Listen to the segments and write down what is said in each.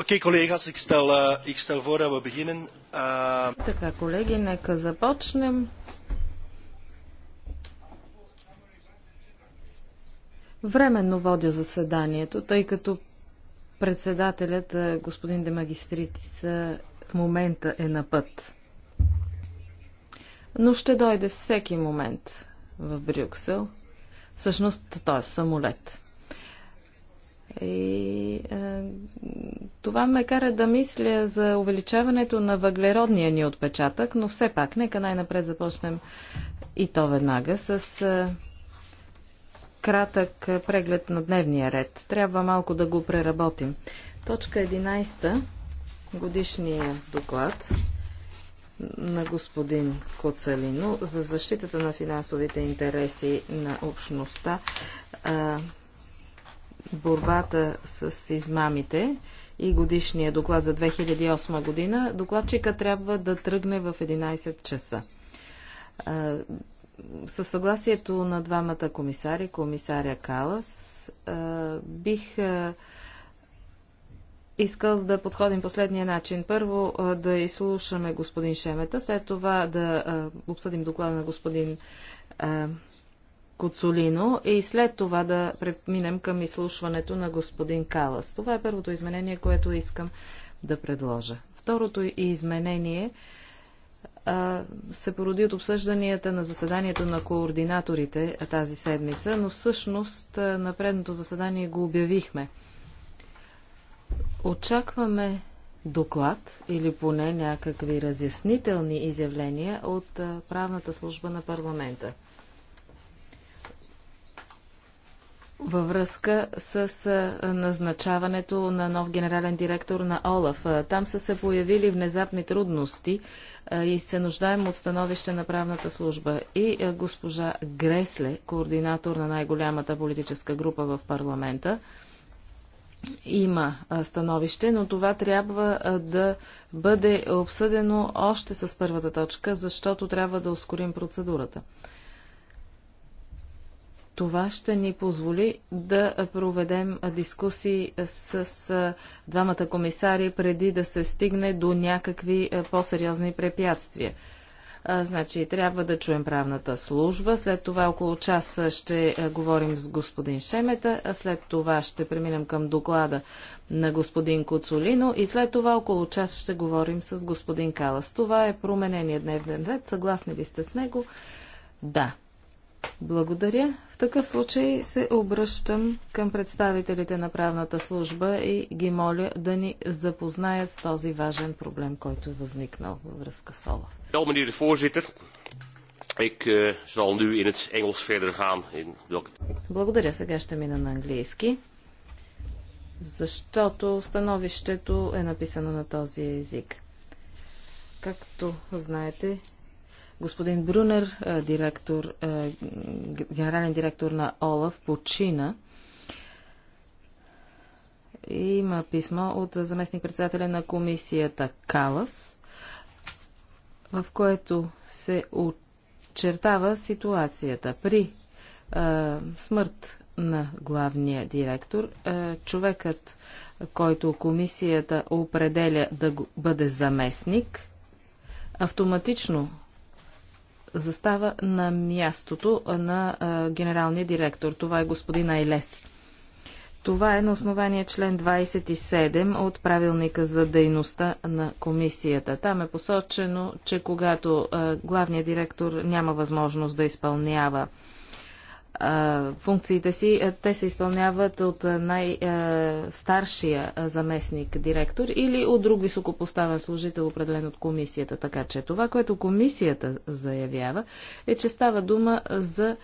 okay, ik stel, eh, ik stel voor dat we beginnen. Eh, така, колеги, нека започнем. Временно водя заседанието, тъй като председателят е, господин Демагистритис е, в момента е на път. Но ще дойде всеки момент в Брюксел. Всъщност, той е самолет. И а, е, това ме кара да мисля за увеличаването на въглеродния ни отпечатък, но все пак, нека най-напред започнем и то веднага с а, е, кратък преглед на дневния ред. Трябва малко да го преработим. Точка 11. Годишния доклад на господин Коцалино за защитата на финансовите интереси на общността. А, е, борбата с измамите и годишния доклад за 2008 година, докладчика трябва да тръгне в 11 часа. Със съгласието на двамата комисари, комисаря Калас, бих искал да подходим последния начин. Първо да изслушаме господин Шемета, след това да обсъдим доклада на господин Коцолино и след това да преминем към изслушването на господин Калас. Това е първото изменение, което искам да предложа. Второто изменение а, се породи от обсъжданията на заседанието на координаторите тази седмица, но всъщност на предното заседание го обявихме. Очакваме доклад или поне някакви разяснителни изявления от правната служба на парламента. във връзка с назначаването на нов генерален директор на ОЛАФ. Там са се появили внезапни трудности и се нуждаем от становище на правната служба. И госпожа Гресле, координатор на най-голямата политическа група в парламента, има становище, но това трябва да бъде обсъдено още с първата точка, защото трябва да ускорим процедурата. Това ще ни позволи да проведем дискусии с двамата комисари преди да се стигне до някакви по-сериозни препятствия. значи, трябва да чуем правната служба. След това около час ще говорим с господин Шемета, а след това ще преминем към доклада на господин Коцолино и след това около час ще говорим с господин Калас. Това е променение дневен ред. Съгласни ли сте с него? Да. Благодаря. В такъв случай се обръщам към представителите на правната служба и ги моля да ни запознаят с този важен проблем, който е възникнал във връзка с ОЛАФ. Wel, meneer de voorzitter, ik uh, zal nu in het Engels verder gaan. In welke... Благодаря, сега ще мина на английски, защото становището е написано на този език. Както знаете, Господин Брунер, директор, генерален директор на ОЛАФ, почина. Има писмо от заместник-председателя на комисията Калас, в което се очертава ситуацията. При е, смърт на главния директор, е, човекът, който комисията определя да бъде заместник, автоматично застава на мястото на генералния директор. Това е господин Айлес. Това е на основание член 27 от правилника за дейността на комисията. Там е посочено, че когато главният директор няма възможност да изпълнява функциите си, те се изпълняват от най-старшия заместник директор или от друг високопоставен служител, определен от комисията. Така че това, което комисията заявява, е, че става дума за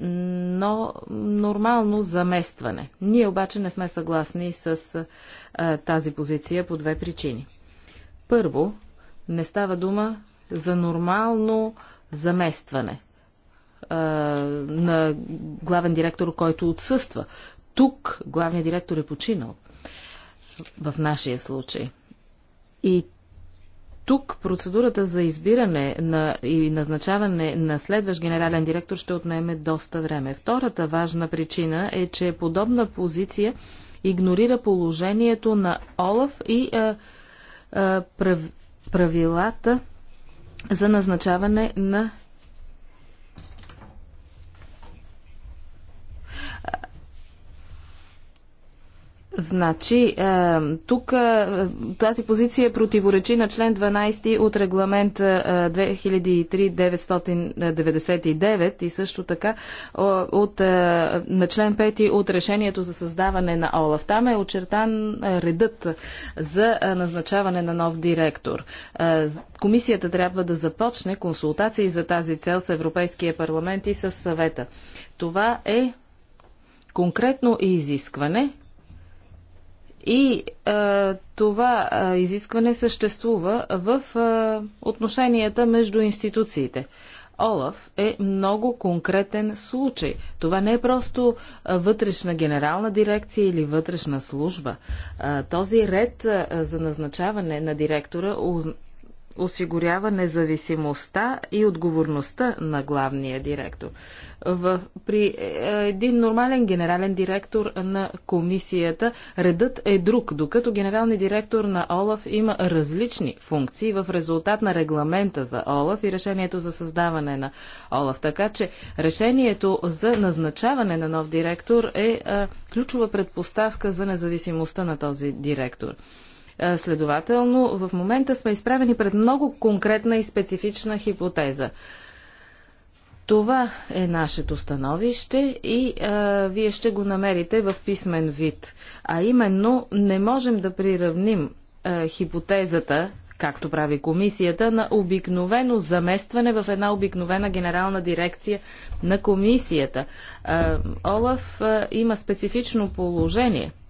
но нормално заместване. Ние обаче не сме съгласни с тази позиция по две причини. Първо, не става дума за нормално заместване на главен директор, който отсъства. Тук главният директор е починал. В нашия случай. И тук процедурата за избиране на, и назначаване на следващ генерален директор ще отнеме доста време. Втората важна причина е, че подобна позиция игнорира положението на Олаф и а, а, прав, правилата за назначаване на Значи, е, тук е, тази позиция противоречи на член 12 от регламент 2003-999 е, и също така от, на член 5 от решението за създаване на ОЛАФ. Там е очертан редът за назначаване на нов директор. Комисията трябва да започне консултации за тази цел с Европейския парламент и с съвета. Това е конкретно изискване, и а, е, това а, е, изискване съществува в а, е, отношенията между институциите. Олаф е много конкретен случай. Това не е просто вътрешна генерална дирекция или вътрешна служба. Този ред за назначаване на директора осигурява независимостта и отговорността на главния директор. В, при е, един нормален генерален директор на комисията редът е друг, докато генералният директор на ОЛАФ има различни функции в резултат на регламента за ОЛАФ и решението за създаване на ОЛАФ. Така че решението за назначаване на нов директор е е ключова предпоставка за независимостта на този директор. Е, следователно, в момента сме изправени пред много конкретна и специфична хипотеза. Това е нашето становище и а, е, вие ще го намерите в писмен вид. А именно, не можем да приравним а, е, хипотезата, както прави комисията, на обикновено заместване в една обикновена генерална дирекция на комисията. А, Олаф а, има специфично положение –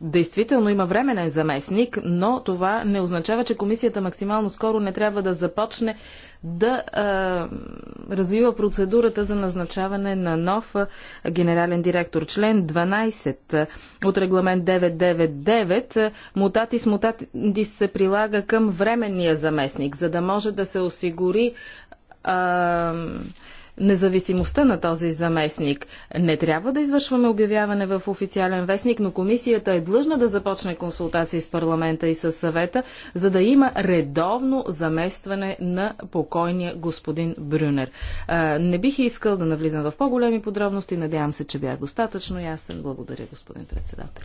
Действително има временен заместник, но това не означава, че комисията максимално скоро не трябва да започне да а, развива процедурата за назначаване на нов генерален директор. Член 12 от регламент 999 мутатис мутатис се прилага към временния заместник, за да може да се осигури а, независимостта на този заместник. Не трябва да извършваме обявяване в официален вестник, но комисията е длъжна да започне консултации с парламента и с съвета, за да има редовно заместване на покойния господин Брюнер. Не бих искал да навлизам в по-големи подробности. Надявам се, че бях достатъчно ясен. Благодаря, господин председател.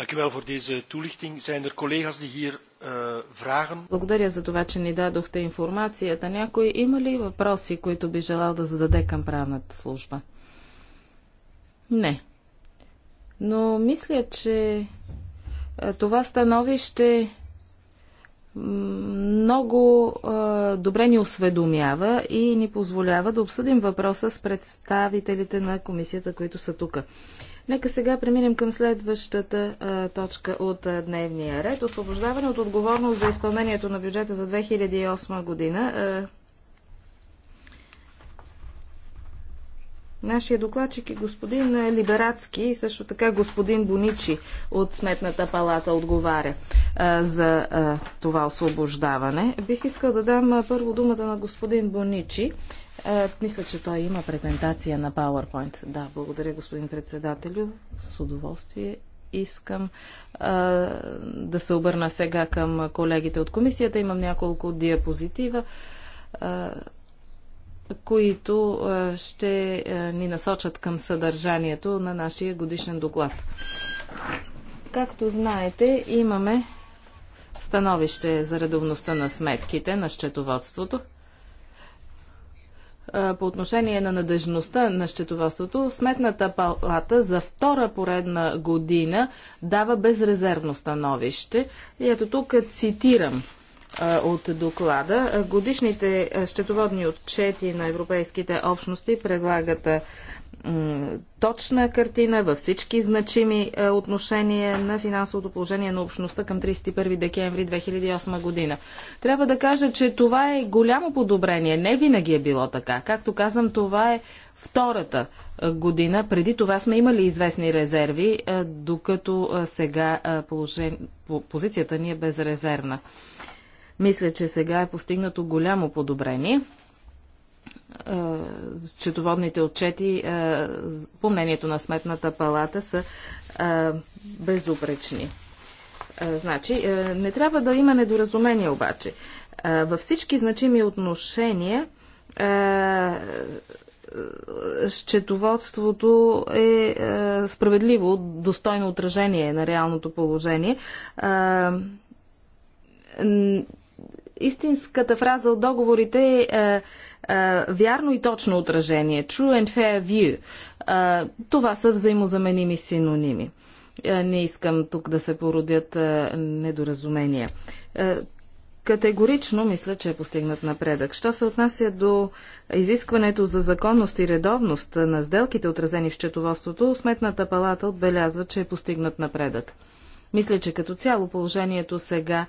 Dank u wel voor deze toelichting. Zijn er collega's die hier е, Благодаря за това, че ни дадохте информацията. Някой има ли въпроси, които би желал да зададе към правната служба? Не. Но мисля, че е, това становище много е, добре ни осведомява и ни позволява да обсъдим въпроса с представителите на комисията, които са тук. Нека сега преминем към следващата а, точка от а, дневния ред. Освобождаване от отговорност за изпълнението на бюджета за 2008 година. А, Нашия докладчик е господин Либерацки и също така господин Боничи от Сметната палата отговаря а, за а, това освобождаване. Бих искал да дам а, първо думата на господин Боничи, е, мисля, че той има презентация на PowerPoint. Да, благодаря, господин председателю. С удоволствие искам а, е, да се обърна сега към колегите от комисията. Имам няколко диапозитива, а, е, които а, ще а, ни насочат към съдържанието на нашия годишен доклад. Както знаете, имаме становище за редовността на сметките на счетоводството по отношение на надежността на счетоводството, Сметната палата за втора поредна година дава безрезервно становище. И ето тук цитирам от доклада. Годишните счетоводни отчети на европейските общности предлагат точна картина във всички значими е, отношения на финансовото положение на общността към 31 декември 2008 година. Трябва да кажа, че това е голямо подобрение. Не винаги е било така. Както казвам, това е втората е, година. Преди това сме имали известни резерви, е, докато сега положен... позицията ни е безрезервна. Мисля, че сега е постигнато голямо подобрение счетоводните отчети, по мнението на Сметната палата, са безупречни. Значи, не трябва да има недоразумение обаче. Във всички значими отношения счетоводството е справедливо, достойно отражение на реалното положение. Истинската фраза от договорите е вярно и точно отражение. True and fair view. Това са взаимозаменими синоними. Не искам тук да се породят недоразумения. Категорично мисля, че е постигнат напредък. Що се отнася до изискването за законност и редовност на сделките, отразени в счетоводството, Сметната палата отбелязва, че е постигнат напредък. Мисля, че като цяло положението сега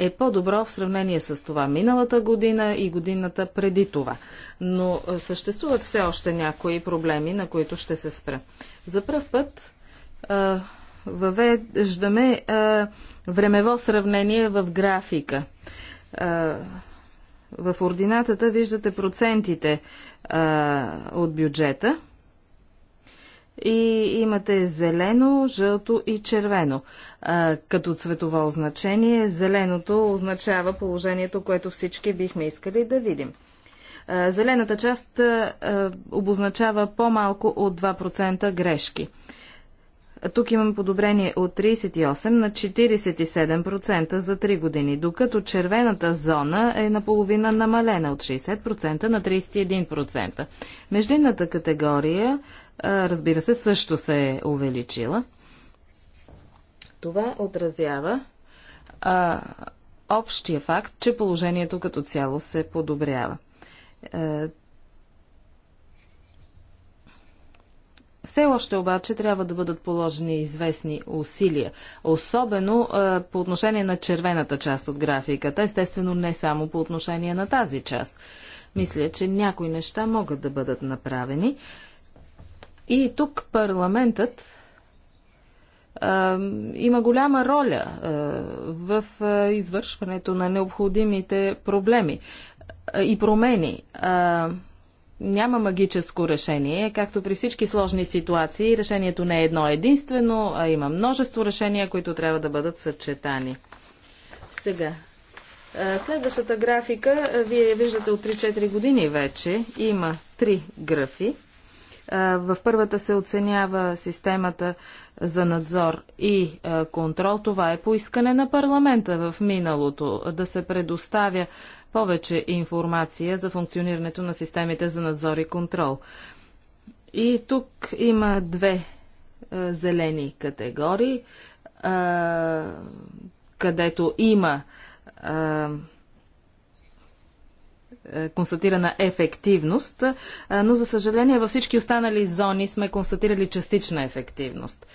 е по-добро в сравнение с това миналата година и годината преди това. Но съществуват все още някои проблеми, на които ще се спра. За първ път въвеждаме времево сравнение в графика. В ординатата виждате процентите от бюджета – и имате зелено, жълто и червено. А, като цветово означение, зеленото означава положението, което всички бихме искали да видим. А, зелената част а, обозначава по-малко от 2% грешки. Тук имам подобрение от 38 на 47% за 3 години, докато червената зона е наполовина намалена от 60% на 31%. Междинната категория разбира се, също се е увеличила. Това отразява а, общия факт, че положението като цяло се подобрява. все още обаче трябва да бъдат положени известни усилия, особено е, по отношение на червената част от графиката, естествено не само по отношение на тази част. Мисля, че някои неща могат да бъдат направени. И тук парламентът а, има голяма роля а, в а, извършването на необходимите проблеми а, и промени. А, няма магическо решение. Както при всички сложни ситуации, решението не е едно единствено, а има множество решения, които трябва да бъдат съчетани. Сега. Следващата графика, вие виждате от 3-4 години вече, има три графи. В първата се оценява системата за надзор и контрол. Това е поискане на парламента в миналото да се предоставя повече информация за функционирането на системите за надзор и контрол. И тук има две зелени категории, където има е, констатирана ефективност, е, но за съжаление във всички останали зони сме констатирали частична ефективност.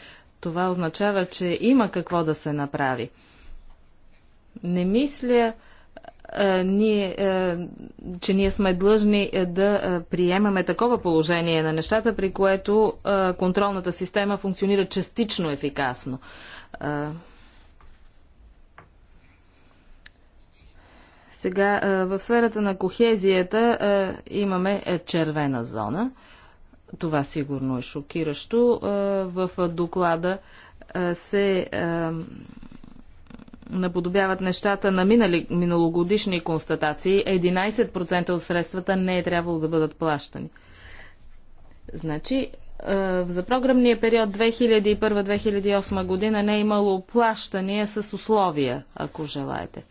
Това означава, че има какво да се направи. Не мисля, е, ние, че ние сме длъжни да приемаме такова положение на нещата, при което контролната система функционира частично ефикасно. Сега в сферата на кохезията имаме е, червена зона. Това сигурно е шокиращо. В доклада се наподобяват нещата на минали, миналогодишни констатации. 11% от средствата не е трябвало да бъдат плащани. Значи, за програмния период 2001-2008 година не е имало плащания с условия, ако желаете.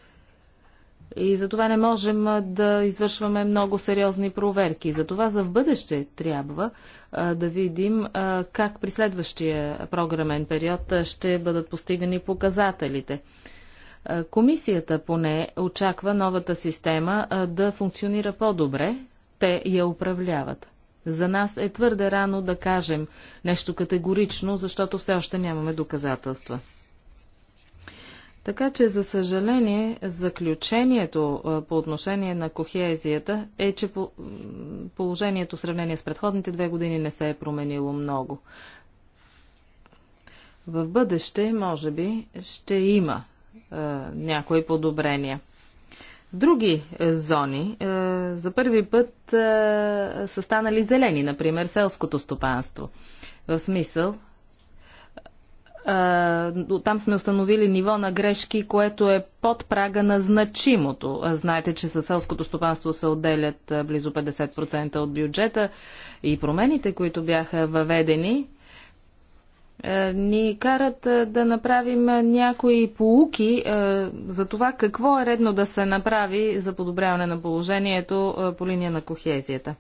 И затова не можем да извършваме много сериозни проверки. Затова за в бъдеще трябва да видим как при следващия програмен период ще бъдат постигани показателите. Комисията поне очаква новата система да функционира по-добре. Те я управляват. За нас е твърде рано да кажем нещо категорично, защото все още нямаме доказателства. Така че, за съжаление, заключението по отношение на кохезията е, че положението в сравнение с предходните две години не се е променило много. В бъдеще, може би, ще има е, някои подобрения. Други е, зони е, за първи път е, са станали зелени, например селското стопанство. В смисъл, там сме установили ниво на грешки, което е под прага на значимото. Знаете, че със селското стопанство се отделят близо 50% от бюджета и промените, които бяха въведени, ни карат да направим някои поуки за това какво е редно да се направи за подобряване на положението по линия на кохезията.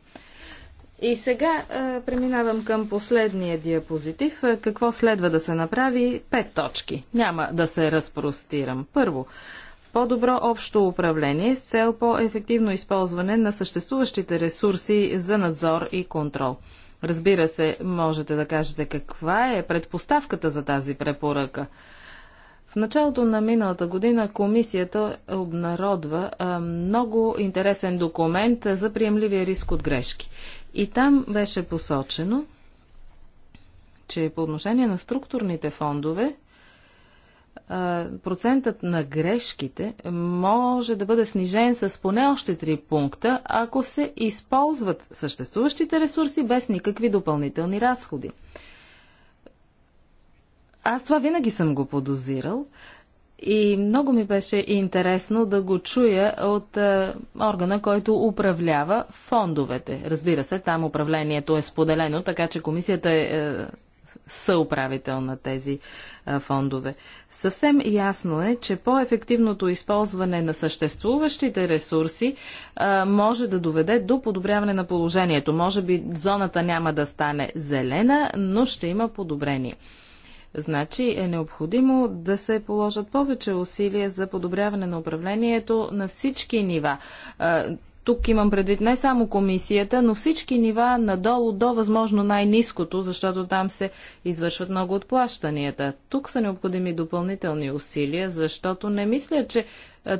И сега а, преминавам към последния диапозитив. Какво следва да се направи? Пет точки. Няма да се разпростирам. Първо, по-добро общо управление с цел по-ефективно използване на съществуващите ресурси за надзор и контрол. Разбира се, можете да кажете каква е предпоставката за тази препоръка. В началото на миналата година комисията обнародва а, много интересен документ за приемливия риск от грешки. И там беше посочено, че по отношение на структурните фондове, процентът на грешките може да бъде снижен с поне още 3 пункта, ако се използват съществуващите ресурси без никакви допълнителни разходи. Аз това винаги съм го подозирал, и много ми беше интересно да го чуя от а, е, органа, който управлява фондовете. Разбира се, там управлението е споделено, така че комисията е, е съуправител на тези а, е, фондове. Съвсем ясно е, че по-ефективното използване на съществуващите ресурси а, е, може да доведе до подобряване на положението. Може би зоната няма да стане зелена, но ще има подобрение. Значи е необходимо да се положат повече усилия за подобряване на управлението на всички нива. Тук имам предвид не само комисията, но всички нива надолу до възможно най-низкото, защото там се извършват много от плащанията. Тук са необходими допълнителни усилия, защото не мисля, че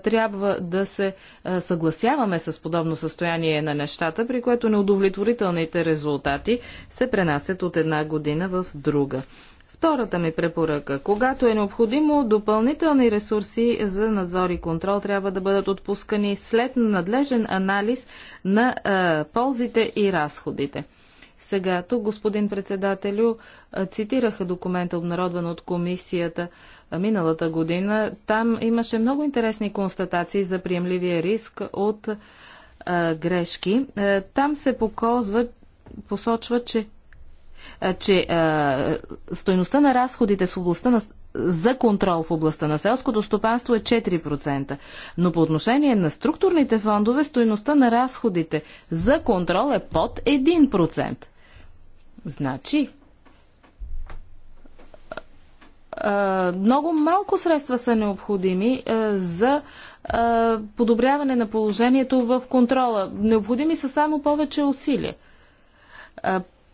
трябва да се съгласяваме с подобно състояние на нещата, при което неудовлетворителните резултати се пренасят от една година в друга. Втората ми препоръка. Когато е необходимо, допълнителни ресурси за надзор и контрол трябва да бъдат отпускани след надлежен анализ на а, ползите и разходите. Сега тук, господин председателю, цитираха документа, обнародван от комисията миналата година. Там имаше много интересни констатации за приемливия риск от а, грешки. Там се показва, посочва, че че стойността на разходите в областта на за контрол в областта на селското стопанство е 4%, но по отношение на структурните фондове стоеността на разходите за контрол е под 1%. Значи, много малко средства са необходими за подобряване на положението в контрола. Необходими са само повече усилия.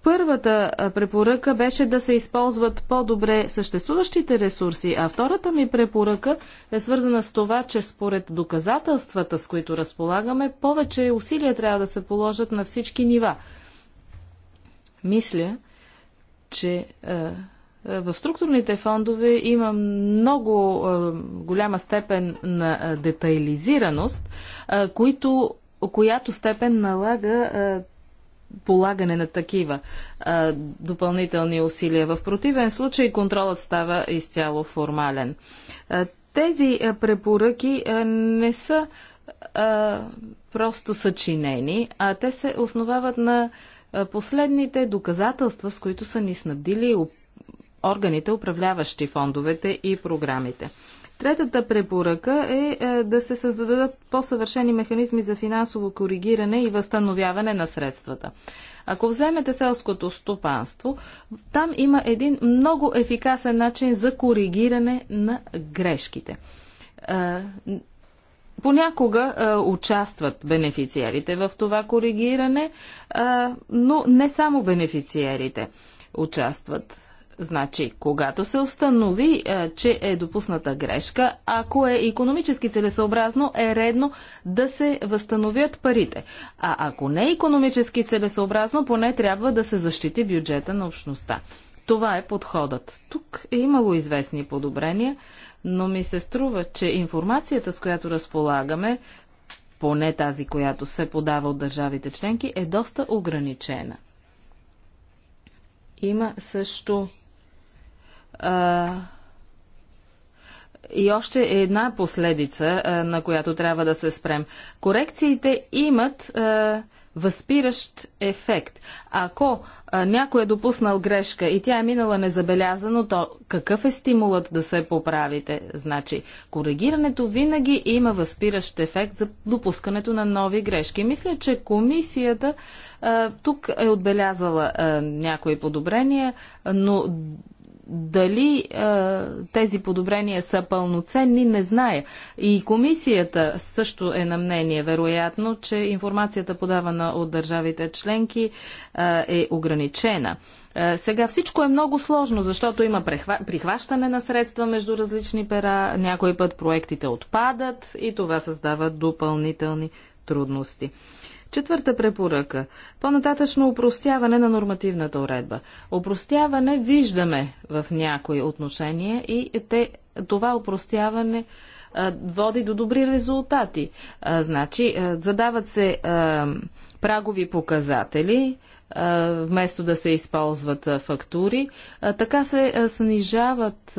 Първата препоръка беше да се използват по-добре съществуващите ресурси, а втората ми препоръка е свързана с това, че според доказателствата, с които разполагаме, повече усилия трябва да се положат на всички нива. Мисля, че в структурните фондове има много голяма степен на детайлизираност, които, която степен налага полагане на такива а, допълнителни усилия. В противен случай контролът става изцяло формален. А, тези а, препоръки а, не са а, просто съчинени, а те се основават на а, последните доказателства, с които са ни снабдили органите, управляващи фондовете и програмите. Третата препоръка е, е да се създадат по-съвършени механизми за финансово коригиране и възстановяване на средствата. Ако вземете селското стопанство, там има един много ефикасен начин за коригиране на грешките. Е, понякога а, е, участват бенефициерите в това коригиране, а, но не само бенефициерите участват. Значи, когато се установи, е, че е допусната грешка, ако е економически целесообразно, е редно да се възстановят парите. А ако не е економически целесообразно, поне трябва да се защити бюджета на общността. Това е подходът. Тук е имало известни подобрения, но ми се струва, че информацията, с която разполагаме, поне тази, която се подава от държавите членки, е доста ограничена. Има също а, и още една последица, а, на която трябва да се спрем. Корекциите имат а, възпиращ ефект. Ако а, някой е допуснал грешка и тя е минала незабелязано, то какъв е стимулът да се поправите? Значи, коригирането винаги има възпиращ ефект за допускането на нови грешки. Мисля, че комисията а, тук е отбелязала а, някои подобрения, но дали а, е, тези подобрения са пълноценни, не зная. И комисията също е на мнение, вероятно, че информацията подавана от държавите членки е, е ограничена. А, е, сега всичко е много сложно, защото има прехва... прихващане на средства между различни пера, някой път проектите отпадат и това създава допълнителни трудности. Четвърта препоръка. По-нататъчно упростяване на нормативната уредба. Упростяване виждаме в някои отношения и те, това упростяване а, води до добри резултати. А, значи, а, задават се прагови показатели, вместо да се използват фактури. Така се снижават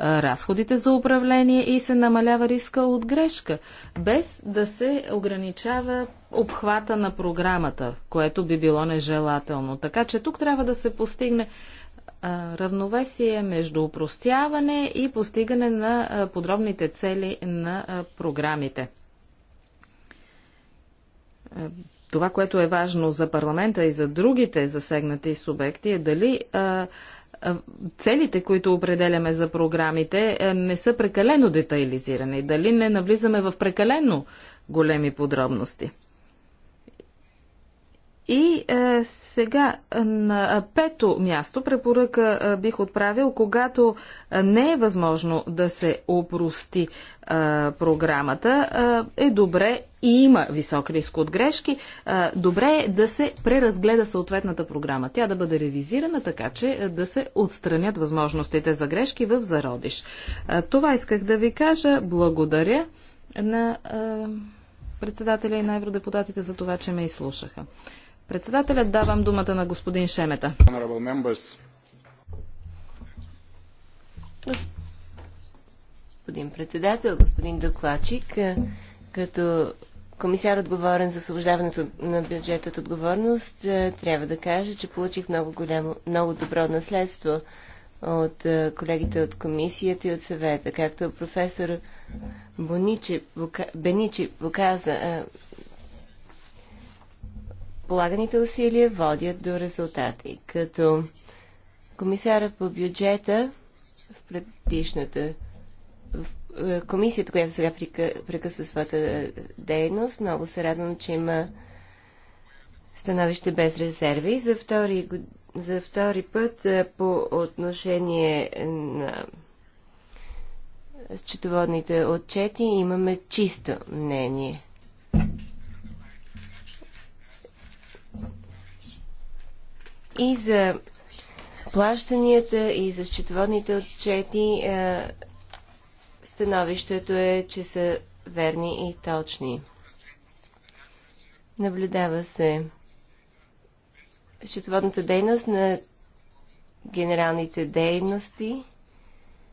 разходите за управление и се намалява риска от грешка, без да се ограничава обхвата на програмата, което би било нежелателно. Така че тук трябва да се постигне равновесие между упростяване и постигане на подробните цели на програмите. Това, което е важно за парламента и за другите засегнати субекти е дали е, целите, които определяме за програмите, е, не са прекалено детайлизирани. Дали не навлизаме в прекалено големи подробности? И е, сега е, на е, пето място препоръка е, бих отправил, когато е, не е възможно да се опрости е, програмата, е, е добре и има висок риск от грешки, е, добре е да се преразгледа съответната програма. Тя да бъде ревизирана така, че да се отстранят възможностите за грешки в зародиш. Е, това исках да ви кажа. Благодаря на е, председателя и на евродепутатите за това, че ме изслушаха. Председателя, давам думата на господин Шемета. Господин председател, господин докладчик, е, като комисар отговорен за освобождаването на бюджет от отговорност, е, трябва да кажа, че получих много, голямо, много добро наследство от е, колегите от комисията и от съвета. Както професор Боничи, Беничи показа, полаганите усилия водят до резултати. Като комисара по бюджета в предишната в е, комисията, която сега прекъсва своята дейност, много се радвам, че има становище без резерви. За втори, за втори път е, по отношение на счетоводните отчети имаме чисто мнение. и за плащанията, и за счетоводните отчети е, становището е, че са верни и точни. Наблюдава се счетоводната дейност на генералните дейности,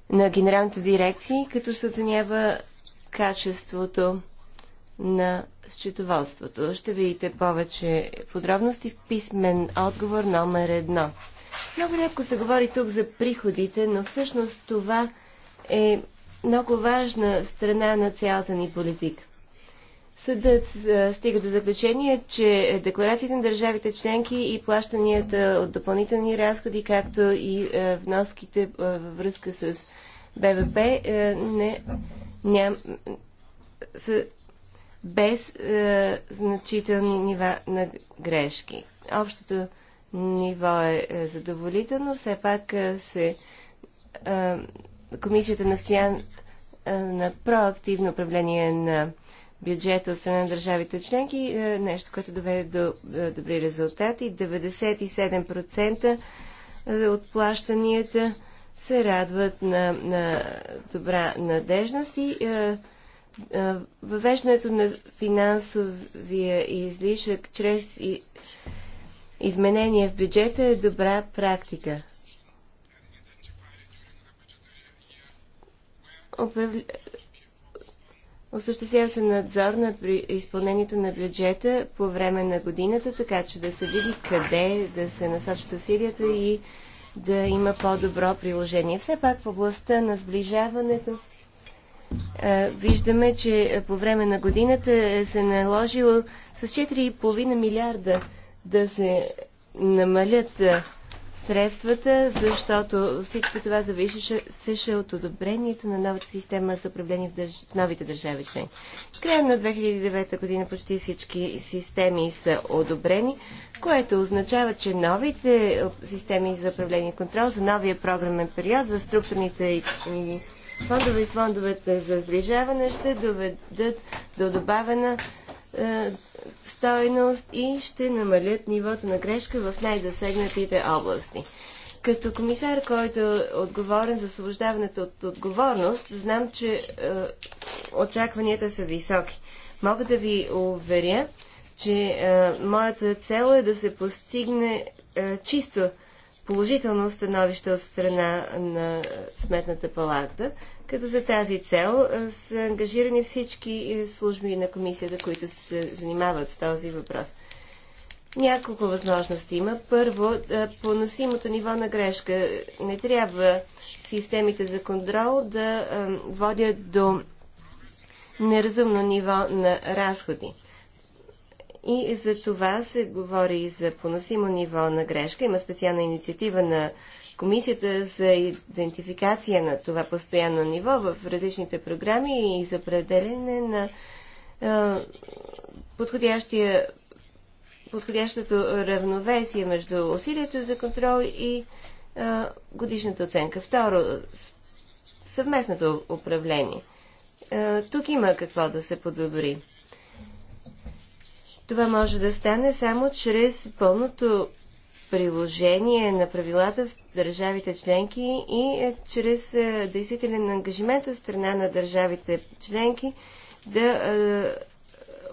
на генералните дирекции, като се оценява качеството на счетоводството. Ще видите повече подробности в писмен отговор номер едно. Много рядко се говори тук за приходите, но всъщност това е много важна страна на цялата ни политика. Съдът стига до заключение, че декларациите на държавите членки и плащанията от допълнителни разходи, както и вноските във връзка с БВП, е, не, ням, са без е, значителни нива на грешки. Общото ниво е, е задоволително, все пак е, се е, комисията настоя е, на проактивно управление на бюджета от страна на държавите членки, е, нещо, което доведе до е, добри резултати. 97% е, от плащанията се радват на, на добра надежност и е, Въвеждането на финансовия излишък чрез изменения в бюджета е добра практика. Осъществява се надзор на изпълнението на бюджета по време на годината, така че да се види къде да се насочат усилията и да има по-добро приложение. Все пак в областта на сближаването е, виждаме, че е, по време на годината е, се наложило с 4,5 милиарда да се намалят средствата, защото всичко това зависеше от одобрението на новата система за управление в, държ... в новите държави члени. Края на 2009 година почти всички системи са одобрени, което означава, че новите системи за управление и контрол за новия програмен период за структурните и фондове и фондовете за сближаване ще доведат до добавена е, стойност и ще намалят нивото на грешка в най-засегнатите области. Като комисар, който е отговорен за освобождаването от отговорност, знам, че е, очакванията са високи. Мога да ви уверя, че е, моята цел е да се постигне е, чисто положително становище от страна на Сметната палата, като за тази цел са ангажирани всички е, служби на комисията, които се занимават с този въпрос. Няколко възможности има. Първо, поносимото ниво на грешка. Не трябва системите за контрол да водят до неразумно ниво на разходи. И за това се говори за поносимо ниво на грешка. Има специална инициатива на Комисията за идентификация на това постоянно ниво в различните програми и за определене на е, подходящия, подходящото равновесие между усилията за контрол и е, годишната оценка. Второ, съвместното управление. Е, тук има какво да се подобри. Това може да стане само чрез пълното приложение на правилата в държавите членки и е, чрез е, действителен ангажимент от страна на държавите членки да е,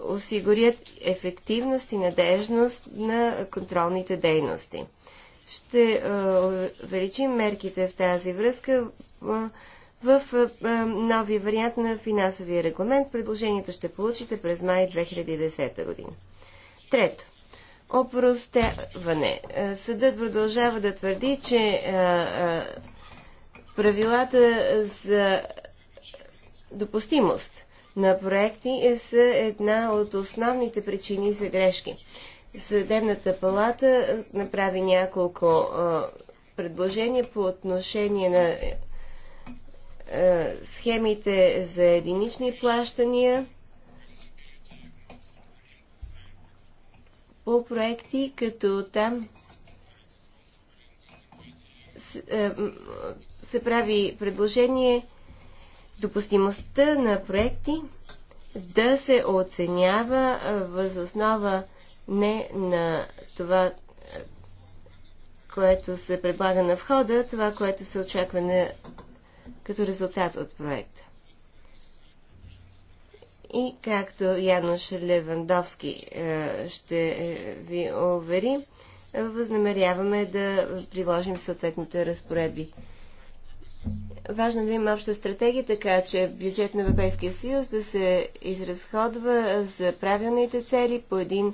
осигурят ефективност и надежност на контролните дейности. Ще увеличим мерките в тази връзка в новия вариант на финансовия регламент. Предложението ще получите през май 2010 година. Трето опростяване. Е, съдът продължава да твърди, че е, е, правилата за допустимост на проекти са една от основните причини за грешки. Съдебната палата направи няколко предложения по отношение на схемите за единични плащания, по проекти, като там е, се прави предложение допустимостта на проекти да се оценява е, въз основа не на това, е, което се предлага на входа, това, което се очаква на, като резултат от проекта. И както Януш Левандовски е, ще е, ви увери, е, възнамеряваме да приложим съответните разпоредби. Важно е да има обща стратегия, така че бюджет на Европейския съюз да се изразходва за правилните цели по един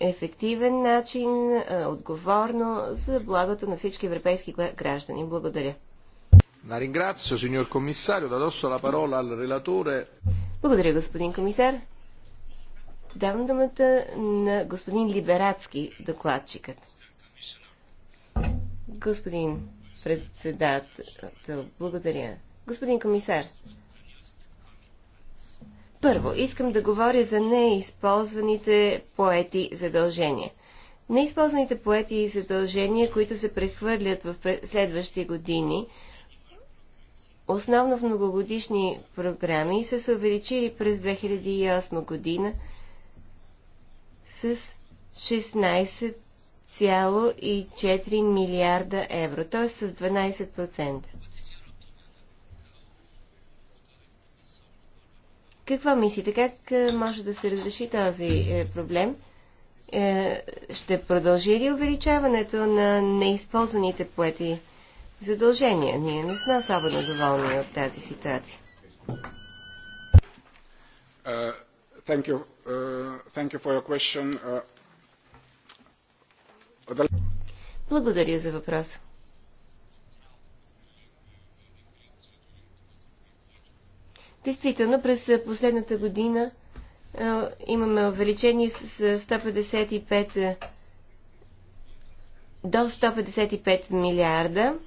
ефективен начин, отговорно за благото на всички европейски граждани. Благодаря. La ringrazio, signor commissario. Da adesso la parola al relatore. Благодаря, господин комисар. Давам думата на господин Либерацки, докладчикът. Господин председател, благодаря. Господин комисар, първо, искам да говоря за неизползваните поети задължения. Неизползваните поети и задължения, които се прехвърлят в следващи години – основно в многогодишни програми, са се увеличили през 2008 година с 16,4 милиарда евро, т.е. с 12%. Какво мислите? Как е, може да се разреши този е, проблем? Е, ще продължи ли увеличаването на неизползваните поети задължения. Ние не сме особено доволни от тази ситуация. Uh, uh, uh, Благодаря за въпроса. Действително, през последната година имаме увеличение с 155 до 155 милиарда.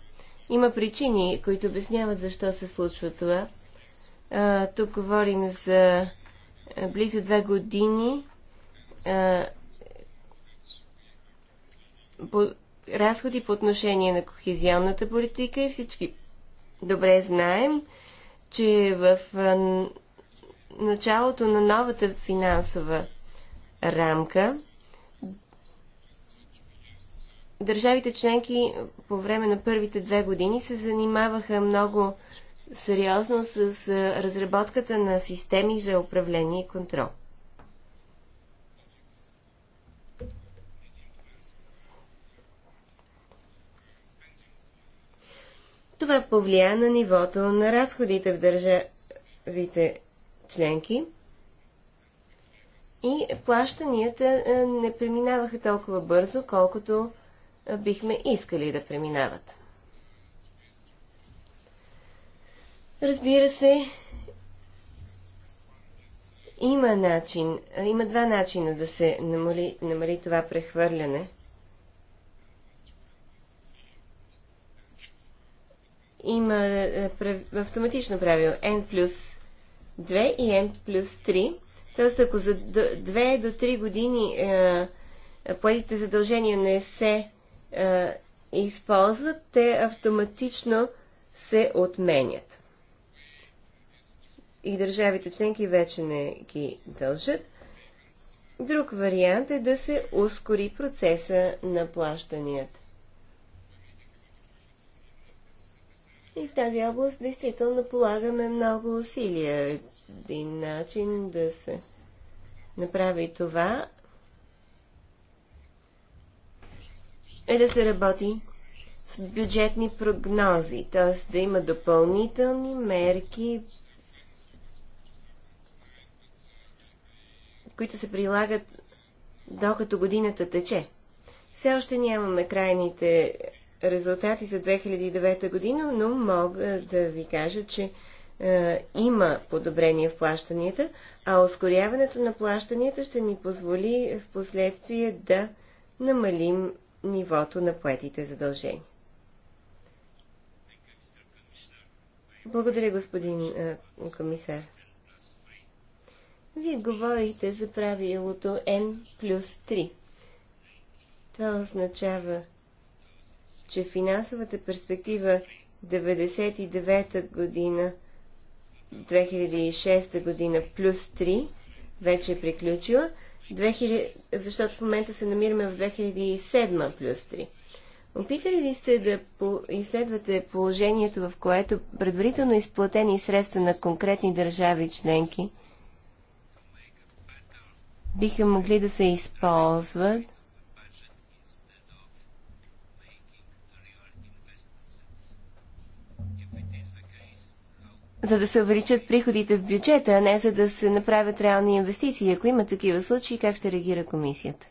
Има причини, които обясняват защо се случва това. А, тук говорим за близо две години а, по, разходи по отношение на кохезионната политика и всички добре знаем, че в а, началото на новата финансова рамка държавите членки по време на първите две години се занимаваха много сериозно с разработката на системи за управление и контрол. Това повлия на нивото на разходите в държавите членки и плащанията не преминаваха толкова бързо, колкото бихме искали да преминават. Разбира се, има начин, има два начина да се намали, намали това прехвърляне. Има автоматично правило N плюс 2 и N плюс 3. Тоест, ако за 2 до 3 години поедите задължения не се е, използват, те автоматично се отменят. И държавите членки вече не ги дължат. Друг вариант е да се ускори процеса на плащанията. И в тази област действително полагаме много усилия. Един начин да се направи това е да се работи с бюджетни прогнози, т.е. да има допълнителни мерки, които се прилагат докато годината тече. Все още нямаме крайните резултати за 2009 година, но мога да ви кажа, че е, има подобрение в плащанията, а ускоряването на плащанията ще ни позволи в последствие да намалим нивото на поетите задължения. Благодаря, господин комисар. Вие говорите за правилото N плюс 3. Това означава, че финансовата перспектива 99-та година 2006 година плюс 3 вече е приключила, 2000, защото в момента се намираме в 2007 плюс 3. Опитали ли сте да по изследвате положението, в което предварително изплатени средства на конкретни държави членки биха могли да се използват за да се увеличат приходите в бюджета, а не за да се направят реални инвестиции. Ако има такива случаи, как ще реагира комисията?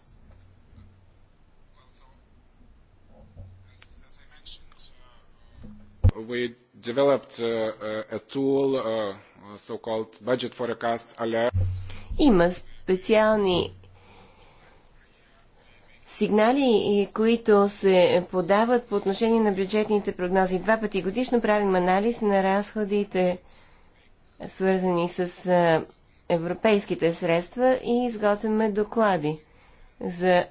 We developed uh, a tool, uh, uh, so-called budget forecast alert. Има специални сигнали, които се подават по отношение на бюджетните прогнози. Два пъти годишно правим анализ на разходите, свързани с европейските средства и изготвяме доклади за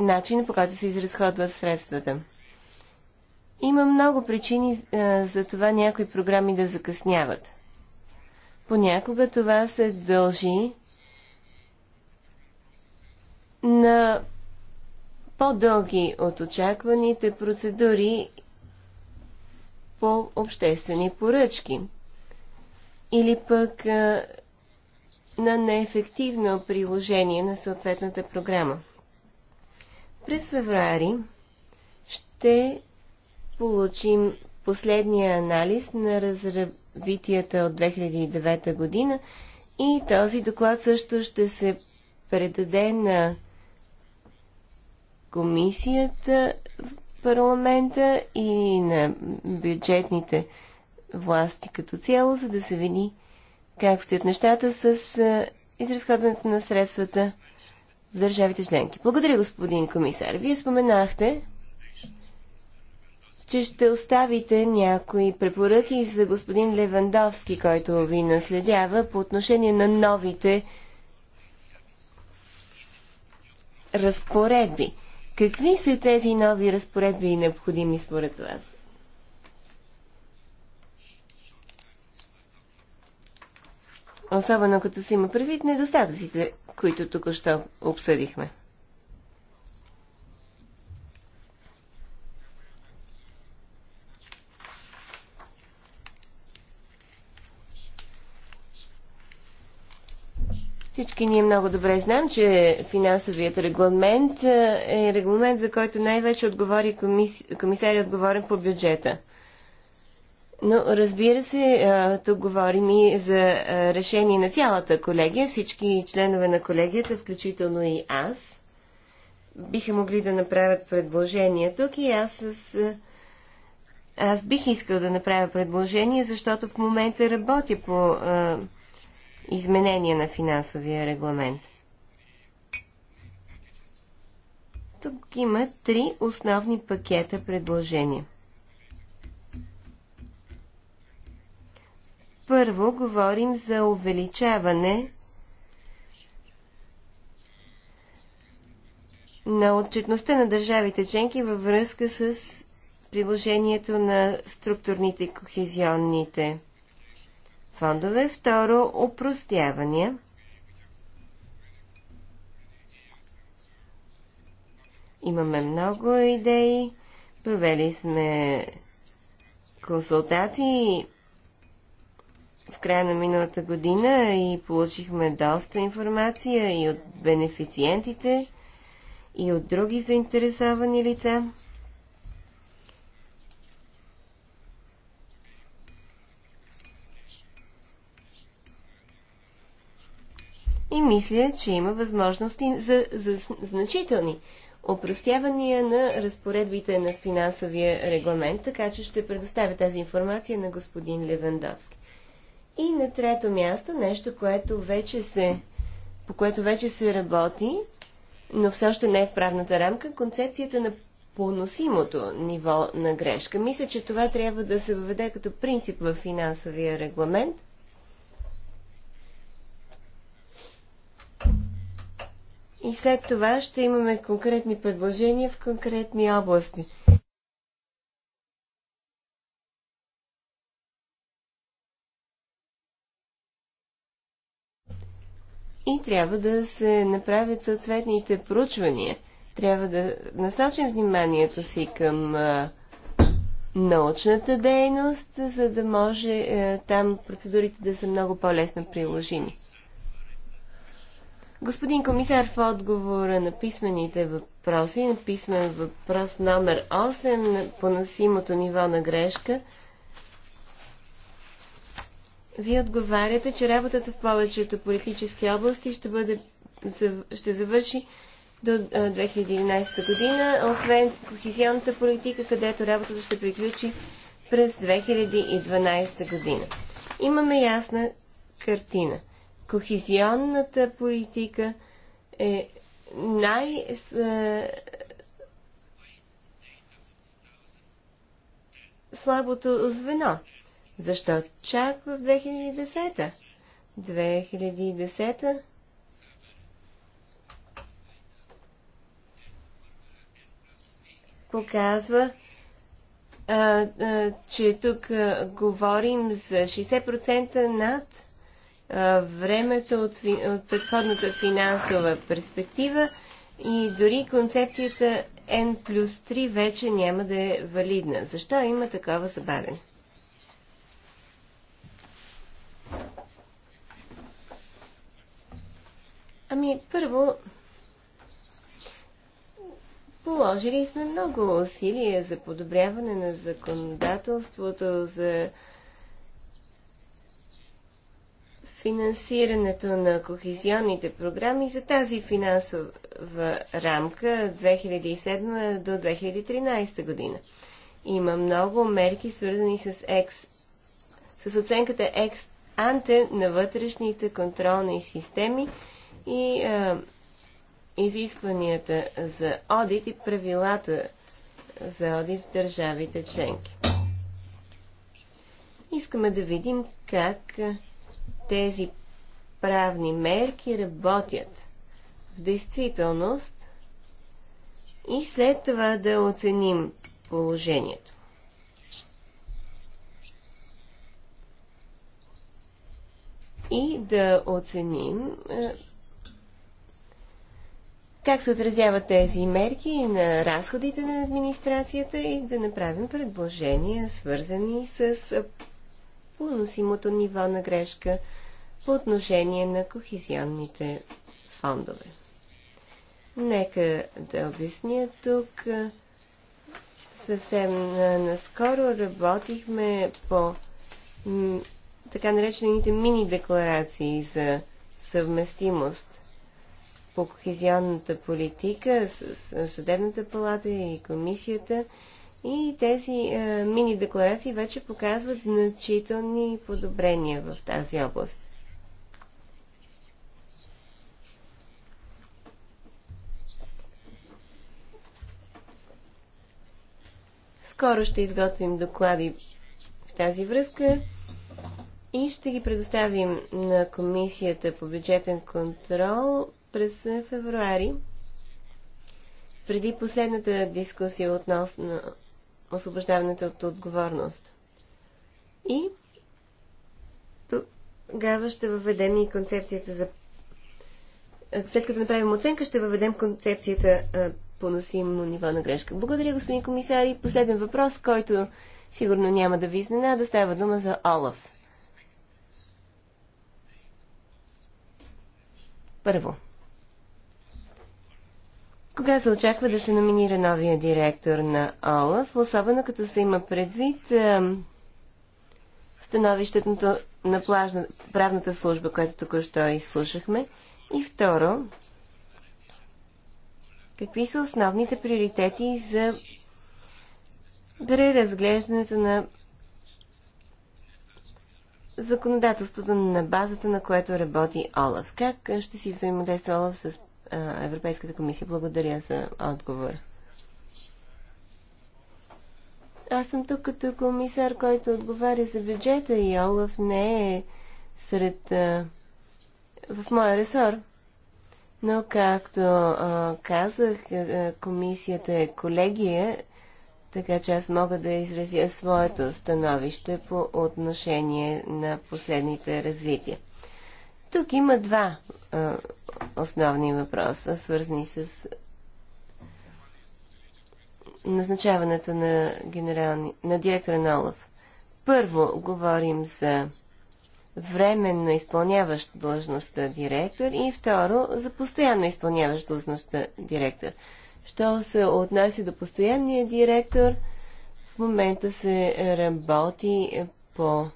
начин по който се изразходват средствата. Има много причини за това някои програми да закъсняват. Понякога това се дължи на по-дълги от очакваните процедури по обществени поръчки или пък на неефективно приложение на съответната програма. През февруари ще получим последния анализ на разработването събитията от 2009 година и този доклад също ще се предаде на комисията в парламента и на бюджетните власти като цяло, за да се види как стоят нещата с изразходването на средствата в държавите членки. Благодаря, господин комисар. Вие споменахте че ще оставите някои препоръки за господин Левандовски, който ви наследява по отношение на новите разпоредби. Какви са тези нови разпоредби необходими според вас? Особено като си има предвид недостатъците, които тук що обсъдихме. Всички ние много добре знаем, че финансовият регламент е, е регламент, за който най-вече отговори комис... комисария отговорен по бюджета. Но разбира се, е, тук говорим и за е, решение на цялата колегия. Всички членове на колегията, включително и аз, биха могли да направят предложения тук и аз с... Аз бих искал да направя предложение, защото в момента работя по изменение на финансовия регламент. Тук има три основни пакета предложения. Първо говорим за увеличаване на отчетността на държавите членки във връзка с приложението на структурните и кохезионните фондове. Второ, опростявания. Имаме много идеи. Провели сме консултации в края на миналата година и получихме доста информация и от бенефициентите, и от други заинтересовани лица. и мисля, че има възможности за, за значителни опростявания на разпоредбите на финансовия регламент, така че ще предоставя тази информация на господин Левандовски. И на трето място, нещо, което вече се, по което вече се работи, но все още не е в правната рамка, концепцията на поносимото ниво на грешка. Мисля, че това трябва да се въведе като принцип в финансовия регламент – и след това ще имаме конкретни предложения в конкретни области. И трябва да се направят съответните проучвания. Трябва да насочим вниманието си към а, научната дейност, за да може а, е, там процедурите да са много по-лесно приложими. Господин комисар, в отговора на писмените въпроси, на писмен въпрос номер 8, на поносимото ниво на грешка, вие отговаряте, че работата в повечето политически области ще, бъде, ще завърши до 2011 година, освен кохезионната политика, където работата ще приключи през 2012 година. Имаме ясна картина – Кохезионната политика е най- е, слабото звено. Защо чак в 2010-та? 2010-та? Показва, а, а, че тук а, говорим за 60% над времето от, от предходната финансова перспектива и дори концепцията N плюс 3 вече няма да е валидна. Защо има такова забавене? Ами, първо, положили сме много усилия за подобряване на законодателството, за финансирането на кохезионните програми за тази финансова рамка 2007 до 2013 година. Има много мерки, свързани с, екс, с оценката екс анте на вътрешните контролни системи и а, изискванията за одит и правилата за одит в държавите членки. Искаме да видим как тези правни мерки работят в действителност и след това да оценим положението. И да оценим е, как се отразяват тези мерки на разходите на администрацията и да направим предложения, свързани с поносимото ниво на грешка по отношение на кохезионните фондове. Нека да обясня тук. Съвсем наскоро работихме по така наречените мини-декларации за съвместимост по кохезионната политика с съдебната палата и комисията – и тези а, е, мини декларации вече показват значителни подобрения в тази област. Скоро ще изготвим доклади в тази връзка и ще ги предоставим на Комисията по бюджетен контрол през февруари, преди последната дискусия относно освобождаването от отговорност. И тогава ще въведем и концепцията за... След като направим оценка, ще въведем концепцията поносимо ниво на грешка. Благодаря, господин комисар. И последен въпрос, който сигурно няма да ви изненада, става дума за Олаф. Първо. Кога се очаква да се номинира новия директор на ОЛАФ, особено като се има предвид е, становището на плажна, правната служба, което току-що изслушахме? И второ, какви са основните приоритети за преразглеждането на законодателството на базата, на което работи Олаф. Как ще си взаимодейства Олаф с Европейската комисия. Благодаря за отговор. Аз съм тук като комисар, който отговаря за бюджета и Олаф не е сред... А, в моя ресор. Но както а, казах, комисията е колегия, така че аз мога да изразя своето становище по отношение на последните развития. Тук има два а, основни въпроса, свързани с назначаването на, генерални, на директора на ОЛАФ. Първо говорим за временно изпълняващ длъжността директор и второ за постоянно изпълняващ длъжността директор. Що се отнася до постоянния директор, в момента се работи по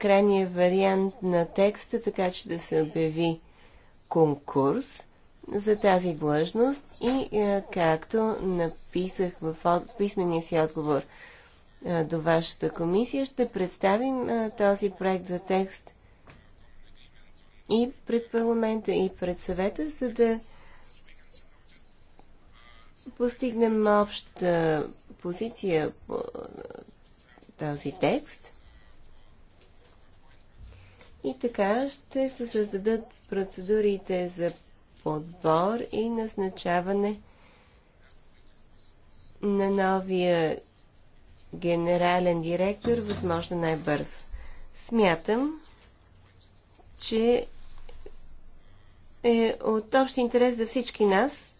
крайния вариант на текста, така че да се обяви конкурс за тази длъжност и както написах в писмения си отговор до вашата комисия, ще представим този проект за текст и пред парламента, и пред съвета, за да постигнем обща позиция по този текст – и така ще се създадат процедурите за подбор и назначаване на новия генерален директор, възможно най-бързо. Смятам, че е от общ интерес за всички нас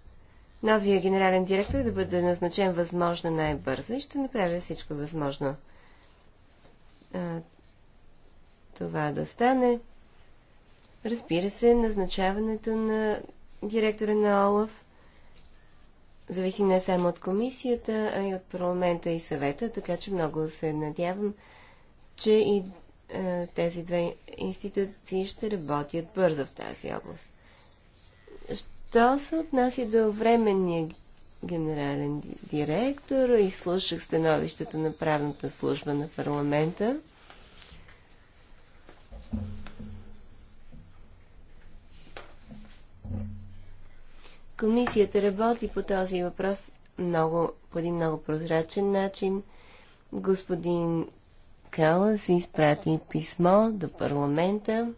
новия генерален директор да бъде назначен възможно най-бързо и ще направя всичко възможно това да стане. Разбира се, назначаването на директора на ОЛАФ зависи не само от комисията, а и от парламента и съвета, така че много се надявам, че и е, тези две институции ще работят бързо в тази област. Що се отнася до временния генерален директор, изслушах становището на правната служба на парламента. Комисията работи по този въпрос много, по един много прозрачен начин. Господин Калас изпрати писмо до парламента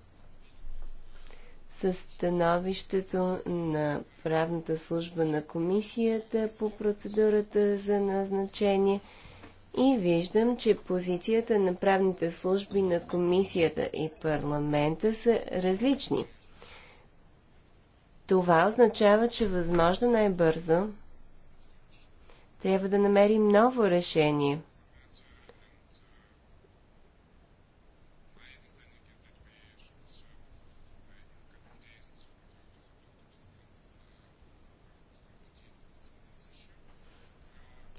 със становището на правната служба на комисията по процедурата за назначение и виждам, че позицията на правните служби на комисията и парламента са различни – това означава, че възможно най-бързо трябва да намерим ново решение.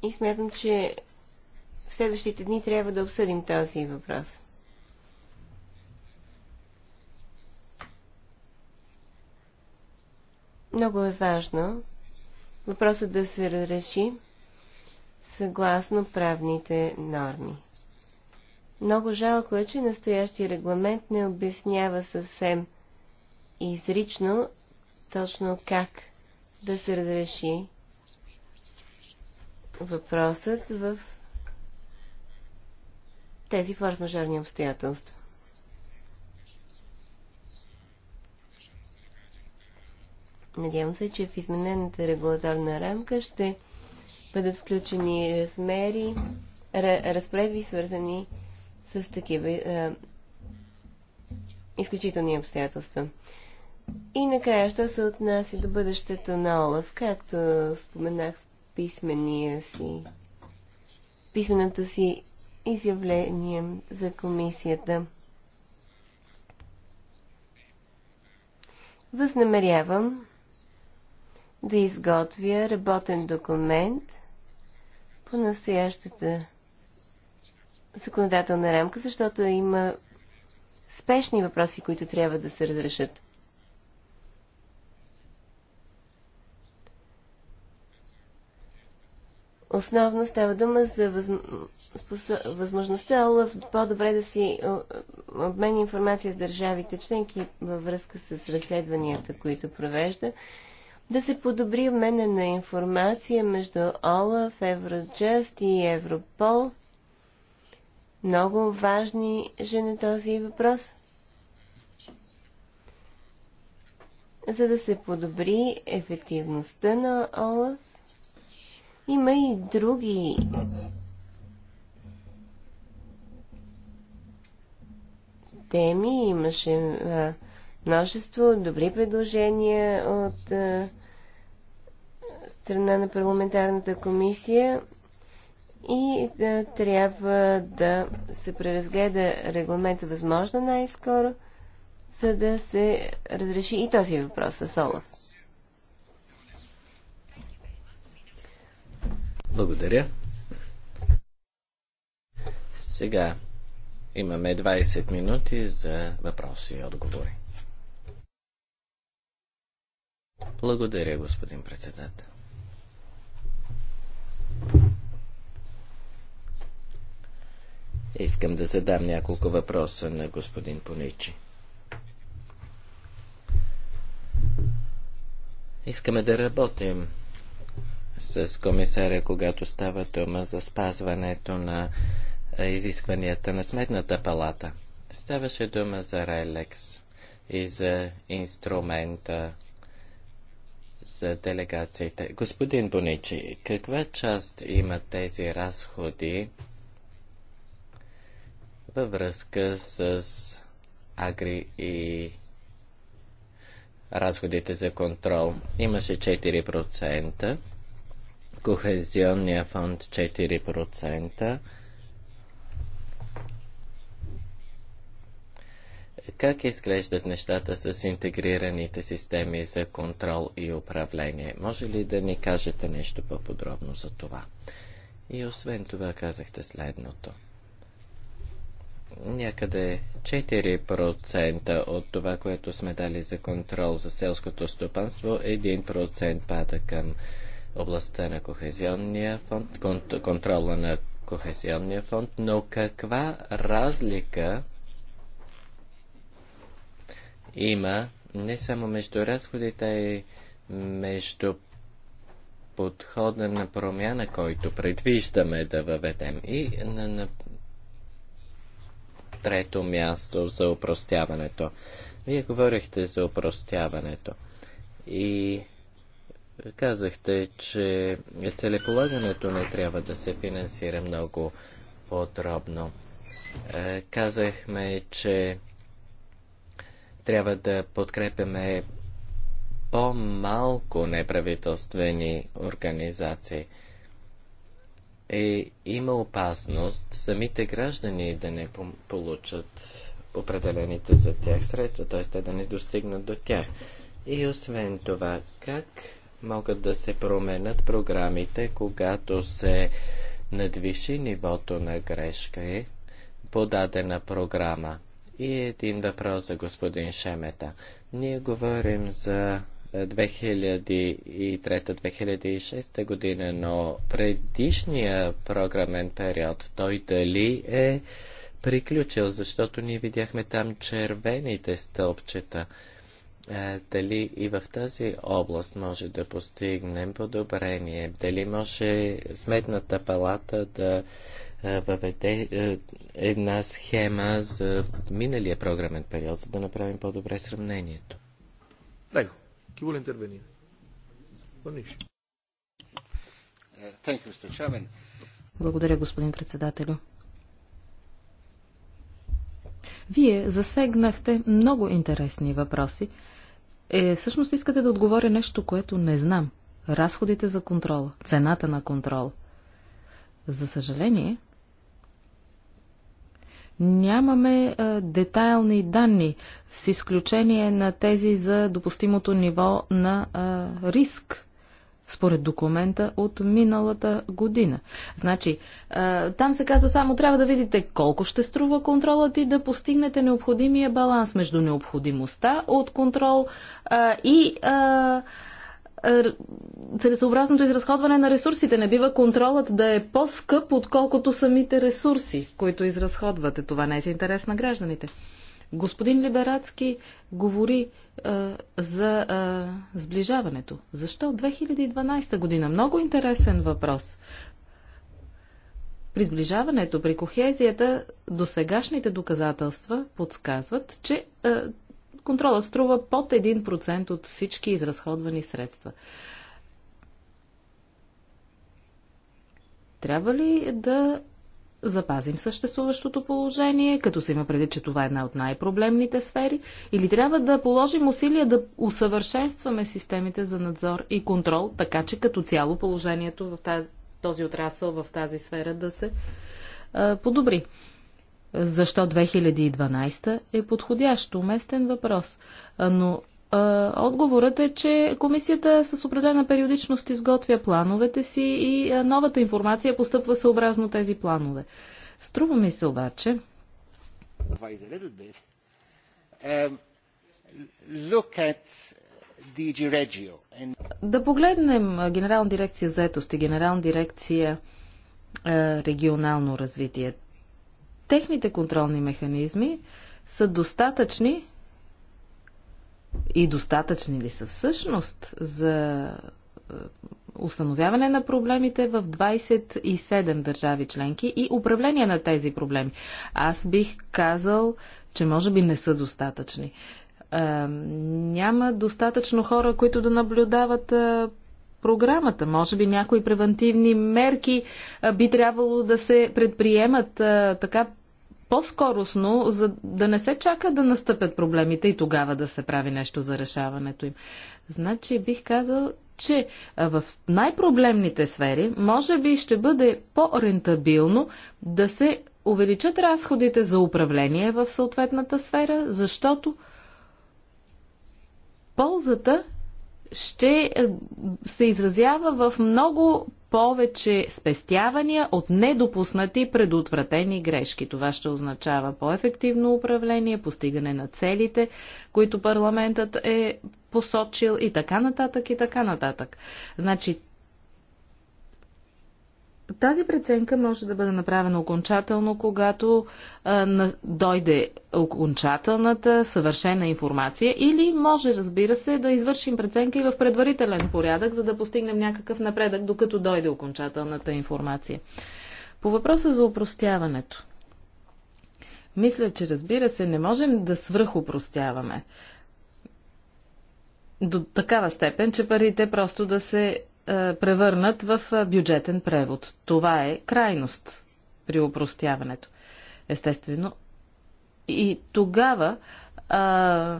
И смятам, че в следващите дни трябва да обсъдим този въпрос. Много е важно въпросът да се разреши съгласно правните норми. Много жалко е, че настоящия регламент не обяснява съвсем изрично точно как да се разреши въпросът в тези форс-мажорни обстоятелства. Надявам се, че в изменената регулаторна рамка ще бъдат включени размери, разпредви, свързани с такива е, изключителни обстоятелства. И накрая, що се отнася до бъдещето на Олаф, както споменах в писмения си, писменото си изявление за комисията. Възнамерявам да изготвя работен документ по настоящата законодателна рамка, защото има спешни въпроси, които трябва да се разрешат. Основно става дума за възможността Олаф по-добре да си обмени информация с държавите членки във връзка с разследванията, които провежда да се подобри обмена на информация между ОЛАФ, Евроджаст и Европол. Много важни же на е този въпрос. За да се подобри ефективността на ОЛАФ, има и други теми. Имаше множество добри предложения от а, страна на парламентарната комисия и да, трябва да се преразгледа регламента възможно най-скоро, за да се разреши и този въпрос с Олаф. Благодаря. Сега имаме 20 минути за въпроси и отговори. Благодаря, господин председател. Искам да задам няколко въпроса на господин Поничи. Искаме да работим с комисаря, когато става дума за спазването на изискванията на Сметната палата. Ставаше дума за Релекс и за инструмента за делегациите. Господин Боничи, каква част имат тези разходи във връзка с Агри и разходите за контрол? Имаше 4%, Кохезионния фонд 4%, Как изглеждат нещата с интегрираните системи за контрол и управление? Може ли да ни кажете нещо по-подробно за това? И освен това казахте следното. Някъде 4% от това, което сме дали за контрол за селското стопанство, 1% пада към областта на кохезионния фонд, контрола на кохезионния фонд, но каква разлика има не само между разходите, а и между подхода на промяна, който предвиждаме да въведем. И на, на трето място за упростяването. Вие говорихте за упростяването и казахте, че целеполагането не трябва да се финансира много подробно. Е, казахме, че трябва да подкрепяме по-малко неправителствени организации. И е, има опасност самите граждани да не получат определените за тях средства, т.е. те да не достигнат до тях. И освен това, как могат да се променят програмите, когато се надвиши нивото на грешка и подадена програма? И един въпрос за господин Шемета. Ние говорим за 2003-2006 е, година, но предишния програмен период, той дали е приключил, защото ние видяхме там червените стълбчета. Е, дали и в тази област може да постигнем подобрение, дали може Сметната палата да е, въведе е, една схема за миналия програмен период, за да направим по-добре сравнението. Prego, chi vuole intervenire? Bonnici. Благодаря, господин председателю. Вие засегнахте много интересни въпроси е, всъщност искате да отговоря нещо, което не знам. Разходите за контрол, цената на контрол. За съжаление, нямаме а, детайлни данни, с изключение на тези за допустимото ниво на а, риск според документа от миналата година. Значи, там се казва само трябва да видите колко ще струва контролът и да постигнете необходимия баланс между необходимостта от контрол и целесообразното изразходване на ресурсите. Не бива контролът да е по-скъп, отколкото самите ресурси, които изразходвате. Това не е в интерес на гражданите. Господин Либерацки говори а, за а, сближаването. Защо 2012 година? Много интересен въпрос. При сближаването, при кохезията, досегашните доказателства подсказват, че а, контролът струва под 1% от всички изразходвани средства. Трябва ли да запазим съществуващото положение, като се има преди, че това е една от най-проблемните сфери, или трябва да положим усилия да усъвършенстваме системите за надзор и контрол, така че като цяло положението в тази, този отрасъл, в тази сфера да се а, подобри. Защо 2012 е подходящ, уместен въпрос. Но е, отговорът е, че комисията с определена периодичност изготвя плановете си и е, новата информация постъпва съобразно тези планове. Струва ми се обаче, да погледнем е, Генерална дирекция заетост и Генерална дирекция регионално развитие. Техните контролни механизми са достатъчни и достатъчни ли са всъщност за е, установяване на проблемите в 27 държави членки и управление на тези проблеми. Аз бих казал, че може би не са достатъчни. А, е, няма достатъчно хора, които да наблюдават а, е, програмата. Може би някои превентивни мерки а, би трябвало да се предприемат а, така по-скоростно, за да не се чака да настъпят проблемите и тогава да се прави нещо за решаването им. Значи бих казал, че в най-проблемните сфери може би ще бъде по-рентабилно да се увеличат разходите за управление в съответната сфера, защото ползата ще се изразява в много повече спестявания от недопуснати предотвратени грешки. Това ще означава по-ефективно управление, постигане на целите, които парламентът е посочил и така нататък и така нататък. Значи тази преценка може да бъде направена окончателно, когато а, на, дойде окончателната съвършена информация или може, разбира се, да извършим преценка и в предварителен порядък, за да постигнем някакъв напредък, докато дойде окончателната информация. По въпроса за упростяването. Мисля, че разбира се, не можем да свръхопростяваме до такава степен, че парите просто да се е, превърнат в е, бюджетен превод. Това е крайност при упростяването. Естествено. И тогава а, е,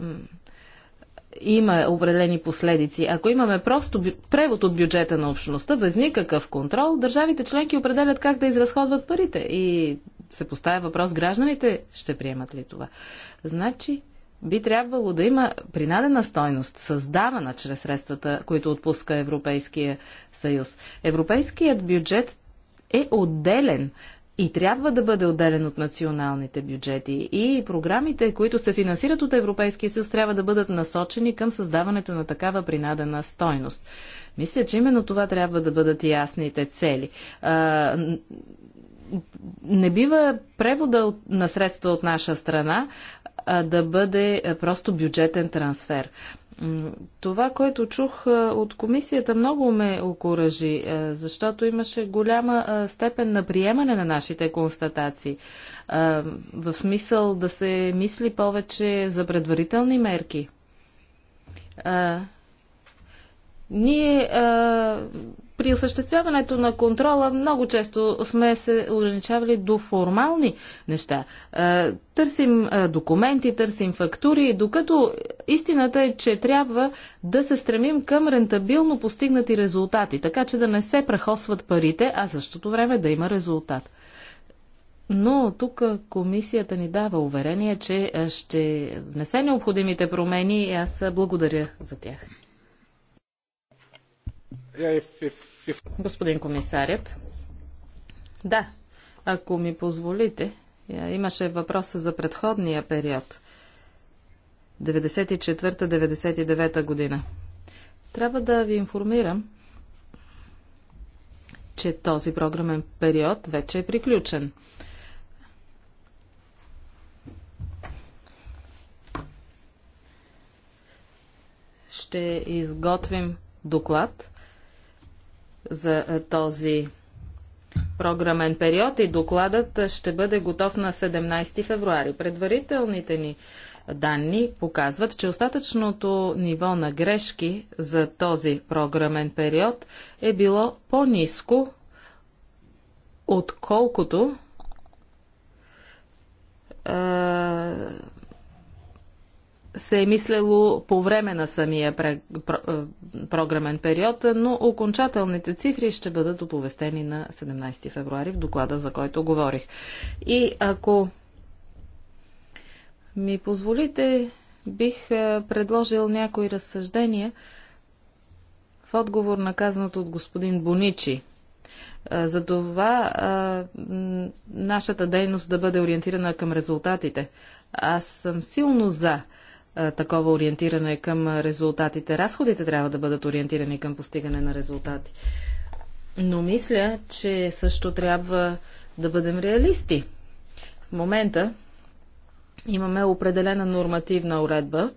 има определени последици. Ако имаме просто превод от бюджета на общността, без никакъв контрол, държавите членки определят как да изразходват парите. И се поставя въпрос, гражданите ще приемат ли това. Значи, би трябвало да има принадена стойност, създавана чрез средствата, които отпуска Европейския съюз. Европейският бюджет е отделен и трябва да бъде отделен от националните бюджети. И програмите, които се финансират от Европейския съюз, трябва да бъдат насочени към създаването на такава принадена стойност. Мисля, че именно това трябва да бъдат ясните цели не бива превода на средства от наша страна да бъде просто бюджетен трансфер. Това, което чух от комисията, много ме окоръжи, защото имаше голяма степен на приемане на нашите констатации. В смисъл да се мисли повече за предварителни мерки. Ние при осъществяването на контрола много често сме се ограничавали до формални неща. Е, търсим е, документи, търсим фактури, докато истината е, че трябва да се стремим към рентабилно постигнати резултати, така че да не се прахосват парите, а същото време да има резултат. Но тук комисията ни дава уверение, че е, ще внесе необходимите промени и аз благодаря за тях. Господин комисарят. Да, ако ми позволите, имаше въпроса за предходния период. 94-99 година. Трябва да ви информирам, че този програмен период вече е приключен. Ще изготвим доклад за е, този програмен период и докладът ще бъде готов на 17 февруари. Предварителните ни данни показват, че остатъчното ниво на грешки за този програмен период е било по-низко, отколкото е, се е мислело по време на самия е, програмен период, но окончателните цифри ще бъдат оповестени на 17 февруари в доклада, за който говорих. И ако ми позволите, бих е, предложил някои разсъждения в отговор на казаното от господин Боничи. Е, за това нашата дейност да бъде ориентирана към резултатите. Аз съм силно за такова ориентиране към резултатите. Разходите трябва да бъдат ориентирани към постигане на резултати. Но мисля, че също трябва да бъдем реалисти. В момента имаме определена нормативна уредба,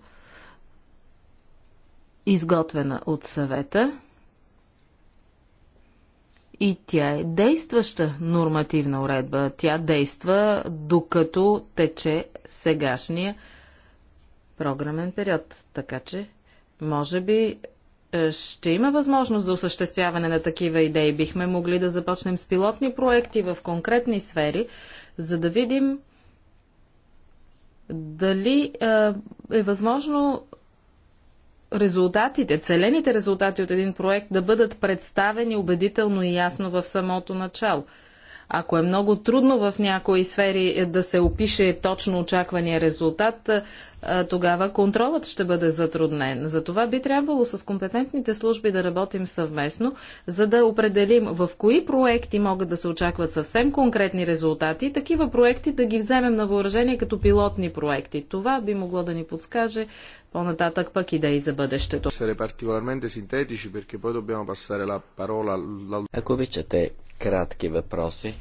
изготвена от съвета, и тя е действаща нормативна уредба. Тя действа докато тече сегашния програмен период. Така че, може би, е, ще има възможност за осъществяване на такива идеи. Бихме могли да започнем с пилотни проекти в конкретни сфери, за да видим дали е, е възможно резултатите, целените резултати от един проект да бъдат представени убедително и ясно в самото начало – ако е много трудно в някои сфери е, да се опише точно очаквания резултат, е, тогава контролът ще бъде затруднен. Затова би трябвало с компетентните служби да работим съвместно, за да определим в кои проекти могат да се очакват съвсем конкретни резултати, такива проекти да ги вземем на въоръжение като пилотни проекти. Това би могло да ни подскаже по-нататък пък идеи за бъдещето. Ако обичате, кратки въпроси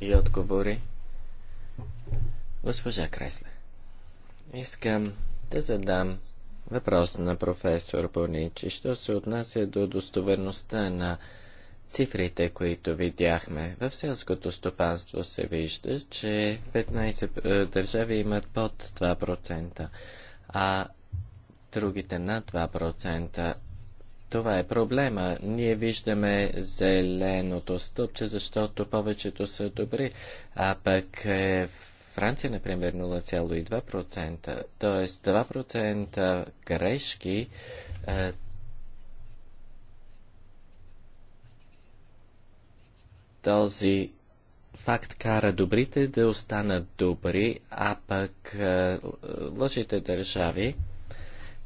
и отговори. Госпожа Кресле, искам да задам въпрос на професор Боничи, що се отнася до достоверността на цифрите, които видяхме. В селското стопанство се вижда, че 15 е, държави имат под 2%, а другите над 2%. Това е проблема. Ние виждаме зеленото стъпче, защото повечето са добри, а пък е Франция, например, 0,2%, т.е. 2% грешки е, този факт кара добрите да останат добри, а пък е, лъжите държави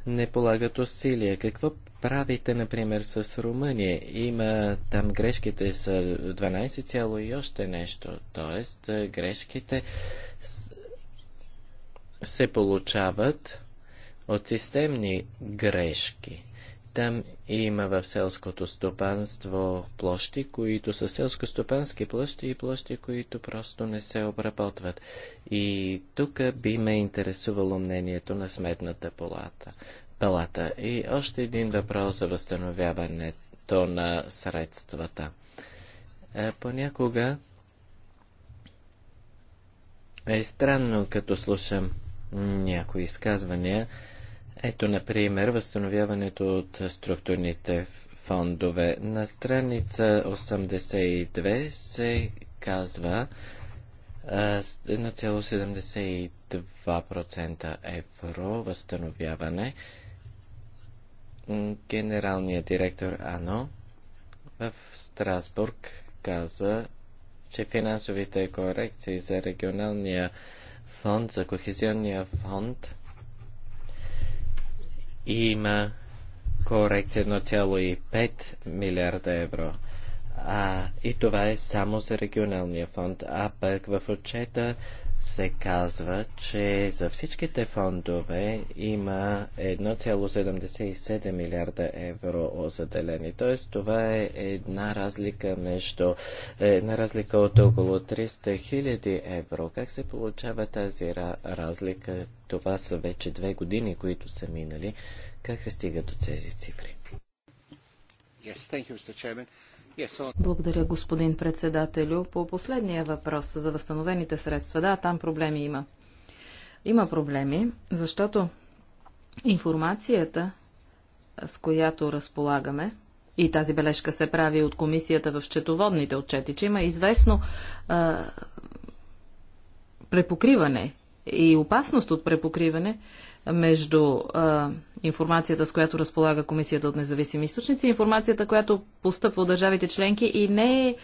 не полагат усилия. Какво правите, например, с Румъния? Има там грешките са 12 цяло и още нещо. Тоест, е, грешките се получават от системни грешки. Там има в селското стопанство площи, които са селско-стопански площи и площи, които просто не се обработват. И тук би ме интересувало мнението на сметната палата. палата. И още един въпрос за възстановяването на средствата. Е, понякога е странно, като слушам някои изказвания, ето, например, възстановяването от структурните фондове. На страница 82 се казва 1,72% евро възстановяване. Генералният директор Ано в Страсбург каза, че финансовите корекции за регионалния фонд, за кохезионния фонд има корекция 1,5 милиарда евро. А, и това е само за регионалния фонд. А пък в отчета се казва, че за всичките фондове има 1,77 милиарда евро озаделени. Т.е. това е една разлика между е една разлика от около 300 хиляди евро. Как се получава тази разлика? Това са вече две години, които са минали. Как се стига до тези цифри? Yes, thank you, Mr. Chairman. Благодаря, господин председателю. По последния въпрос за възстановените средства. Да, там проблеми има. Има проблеми, защото информацията, с която разполагаме, и тази бележка се прави от комисията в счетоводните отчети, че има известно а, препокриване и опасност от препокриване между а, информацията, с която разполага Комисията от независими източници, информацията, която постъпва от държавите членки и не е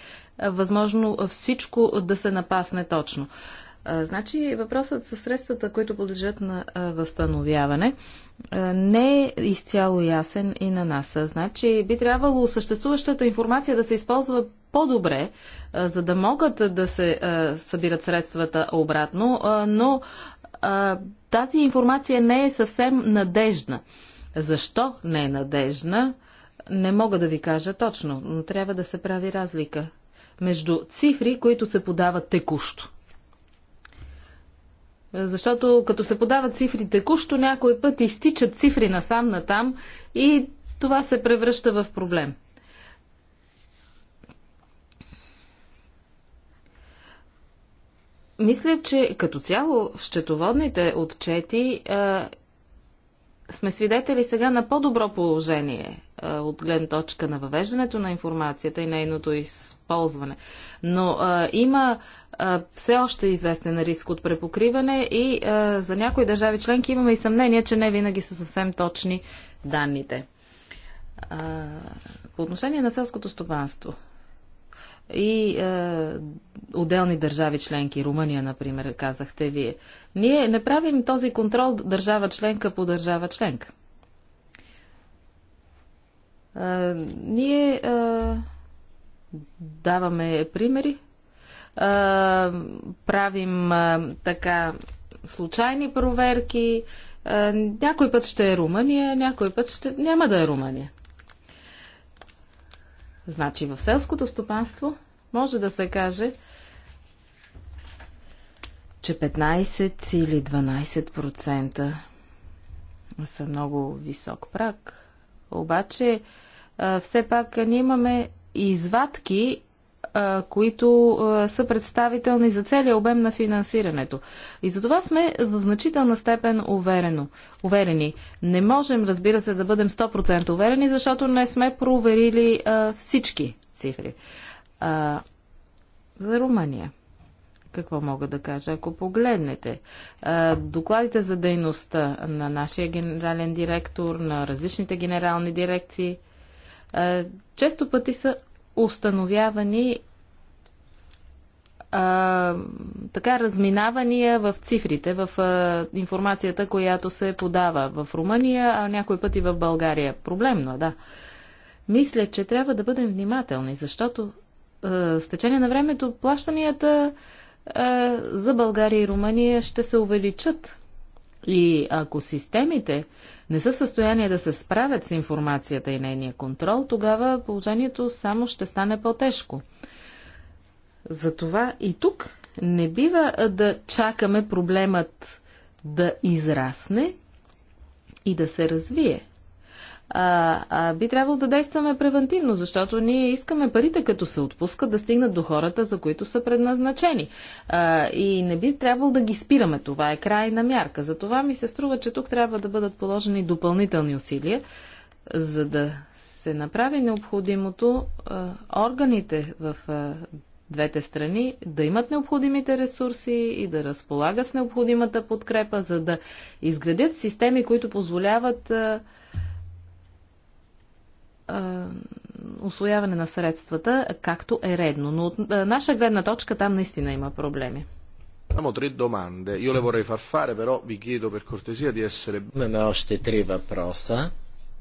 възможно всичко да се напасне точно. А, значи въпросът със средствата, които подлежат на а, възстановяване, а, не е изцяло ясен и на нас. А, значи би трябвало съществуващата информация да се използва по-добре, за да могат да се събират средствата обратно, но а, тази информация не е съвсем надежна. Защо не е надежна, не мога да ви кажа точно, но трябва да се прави разлика между цифри, които се подават текущо. Защото като се подават цифри текущо, някой път изтичат цифри насам-натам и това се превръща в проблем. Мисля, че като цяло в счетоводните отчети а, сме свидетели сега на по-добро положение а, от гледна точка на въвеждането на информацията и нейното използване. Но а, има а, все още известен риск от препокриване и а, за някои държави членки имаме и съмнение, че не винаги са съвсем точни данните. А, по отношение на селското стопанство и е, отделни държави членки, Румъния, например, казахте вие. Ние не правим този контрол държава членка по държава членка. Е, ние е, даваме примери, е, правим е, така случайни проверки. Е, някой път ще е Румъния, някой път ще няма да е Румъния. Значи в селското стопанство може да се каже, че 15 или 12% са много висок прак. Обаче, все пак ние имаме извадки които са представителни за целия обем на финансирането. И за това сме в значителна степен уверено, уверени. Не можем, разбира се, да бъдем 100% уверени, защото не сме проверили всички цифри. за Румъния какво мога да кажа? Ако погледнете а, докладите за дейността на нашия генерален директор, на различните генерални дирекции, а, често пъти са установявани а, така разминавания в цифрите, в а, информацията, която се подава в Румъния, а някой път и в България. Проблемно, да. Мисля, че трябва да бъдем внимателни, защото а, с течение на времето плащанията а, за България и Румъния ще се увеличат и ако системите не са в състояние да се справят с информацията и нейния контрол, тогава положението само ще стане по-тежко. Затова и тук не бива да чакаме проблемът да израсне и да се развие а, а, би трябвало да действаме превентивно, защото ние искаме парите, като се отпускат, да стигнат до хората, за които са предназначени. А, и не би трябвало да ги спираме. Това е крайна мярка. Затова ми се струва, че тук трябва да бъдат положени допълнителни усилия, за да се направи необходимото а, органите в. А, двете страни да имат необходимите ресурси и да разполагат с необходимата подкрепа, за да изградят системи, които позволяват а, освояване на средствата, както е редно. Но от наша гледна точка там наистина има проблеми. Abbiamo tre domande, io le vorrei far fare, però vi chiedo per cortesia di essere... Имаме още три въпроса,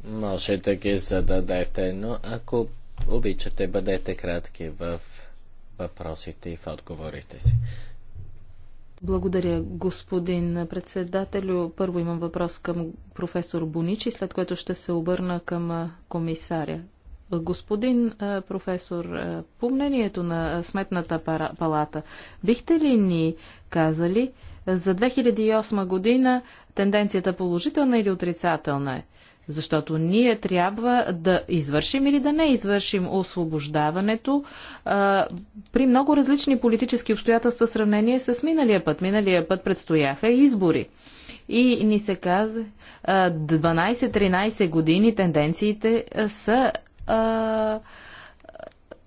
може да ги зададете, но ако обичате, бъдете кратки в въпросите и в отговорите си. Благодаря, господин председателю. Първо имам въпрос към професор Боничи, след което ще се обърна към комисаря. Господин професор, по мнението на Сметната палата, бихте ли ни казали за 2008 година тенденцията положителна или отрицателна е? Защото ние трябва да извършим или да не извършим освобождаването а, при много различни политически обстоятелства в сравнение с миналия път. Миналия път предстояха избори. И ни се каза, 12-13 години тенденциите са а,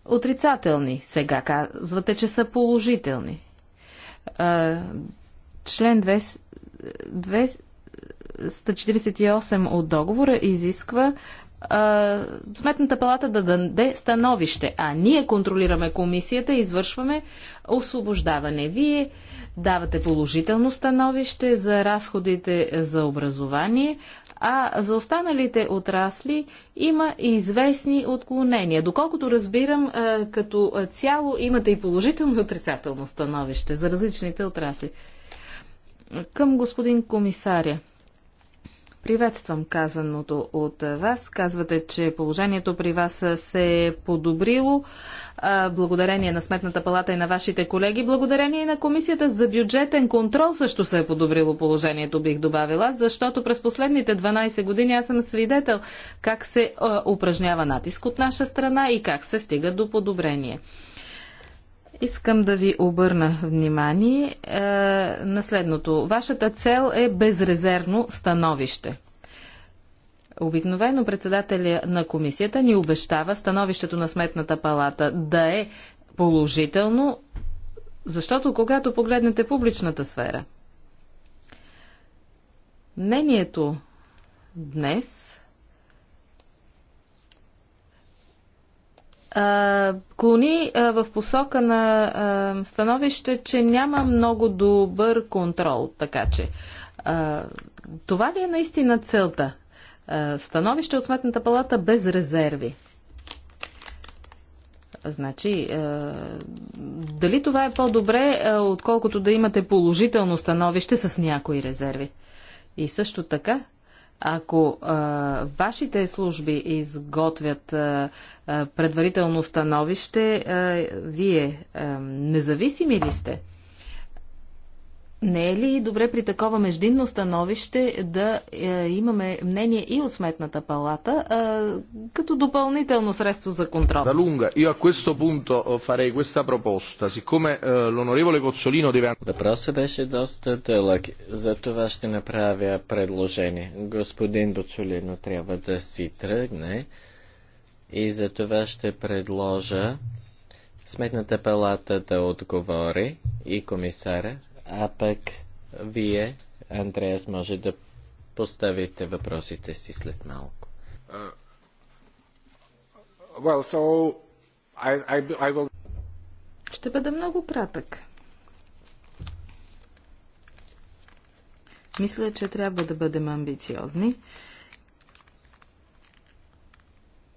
отрицателни. Сега казвате, че са положителни. А, член 2, 148 от договора изисква а, Сметната палата да даде становище, а ние контролираме комисията и извършваме освобождаване. Вие давате положително становище за разходите за образование, а за останалите отрасли има известни отклонения. Доколкото разбирам, като цяло имате и положително и отрицателно становище за различните отрасли. Към господин комисаря. Приветствам казаното от вас. Казвате, че положението при вас се е подобрило благодарение на Сметната палата и на вашите колеги. Благодарение и на Комисията за бюджетен контрол също се е подобрило положението, бих добавила, защото през последните 12 години аз съм свидетел как се упражнява натиск от наша страна и как се стига до подобрение. Искам да ви обърна внимание е, на следното. Вашата цел е безрезервно становище. Обикновено председателя на комисията ни обещава становището на Сметната палата да е положително, защото когато погледнете публичната сфера, мнението днес клони в посока на становище, че няма много добър контрол. Така че, това ли е наистина целта? становище от Сметната палата без резерви. Значи, е, дали това е по-добре, е, отколкото да имате положително становище с някои резерви? И също така, ако а, вашите служби изготвят а, а, предварително становище, а, вие а, независими ли сте? Не е ли добре при такова междинно становище да е, имаме мнение и от Сметната палата е, като допълнително средство за контрол? Да, лунга. Io a questo punto eh, farei questa proposta. Siccome eh, l'onorevole Cozzolino deve... Въпросът беше доста дълъг. За това ще направя предложение. Господин Доцолино трябва да си тръгне и за това ще предложа Сметната палата да отговори и комисара а пък вие, Андреас, може да поставите въпросите си след малко. Uh, well, so I, I, I will... Ще бъда много кратък. Мисля, че трябва да бъдем амбициозни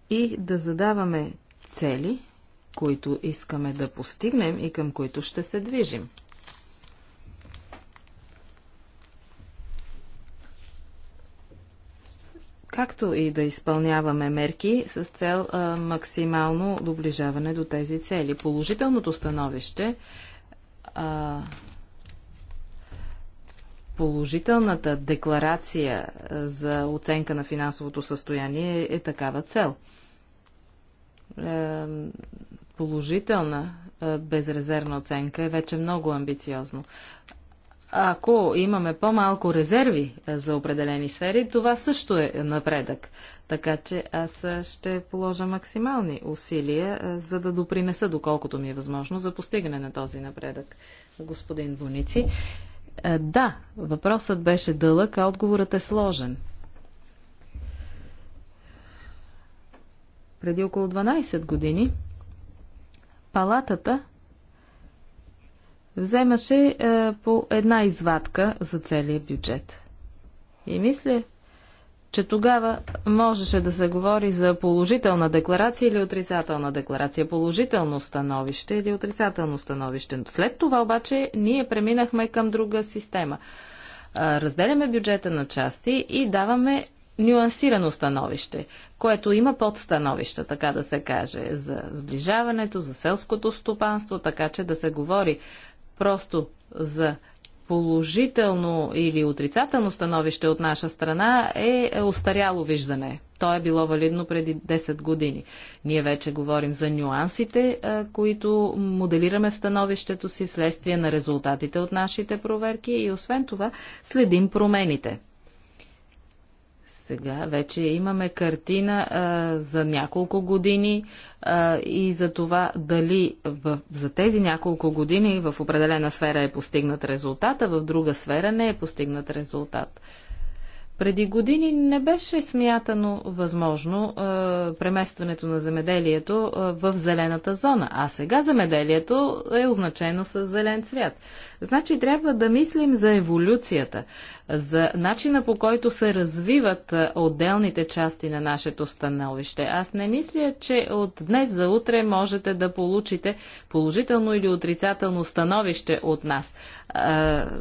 и да задаваме цели, които искаме да постигнем и към които ще се движим. както и да изпълняваме мерки с цел а, максимално доближаване до тези цели. Положителното становище, а, положителната декларация за оценка на финансовото състояние е такава цел. А, положителна безрезервна оценка е вече много амбициозно. Ако имаме по-малко резерви е, за определени сфери, това също е напредък. Така че аз е, ще положа максимални усилия, е, за да допринеса, доколкото ми е възможно, за постигане на този напредък. Господин Боници, да, въпросът беше дълъг, а отговорът е сложен. Преди около 12 години палатата вземаше е, по една извадка за целия бюджет. И мисля, че тогава можеше да се говори за положителна декларация или отрицателна декларация, положително становище или отрицателно становище. След това обаче ние преминахме към друга система. Е, разделяме бюджета на части и даваме нюансирано становище, което има подстановища, така да се каже, за сближаването, за селското стопанство, така че да се говори просто за положително или отрицателно становище от наша страна е остаряло е виждане. То е било валидно преди 10 години. Ние вече говорим за нюансите, е, които моделираме в становището си следствие на резултатите от нашите проверки и освен това следим промените. Сега вече имаме картина а, за няколко години а, и за това дали в, за тези няколко години в определена сфера е постигнат резултат, а в друга сфера не е постигнат резултат. Преди години не беше смятано възможно а, преместването на земеделието а, в зелената зона, а сега земеделието е означено с зелен цвят. Значи трябва да мислим за еволюцията, за начина по който се развиват отделните части на нашето становище. Аз не мисля, че от днес за утре можете да получите положително или отрицателно становище от нас.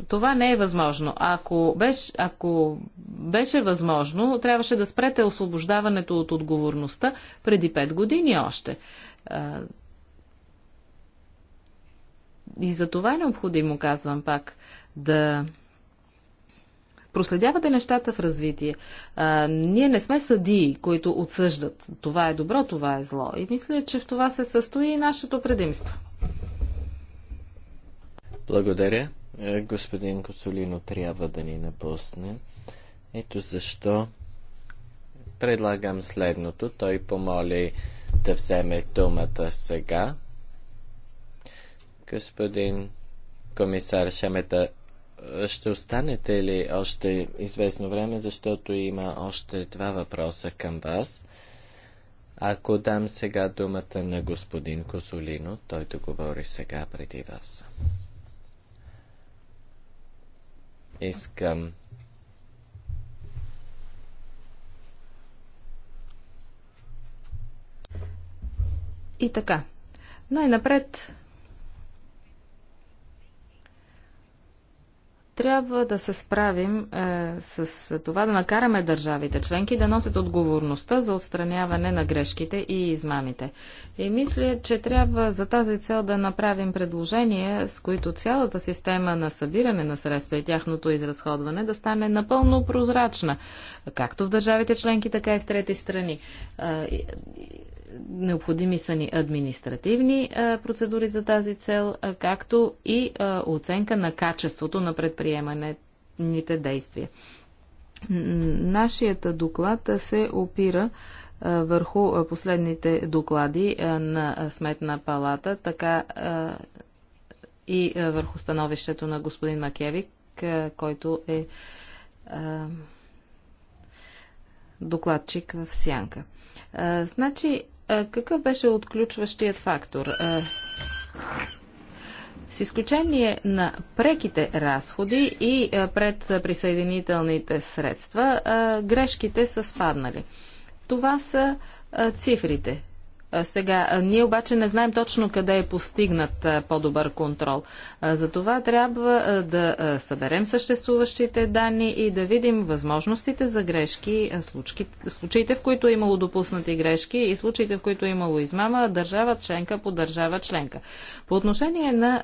Това не е възможно. Ако беше, ако беше възможно, трябваше да спрете освобождаването от отговорността преди 5 години още и за това е необходимо, казвам пак, да проследявате нещата в развитие. А, ние не сме съдии, които отсъждат това е добро, това е зло. И мисля, че в това се състои и нашето предимство. Благодаря. Е, господин Коцолино трябва да ни напусне. Ето защо предлагам следното. Той помоли да вземе думата сега. Господин комисар Шамета, ще останете ли още известно време, защото има още два въпроса към вас. Ако дам сега думата на господин Козолино, той да говори сега преди вас. Искам И така. Най-напред трябва да се справим е, с това да накараме държавите членки да носят отговорността за отстраняване на грешките и измамите. И мисля, че трябва за тази цел да направим предложения, с които цялата система на събиране на средства и тяхното изразходване да стане напълно прозрачна, както в държавите членки, така и в трети страни. Е, Необходими са ни административни процедури за тази цел, както и оценка на качеството на предприеманите действия. Нашият доклад се опира върху последните доклади на Сметна палата, така и върху становището на господин Макевик, който е докладчик в Сянка. Значи, какъв беше отключващият фактор? С изключение на преките разходи и пред присъединителните средства, грешките са спаднали. Това са цифрите. Сега, ние обаче не знаем точно къде е постигнат по-добър контрол. Затова трябва да съберем съществуващите данни и да видим възможностите за грешки, случаите в които е имало допуснати грешки и случаите в които е имало измама държава членка по държава членка. По отношение на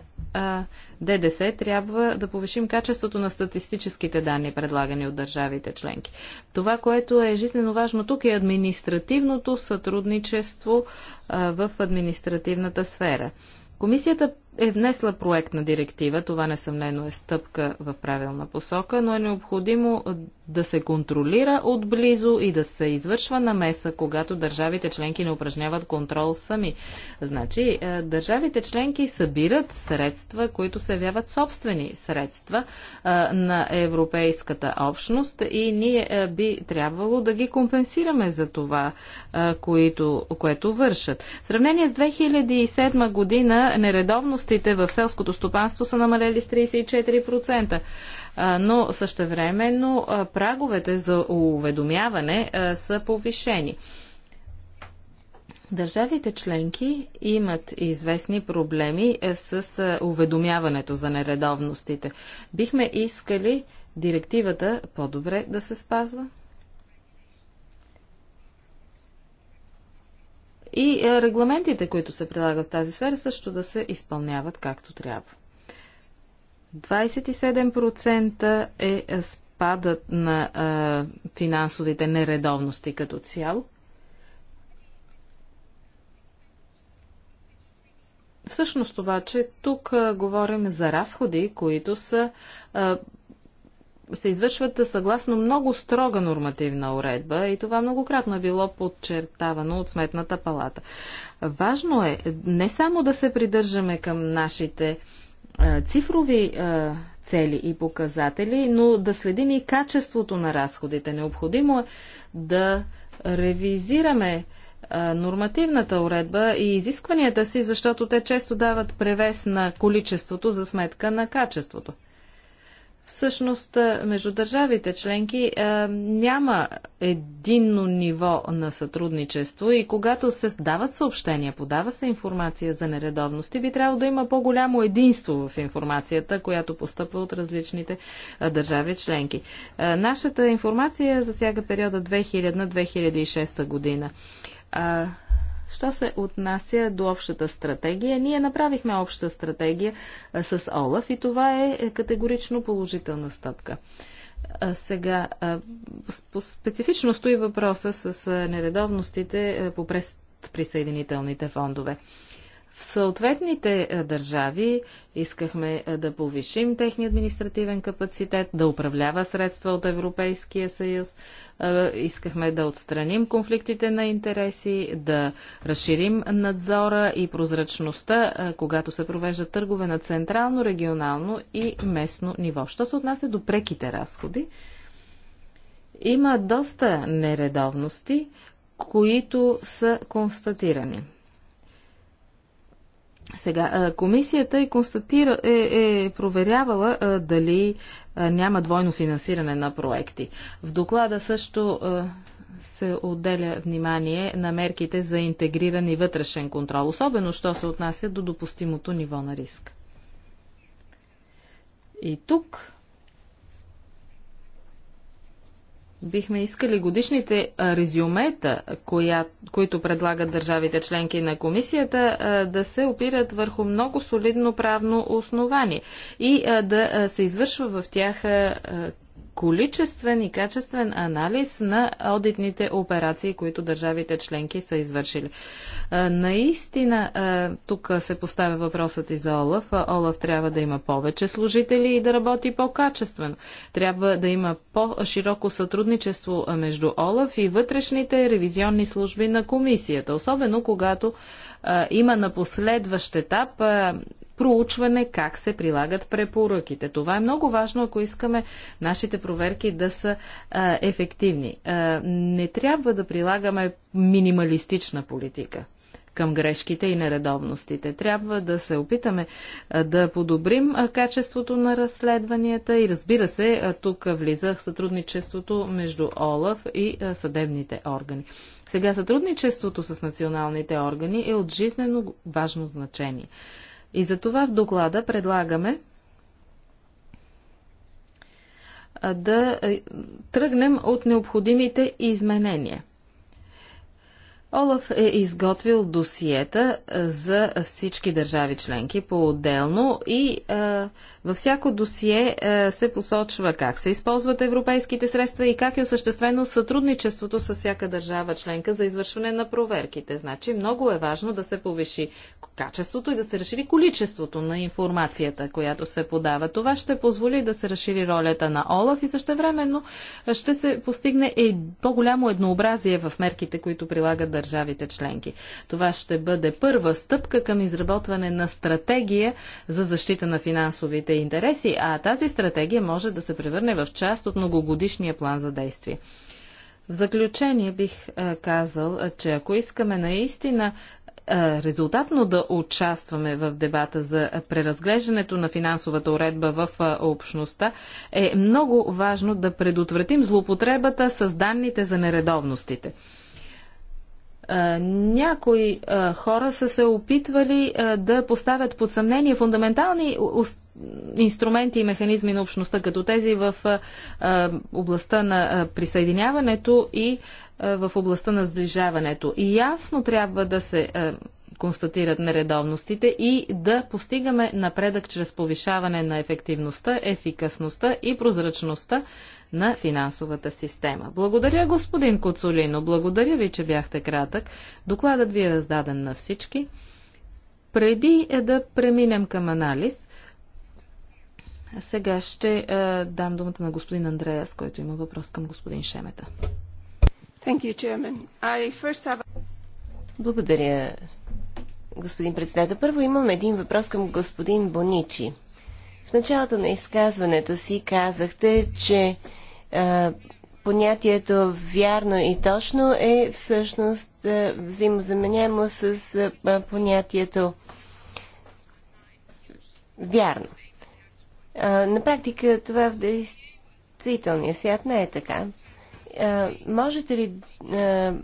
ДДС трябва да повишим качеството на статистическите данни, предлагани от държавите членки. Това, което е жизненно важно тук е административното сътрудничество в административната сфера. Комисията е внесла проект на директива. Това несъмнено е стъпка в правилна посока, но е необходимо да се контролира отблизо и да се извършва намеса, когато държавите членки не упражняват контрол сами. Значи, държавите членки събират средства, които се явяват собствени средства на Европейската общност и ние би трябвало да ги компенсираме за това, което, което вършат. В сравнение с 2007 година нередовно дейностите в селското стопанство са намалели с 34%. Но същевременно праговете за уведомяване са повишени. Държавите членки имат известни проблеми е, с уведомяването за нередовностите. Бихме искали директивата по-добре да се спазва? и е, регламентите, които се прилагат в тази сфера, също да се изпълняват както трябва. 27% е, е спадът на а, е, финансовите нередовности като цяло. Всъщност обаче тук а, говорим за разходи, които са а, се извършват съгласно много строга нормативна уредба и това многократно е било подчертавано от Сметната палата. Важно е не само да се придържаме към нашите е, цифрови е, цели и показатели, но да следим и качеството на разходите. Необходимо е да ревизираме е, нормативната уредба и изискванията си, защото те често дават превес на количеството за сметка на качеството. Всъщност, е, между държавите членки е, няма единно ниво на сътрудничество и когато се дават съобщения, подава се информация за нередовности, би трябвало да има по-голямо единство в информацията, която постъпва от различните е, държави членки. Е, нашата информация засяга периода 2000-2006 година. Е, Що се отнася до общата стратегия, ние направихме обща стратегия с Олаф и това е, е категорично положителна стъпка. Сега, специфично стои въпроса с нередовностите по през присъединителните фондове. В съответните е, държави искахме е, да повишим техния административен капацитет, да управлява средства от Европейския съюз, е, искахме да отстраним конфликтите на интереси, да разширим надзора и прозрачността, когато се провеждат търгове на централно, регионално и местно ниво. Що се отнася до преките разходи, има доста нередовности, които са констатирани. Сега, комисията е, констатира, е, е проверявала е, дали е, няма двойно финансиране на проекти. В доклада също се отделя внимание на мерките за интегриран и вътрешен контрол, особено що се отнася до допустимото ниво на риск. И тук Бихме искали годишните резюмета, коя, които предлагат държавите членки на комисията, да се опират върху много солидно правно основание и да се извършва в тях количествен и качествен анализ на одитните операции, които държавите членки са извършили. Наистина, тук се поставя въпросът и за Олаф. Олаф трябва да има повече служители и да работи по-качествено. Трябва да има по-широко сътрудничество между Олаф и вътрешните ревизионни служби на комисията, особено когато има на последващ етап проучване как се прилагат препоръките. Това е много важно, ако искаме нашите проверки да са а, ефективни. А, не трябва да прилагаме минималистична политика към грешките и нередовностите. Трябва да се опитаме да подобрим качеството на разследванията и разбира се, тук влиза сътрудничеството между ОЛАФ и съдебните органи. Сега сътрудничеството с националните органи е от жизнено важно значение. И за това в доклада предлагаме да е, тръгнем от необходимите изменения. Олаф е изготвил досиета за всички държави членки по-отделно и е, във всяко досие е, се посочва как се използват европейските средства и как е осъществено сътрудничеството с всяка държава членка за извършване на проверките. Значи много е важно да се повиши качеството и да се разшири количеството на информацията, която се подава. Това ще позволи да се разшири ролята на Олаф и същевременно ще се постигне и по-голямо еднообразие в мерките, които прилагат държавите членки. Това ще бъде първа стъпка към изработване на стратегия за защита на финансовите интереси, а тази стратегия може да се превърне в част от многогодишния план за действие. В заключение бих е, казал, е, че ако искаме наистина е, резултатно да участваме в дебата за преразглеждането на финансовата уредба в общността, е много важно да предотвратим злоупотребата с данните за нередовностите. Е, някои е, хора са се опитвали е, да поставят под съмнение фундаментални инструменти и механизми на общността, като тези в областта на присъединяването и в областта на сближаването. И ясно трябва да се констатират нередовностите и да постигаме напредък чрез повишаване на ефективността, ефикасността и прозрачността на финансовата система. Благодаря, господин Коцолино. Благодаря ви, че бяхте кратък. Докладът ви е раздаден на всички. Преди е да преминем към анализ, сега ще е, дам думата на господин Андреас, който има въпрос към господин Шемета. You, have... Благодаря, господин председател. Първо имам един въпрос към господин Боничи. В началото на изказването си казахте, че а, понятието вярно и точно е всъщност а, взаимозаменяемо с а, понятието вярно. А, на практика това в действителния свят не е така. А, можете ли а,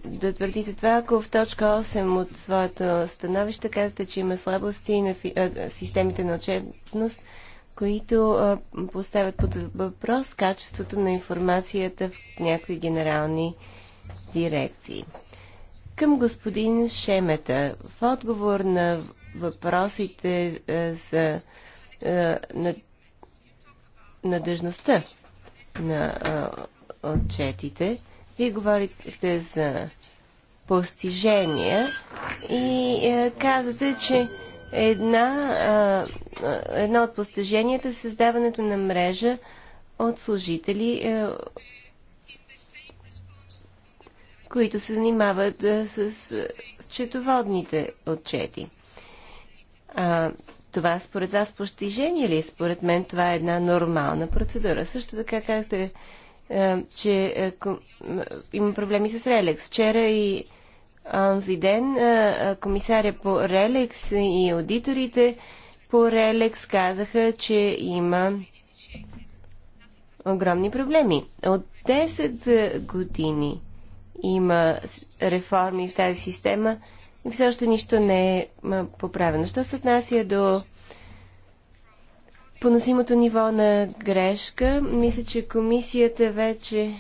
да твърдите това, ако в точка 8 от своето становище казвате, че има слабости на фи... а, системите на отчетност? които поставят под въпрос качеството на информацията в някои генерални дирекции. Към господин Шемета, в отговор на въпросите за надежността на отчетите, вие говорихте за постижения и казвате, че Една, едно от постиженията е създаването на мрежа от служители, е, които се занимават е, с счетоводните отчети. А, това според вас постижение ли? Според мен това е една нормална процедура. Също така казахте, е, че има проблеми с Релекс. Вчера и онзи ден комисаря по Релекс и аудиторите по Релекс казаха, че има огромни проблеми. От 10 години има реформи в тази система и все още нищо не е поправено. Що се отнася до поносимото ниво на грешка, мисля, че комисията вече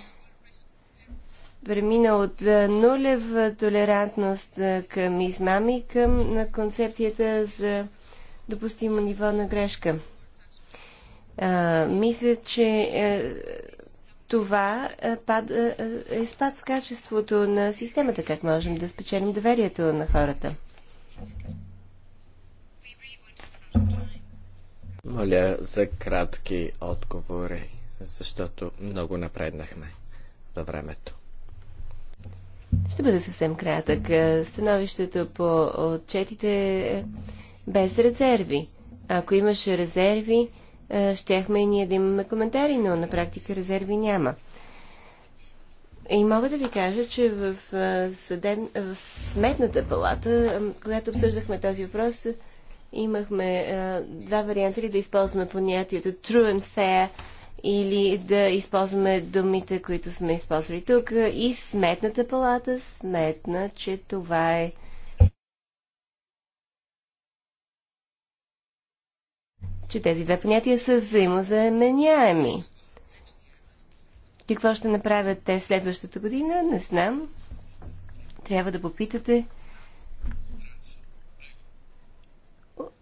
премина от нулева толерантност към измами към на концепцията за допустимо ниво на грешка. А, мисля, че а, е, това е, пад, а, е, е спад в качеството на системата. Как можем да спечелим доверието на хората? Моля за кратки отговори, защото много напреднахме във времето. Ще бъда съвсем кратък. Становището по отчетите без резерви. Ако имаше резерви, щяхме и ние да имаме коментари, но на практика резерви няма. И мога да ви кажа, че в, съдеб... в сметната палата, когато обсъждахме този въпрос, имахме два варианта ли да използваме понятието true and fair или да използваме думите, които сме използвали тук. И сметната палата сметна, че това е че тези две понятия са взаимозаменяеми. Какво ще направят те следващата година, не знам. Трябва да попитате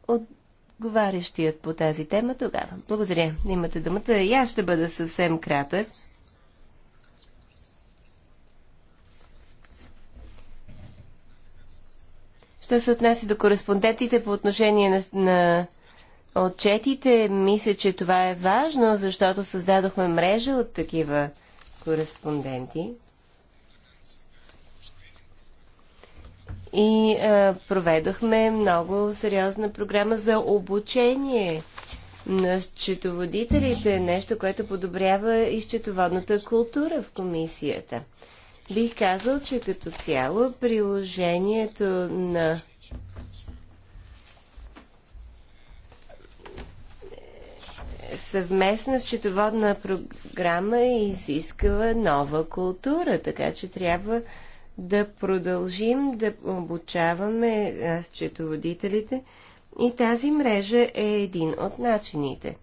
от отговарящият по тази тема тогава. Благодаря. Имате думата. И аз ще бъда съвсем кратък. Що се отнася до кореспондентите по отношение на, на отчетите, мисля, че това е важно, защото създадохме мрежа от такива кореспонденти. и а, е, проведохме много сериозна програма за обучение на счетоводителите, нещо, което подобрява и счетоводната култура в комисията. Бих казал, че като цяло приложението на съвместна счетоводна програма изисква нова култура, така че трябва да продължим да обучаваме счетоводителите и тази мрежа е един от начините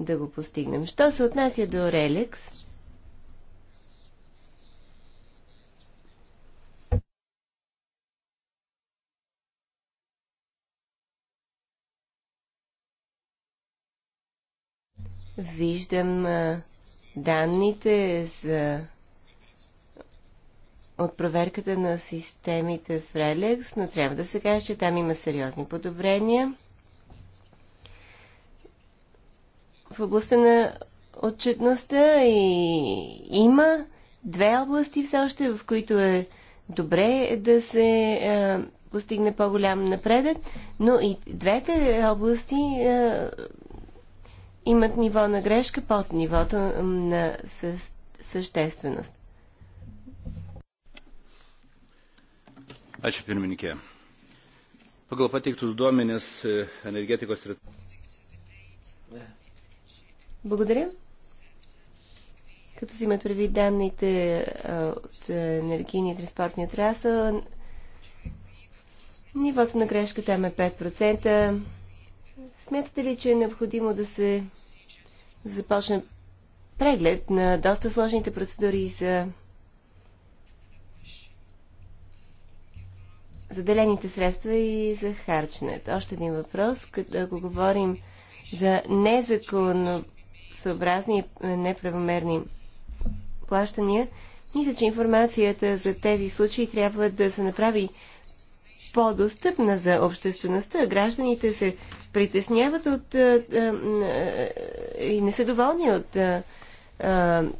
да го постигнем. Що се отнася до Релекс, Виждам данните за от проверката на системите в Релекс, но трябва да се каже, че там има сериозни подобрения. В областта на отчетността и има две области все още, в които е добре да се е, постигне по-голям напредък, но и двете области е, имат ниво на грешка под нивото на същественост. Pagal pateiktus duomenis e, energetikos ir... Благодаря. Като си имат предвид данните от е, енергийния и транспортния отрасъл, нивото на грешка там е 5%. Смятате ли, че е необходимо да се започне преглед на доста сложните процедури за заделените средства и за харченето. Още един въпрос, като ако говорим за незаконосъобразни и неправомерни плащания, мисля, че информацията за тези случаи трябва да се направи по-достъпна за обществеността. Гражданите се притесняват от, а, а, и не са доволни от а,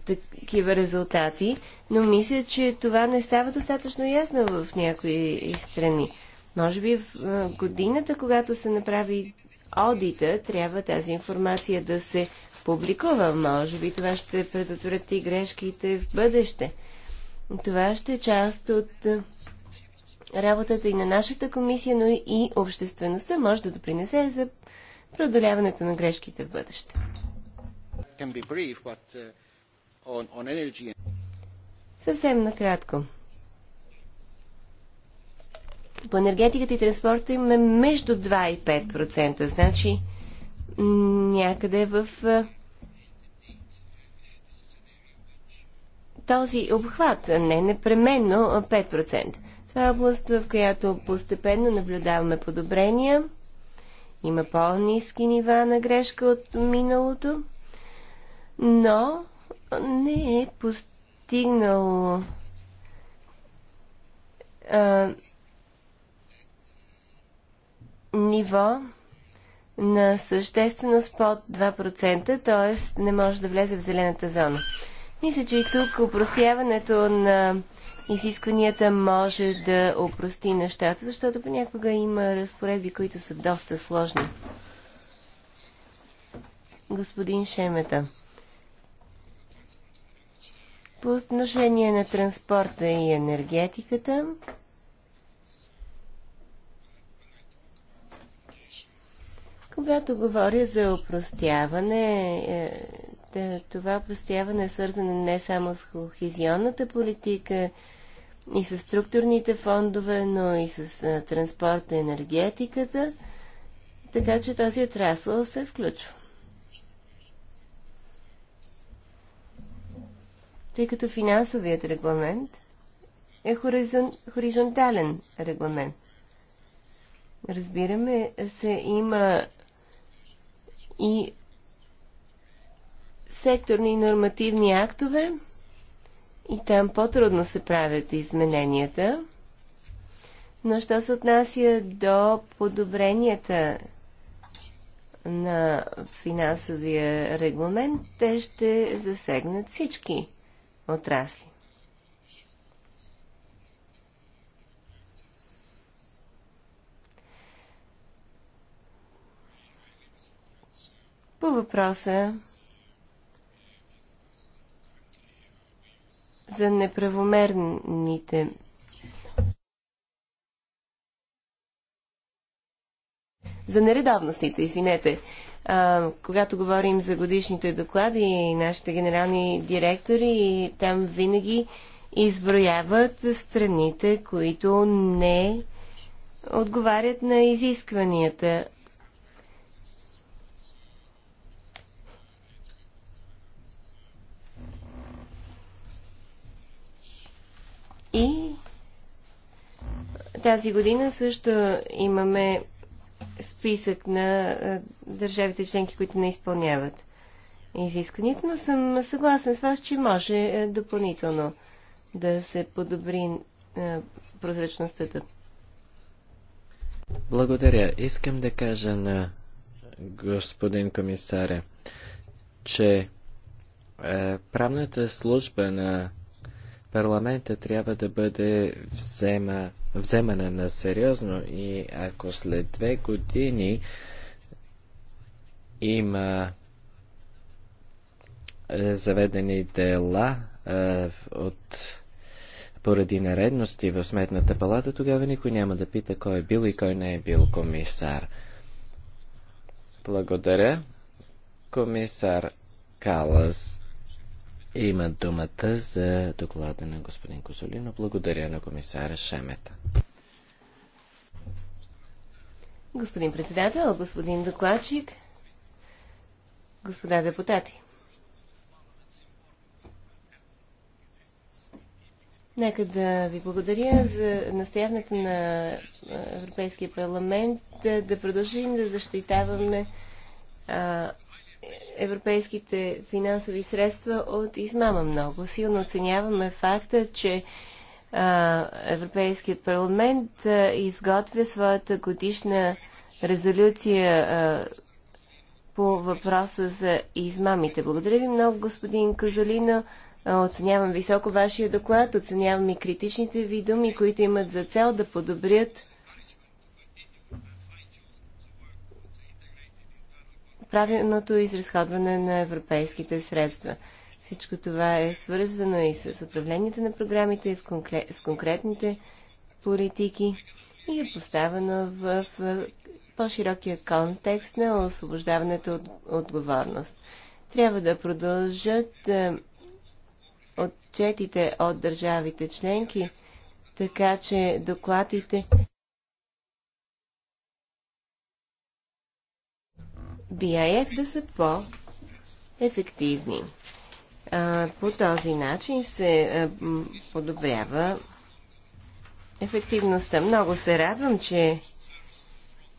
такива резултати, но мисля, че това не става достатъчно ясно в някои страни. Може би в годината, когато се направи одита, трябва тази информация да се публикува. Може би това ще предотврати грешките в бъдеще. Това ще е част от работата и на нашата комисия, но и обществеността може да допринесе за преодоляването на грешките в бъдеще brief, but uh, on, on energy. Съвсем накратко. По енергетиката и транспорта имаме между 2 и 5%, значи някъде в този обхват, не непременно 5%. Това е област, в която постепенно наблюдаваме подобрения. Има по-низки нива на грешка от миналото но не е постигнало а, ниво на същественост под 2%, т.е. не може да влезе в зелената зона. Мисля, че и тук упростяването на изискванията може да опрости нещата, защото понякога има разпоредби, които са доста сложни. Господин Шемета. По отношение на транспорта и енергетиката, когато говоря за опростяване, е, е, това опростяване е свързано не само с кохизионната политика и с структурните фондове, но и с е, транспорта и енергетиката, така че този отрасъл се включва. тъй като финансовият регламент е хоризон, хоризонтален регламент. Разбираме, се има и секторни нормативни актове и там по-трудно се правят измененията. Но що се отнася до подобренията на финансовия регламент, те ще засегнат всички отрасли. По въпроса за неправомерните за нередавностите, извинете, а, когато говорим за годишните доклади и нашите генерални директори, там винаги изброяват страните, които не отговарят на изискванията. И тази година също имаме списък на държавите членки, които не изпълняват изискването, но съм съгласен с вас, че може допълнително да се подобри прозрачността. Благодаря. Искам да кажа на господин комисаря, че е, правната служба на парламента трябва да бъде взема вземане на сериозно и ако след две години има е, заведени дела е, от поради наредности в сметната палата, тогава никой няма да пита кой е бил и кой не е бил комисар. Благодаря. Комисар Калас има думата за доклада на господин Козолино. Благодаря на комисара Шемета. Господин председател, господин докладчик, господа депутати. Нека да ви благодаря за настояването на Европейския парламент да, да продължим да защитаваме а, европейските финансови средства от измама много. Силно оценяваме факта, че а, Европейският парламент а, изготвя своята годишна резолюция а, по въпроса за измамите. Благодаря ви много, господин Казолино. Оценявам високо вашия доклад, оценявам и критичните ви думи, които имат за цел да подобрят правилното изразходване на европейските средства. Всичко това е свързано и с управлението на програмите, и конкрет, с конкретните политики и е поставено в, в по-широкия контекст на освобождаването от отговорност. Трябва да продължат е, отчетите от държавите членки, така че докладите BIF да са по-ефективни. По този начин се подобрява ефективността. Много се радвам, че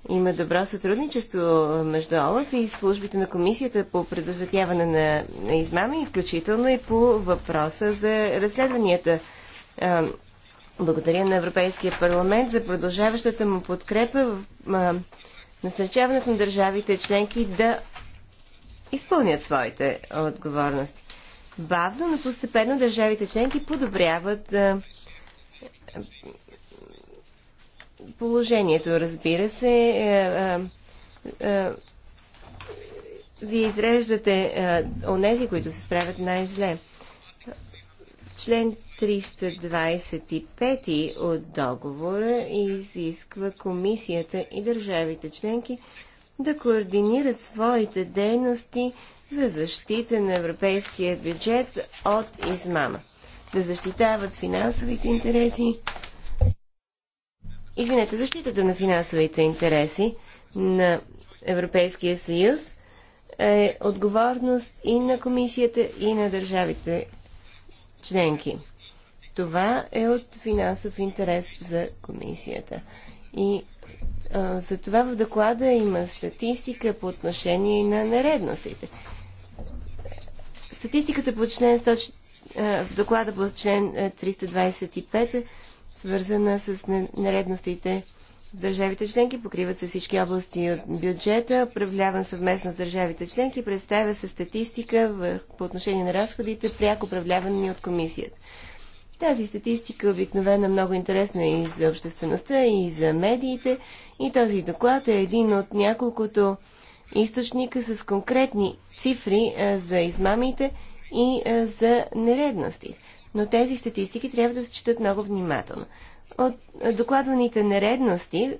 има добро сътрудничество между ОЛАФ и службите на комисията по предотвратяване на, на измами, включително и по въпроса за разследванията. Благодаря на Европейския парламент за продължаващата му подкрепа в насърчаването на държавите членки да изпълнят своите отговорности. Бавно, но постепенно държавите членки подобряват а, положението, разбира се. А, е, а, е, е, вие изреждате онези, които се справят най-зле. Член 325 от договора изисква комисията и държавите членки да координират своите дейности за защита на европейския бюджет от измама, да защитават финансовите интереси, извинете, защитата на финансовите интереси на Европейския съюз е отговорност и на комисията, и на държавите членки. Това е от финансов интерес за комисията. И а, за това в доклада има статистика по отношение на нередностите. Статистиката по член 100, а, в доклада по член 325 е свързана с нередностите държавите членки, покриват се всички области от бюджета, управляван съвместно с държавите членки, представя се статистика в, по отношение на разходите, пряко управлявани от комисията. Тази статистика обикновено е много интересна и за обществеността, и за медиите, и този доклад е един от няколкото източника с конкретни цифри а, за измамите и а, за нередности. Но тези статистики трябва да се четат много внимателно от докладваните нередности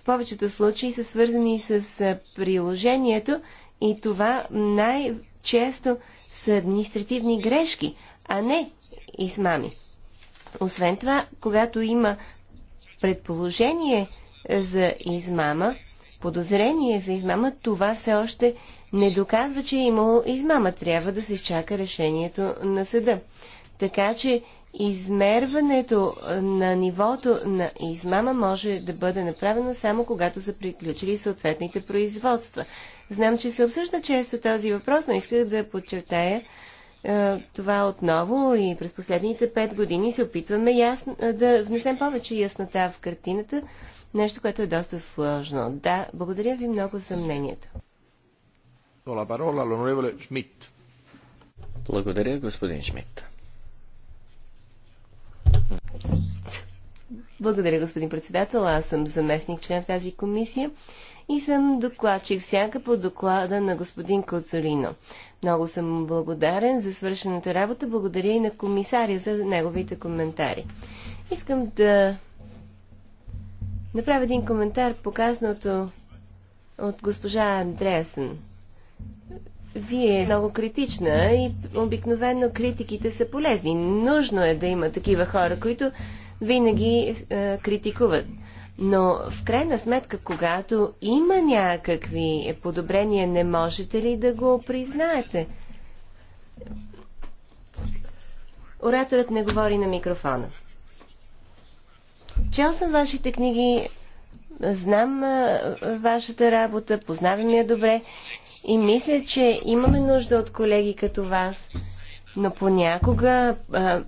в повечето случаи са свързани с приложението и това най-често са административни грешки, а не измами. Освен това, когато има предположение за измама, подозрение за измама, това все още не доказва, че е имало измама. Трябва да се изчака решението на съда. Така че Измерването на нивото на измама може да бъде направено само когато са приключили съответните производства. Знам, че се обсъжда често този въпрос, но исках да подчертая е, това отново и през последните пет години се опитваме ясно, да внесем повече яснота в картината, нещо, което е доста сложно. Да, благодаря ви много за мнението. Благодаря, господин Шмидт. Благодаря, господин председател. Аз съм заместник член в тази комисия и съм докладчик всяка по доклада на господин Коцолино. Много съм благодарен за свършената работа. Благодаря и на комисаря за неговите коментари. Искам да направя един коментар, показаното от госпожа Андреасен вие много критична и обикновено критиките са полезни. Нужно е да има такива хора, които винаги е, критикуват. Но в крайна сметка, когато има някакви подобрения, не можете ли да го признаете? Ораторът не говори на микрофона. Чел съм вашите книги Знам а, вашата работа, познавам я добре и мисля, че имаме нужда от колеги като вас. Но понякога, а,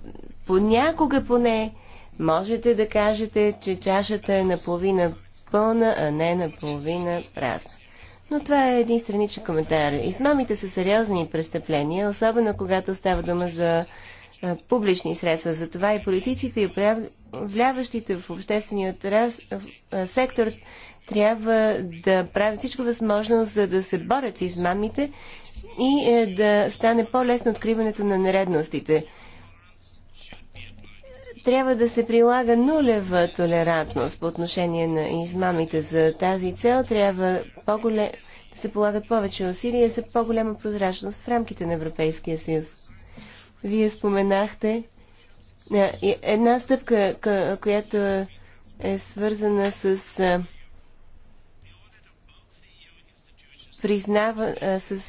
понякога поне, можете да кажете, че чашата е наполовина пълна, а не наполовина празна. Но това е един страничен коментар. Измамите са сериозни престъпления, особено когато става дума за публични средства. Затова и политиците и управляващите в обществения сектор трябва да правят всичко възможно, за да се борят с измамите и е, да стане по-лесно откриването на нередностите. Трябва да се прилага нулева толерантност по отношение на измамите. За тази цел трябва по-голем да се полагат повече усилия за по-голяма прозрачност в рамките на Европейския съюз. Вие споменахте една стъпка, която е свързана с признава с,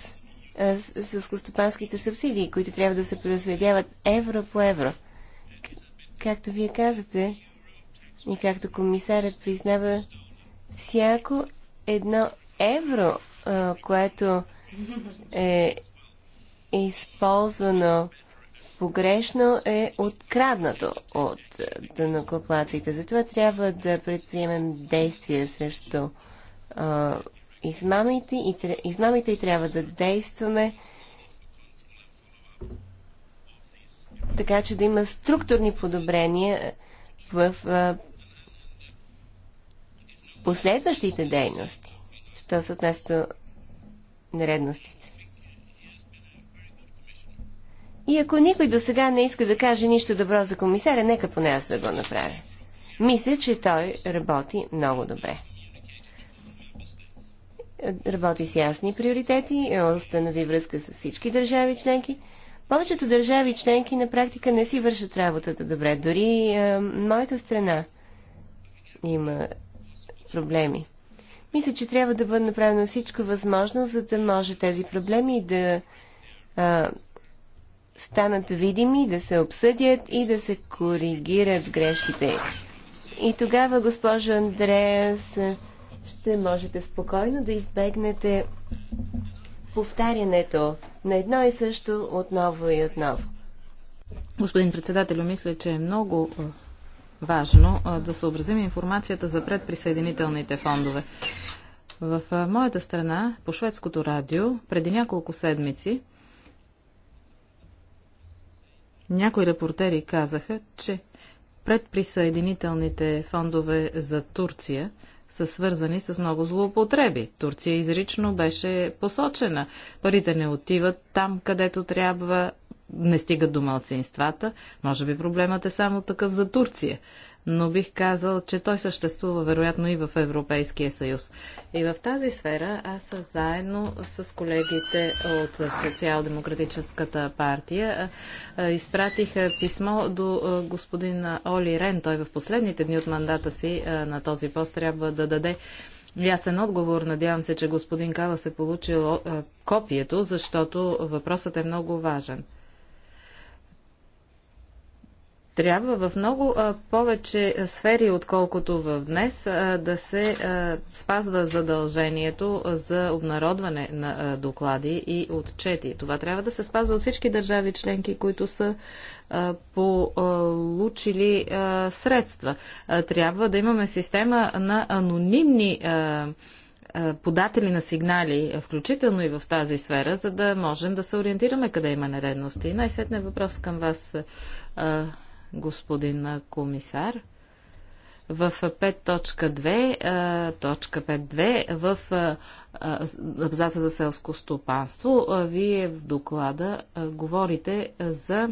с, костопанските субсидии, които трябва да се произведяват евро по евро. Както вие казвате и както комисарят признава, всяко едно евро, което е използвано погрешно е откраднато от дънокоплациите. Затова трябва да предприемем действия срещу а, измамите, и, измамите и трябва да действаме така, че да има структурни подобрения в а, последващите дейности, що се отнася до нередностите. И ако никой до сега не иска да каже нищо добро за комисаря, нека поне аз да го направя. Мисля, че той работи много добре. Работи с ясни приоритети, е, установи връзка с всички държави членки. Повечето държави членки на практика не си вършат работата добре. Дори е, моята страна има проблеми. Мисля, че трябва да бъде направено всичко възможно, за да може тези проблеми да е, станат видими, да се обсъдят и да се коригират грешките. И тогава, госпожо Андреас, ще можете спокойно да избегнете повтарянето на едно и също отново и отново. Господин председател, мисля, че е много важно да съобразим информацията за предприсъединителните фондове. В моята страна, по шведското радио, преди няколко седмици, някои репортери казаха, че предприсъединителните фондове за Турция са свързани с много злоупотреби. Турция изрично беше посочена. Парите не отиват там, където трябва, не стигат до малцинствата. Може би проблемът е само такъв за Турция но бих казал, че той съществува вероятно и в Европейския съюз. И в тази сфера аз заедно с колегите от Социал-демократическата партия изпратих писмо до господин Оли Рен. Той в последните дни от мандата си на този пост трябва да даде ясен отговор. Надявам се, че господин Кала се получил копието, защото въпросът е много важен трябва в много повече сфери, отколкото в днес, да се спазва задължението за обнародване на доклади и отчети. Това трябва да се спазва от всички държави членки, които са получили средства. Трябва да имаме система на анонимни податели на сигнали, включително и в тази сфера, за да можем да се ориентираме къде има нередности. Най-сетне е въпрос към вас, господин комисар. В 5.2, точка в абзаца за селско стопанство, вие в доклада говорите за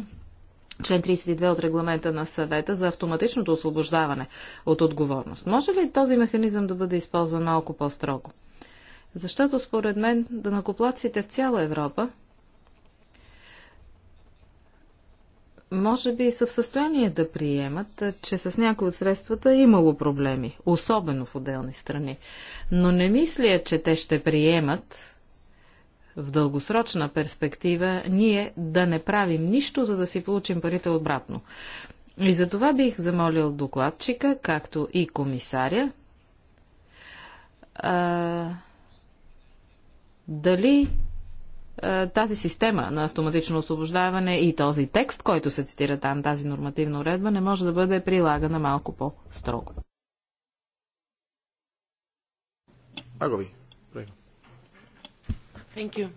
член 32 от регламента на съвета за автоматичното освобождаване от отговорност. Може ли този механизъм да бъде използван малко по-строго? Защото според мен да накоплаците в цяла Европа може би са в състояние да приемат, че с някои от средствата е имало проблеми, особено в отделни страни. Но не мисля, че те ще приемат в дългосрочна перспектива ние да не правим нищо, за да си получим парите обратно. И за това бих замолил докладчика, както и комисаря, а, дали е, тази система на автоматично освобождаване и този текст, който се цитира там, тази нормативна уредба, не може да бъде прилагана малко по-строго. Thank you.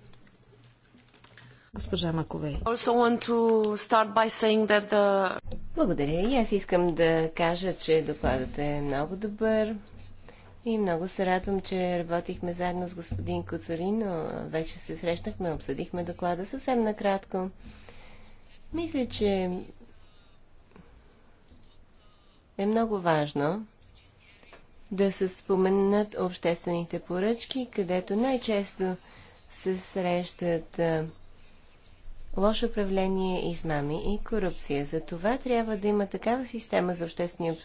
Госпожа Маковей. The... Благодаря. И аз искам да кажа, че докладът е много добър. И много се радвам, че работихме заедно с господин но Вече се срещнахме, обсъдихме доклада съвсем накратко. Мисля, че е много важно да се споменат обществените поръчки, където най-често се срещат а, лошо управление, измами и корупция. За това трябва да има такава система за обществени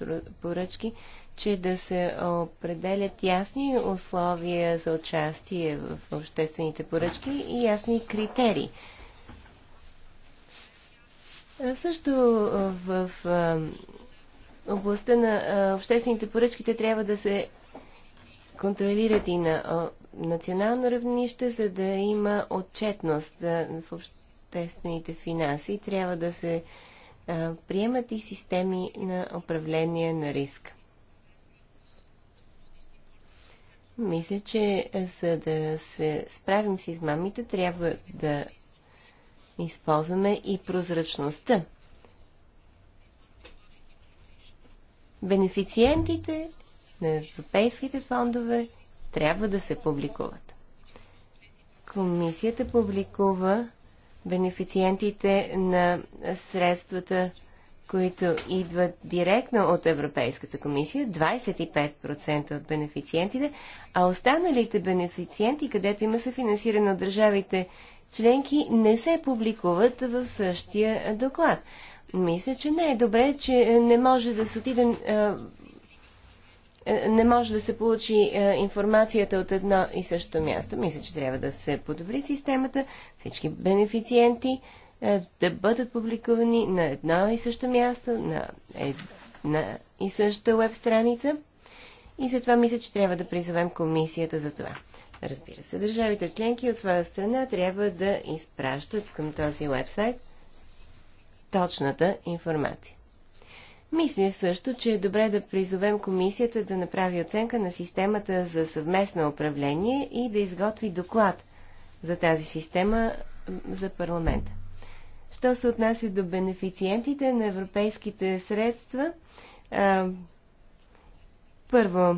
поръчки, че да се определят ясни условия за участие в обществените поръчки и ясни критерии. А също в областта на обществените поръчки те трябва да се контролират и на национално равнище, за да има отчетност в обществените обществените финанси, трябва да се а, приемат и системи на управление на риск. Мисля, че за да се справим с измамите, трябва да използваме и прозрачността. Бенефициентите на европейските фондове трябва да се публикуват. Комисията публикува бенефициентите на средствата, които идват директно от Европейската комисия, 25% от бенефициентите, а останалите бенефициенти, където има съфинансиране от държавите членки, не се публикуват в същия доклад. Мисля, че не е добре, че не може да се отиде е, не може да се получи е, информацията от едно и също място. Мисля, че трябва да се подобри системата, всички бенефициенти е, да бъдат публикувани на едно и също място, на една и съща веб страница. И затова мисля, че трябва да призовем комисията за това. Разбира се, държавите членки от своя страна трябва да изпращат към този вебсайт точната информация. Мисля също, че е добре да призовем комисията да направи оценка на системата за съвместно управление и да изготви доклад за тази система за парламента. Що се отнася до бенефициентите на европейските средства, а, първо,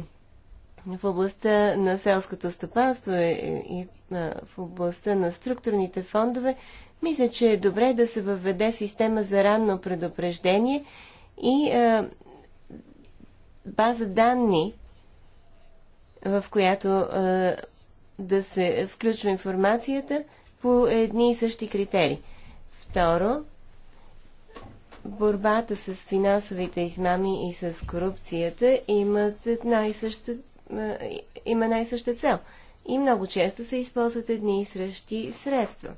в областта на селското стопанство и в областта на структурните фондове, мисля, че е добре да се въведе система за ранно предупреждение и а, е, база данни, в която а, е, да се включва информацията по едни и същи критерии. Второ, борбата с финансовите измами и с корупцията имат най-съща, е, има най-съща цел. И много често се използват едни и същи средства.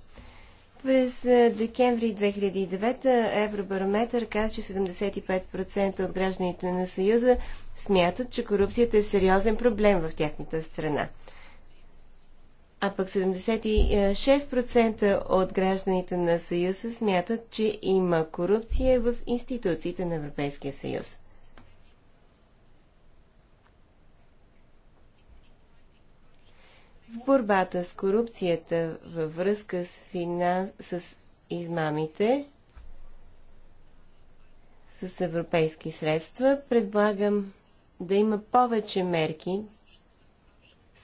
През е, декември 2009 Евробарометър каза, че 75% от гражданите на Съюза смятат, че корупцията е сериозен проблем в тяхната страна. А пък 76% от гражданите на Съюза смятат, че има корупция в институциите на Европейския съюз. в борбата с корупцията във връзка с, финан... с измамите с европейски средства, предлагам да има повече мерки,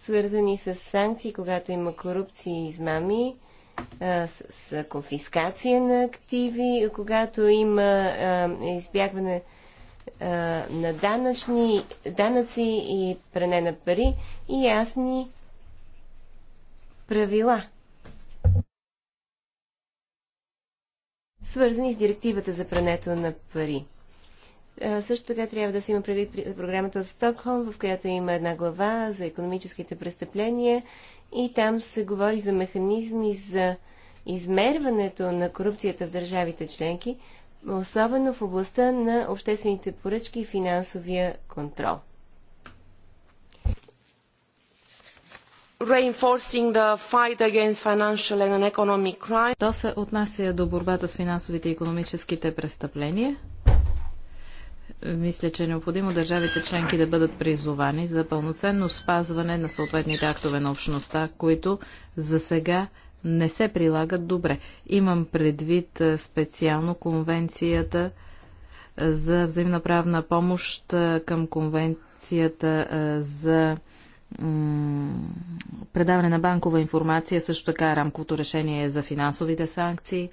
свързани с санкции, когато има корупция и измами, с, конфискация на активи, когато има избягване на данъчни, данъци и пране на пари и ясни правила, свързани с директивата за прането на пари. Също така трябва да се има предвид програмата от Стокхолм, в която има една глава за економическите престъпления и там се говори за механизми за измерването на корупцията в държавите членки, особено в областта на обществените поръчки и финансовия контрол. reinforcing the fight against financial and economic crime. То се отнася до борбата с финансовите и економическите престъпления. Мисля, че е необходимо държавите членки да бъдат призовани за пълноценно спазване на съответните актове на общността, които за сега не се прилагат добре. Имам предвид специално конвенцията за взаимна правна помощ към конвенцията за предаване на банкова информация, също така рамковото решение е за финансовите санкции.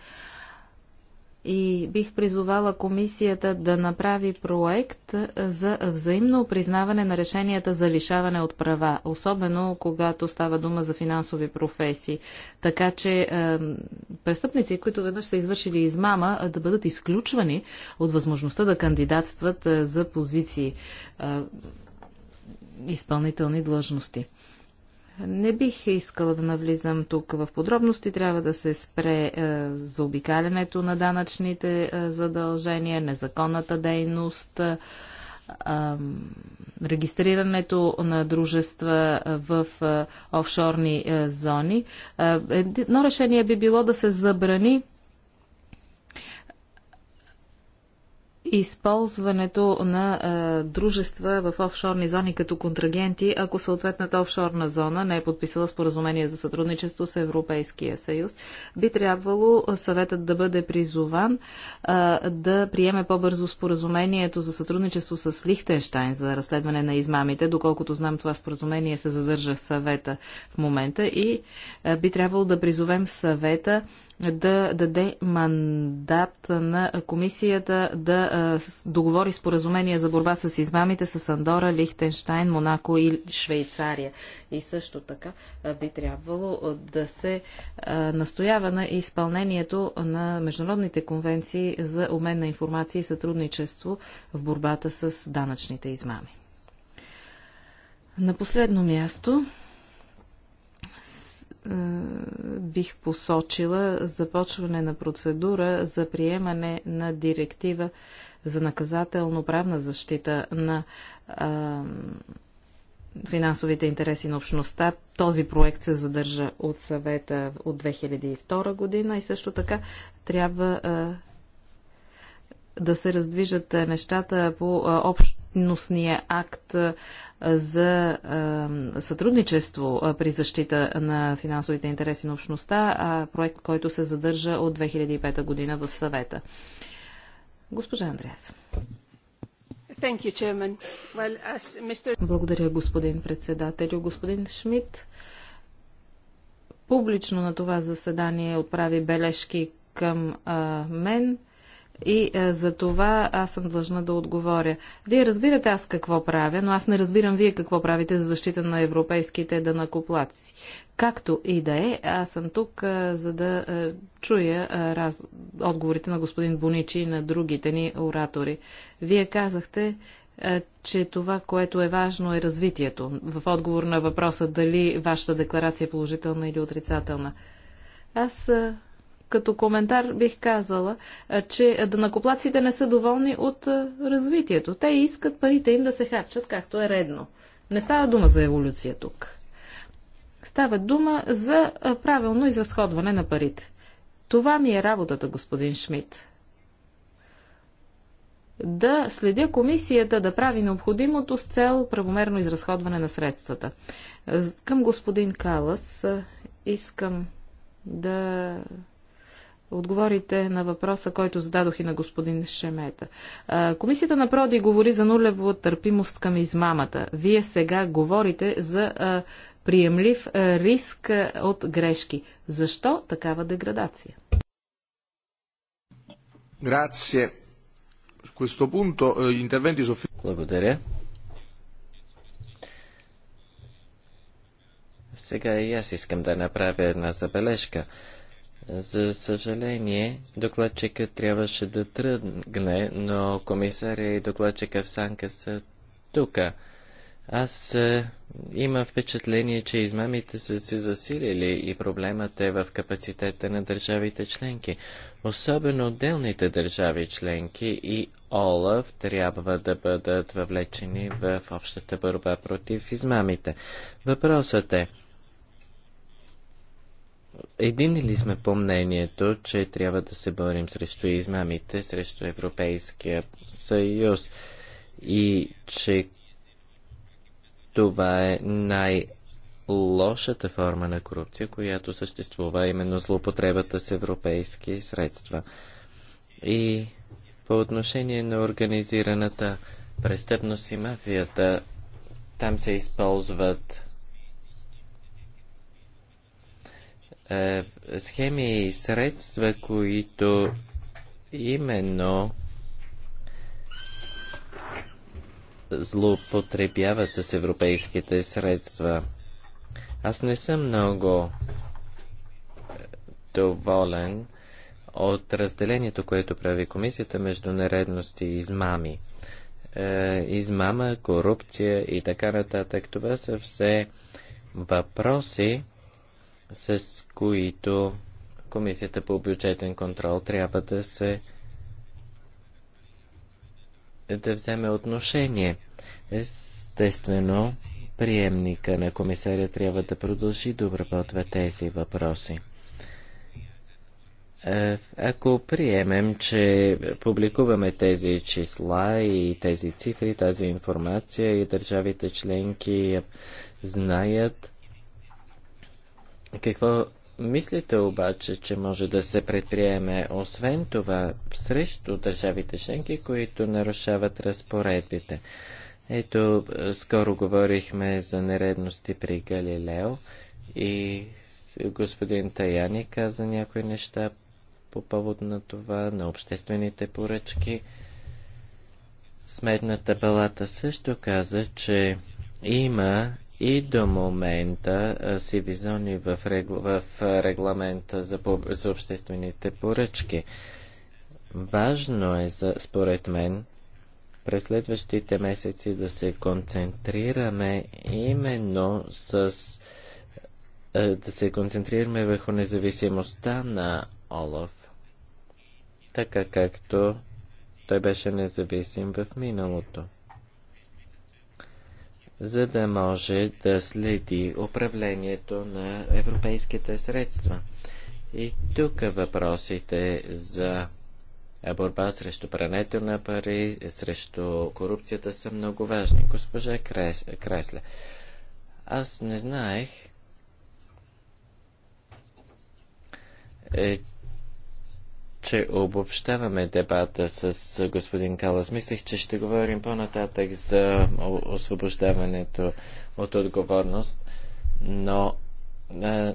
И бих призовала комисията да направи проект за взаимно признаване на решенията за лишаване от права, особено когато става дума за финансови професии. Така че е, престъпници, които веднъж са извършили измама, да бъдат изключвани от възможността да кандидатстват е, за позиции. Е, изпълнителни длъжности. Не бих искала да навлизам тук в подробности. Трябва да се спре е, за обикалянето на данъчните е, задължения, незаконната дейност, е, регистрирането на дружества е, в е, офшорни е, зони. Едно решение би било да се забрани използването на е, дружества в офшорни зони като контрагенти, ако съответната офшорна зона не е подписала споразумение за сътрудничество с Европейския съюз. Би трябвало съветът да бъде призован е, да приеме по-бързо споразумението за сътрудничество с Лихтенштайн за разследване на измамите. Доколкото знам, това споразумение се задържа в съвета в момента и е, би трябвало да призовем съвета да даде мандат на комисията да договори споразумение за борба с измамите с Андора, Лихтенштайн, Монако и Швейцария. И също така би трябвало да се настоява на изпълнението на международните конвенции за обмен на информация и сътрудничество в борбата с данъчните измами. На последно място е, бих посочила започване на процедура за приемане на директива за наказателно-правна защита на а, финансовите интереси на общността. Този проект се задържа от съвета от 2002 година и също така трябва а, да се раздвижат нещата по общ носния акт за сътрудничество при защита на финансовите интереси на общността, проект, който се задържа от 2005 година в съвета. Госпожа Андреас. You, well, Mr... Благодаря, господин председател, Господин Шмидт, публично на това заседание отправи бележки към а, мен – и а, е, за това аз съм длъжна да отговоря. Вие разбирате аз какво правя, но аз не разбирам вие какво правите за защита на европейските данакоплаци. Както и да е, аз съм тук, а, е, за да а, е, чуя а, раз... отговорите на господин Боничи и на другите ни оратори. Вие казахте, че това, което е важно е развитието. В отговор на въпроса дали вашата декларация е положителна или отрицателна. Аз като коментар бих казала, че данакоплаците не са доволни от развитието. Те искат парите им да се харчат както е редно. Не става дума за еволюция тук. Става дума за правилно изразходване на парите. Това ми е работата, господин Шмидт. Да следя комисията да прави необходимото с цел правомерно изразходване на средствата. Към господин Калас искам да отговорите на въпроса, който зададох и на господин Шемета. Комисията на Проди говори за нулево търпимост към измамата. Вие сега говорите за приемлив риск от грешки. Защо такава деградация? Eh, Благодаря. Сега и аз искам да направя една забележка. За съжаление, докладчикът трябваше да тръгне, но комисаря и докладчика в Санка са тук. Аз е, имам впечатление, че измамите са се засилили и проблемът е в капацитета на държавите членки. Особено отделните държави членки и ОЛАВ трябва да бъдат въвлечени в общата борба против измамите. Въпросът е, един ли сме по мнението, че трябва да се борим срещу измамите, срещу Европейския съюз и че това е най- лошата форма на корупция, която съществува, именно злоупотребата с европейски средства. И по отношение на организираната престъпност и мафията, там се използват е, схеми и средства, които именно злоупотребяват с европейските средства. Аз не съм много е, доволен от разделението, което прави комисията между нередности и измами. Е, измама, корупция и така нататък. Това са все въпроси, с които Комисията по бюджетен контрол трябва да се да вземе отношение. Естествено, приемника на комисаря трябва да продължи да обработва тези въпроси. Е, ако приемем, че публикуваме тези числа и тези цифри, тази информация и държавите членки знаят какво мислите обаче, че може да се предприеме освен това срещу държавите членки, които нарушават разпоредбите? Ето, скоро говорихме за нередности при Галилео и господин Таяни каза някои неща по повод на това, на обществените поръчки. Сметната палата също каза, че има и до момента си визони в, регл... в регламента за, по... за обществените поръчки. Важно е, за, според мен, през следващите месеци да се концентрираме именно с да се концентрираме върху независимостта на Олаф, така както той беше независим в миналото за да може да следи управлението на европейските средства. И тук въпросите за борба срещу прането на пари, срещу корупцията са много важни. Госпожа Крес, Кресле, аз не знаех, е, че обобщаваме дебата с господин Калас. Мислех, че ще говорим по-нататък за освобождаването от отговорност, но а,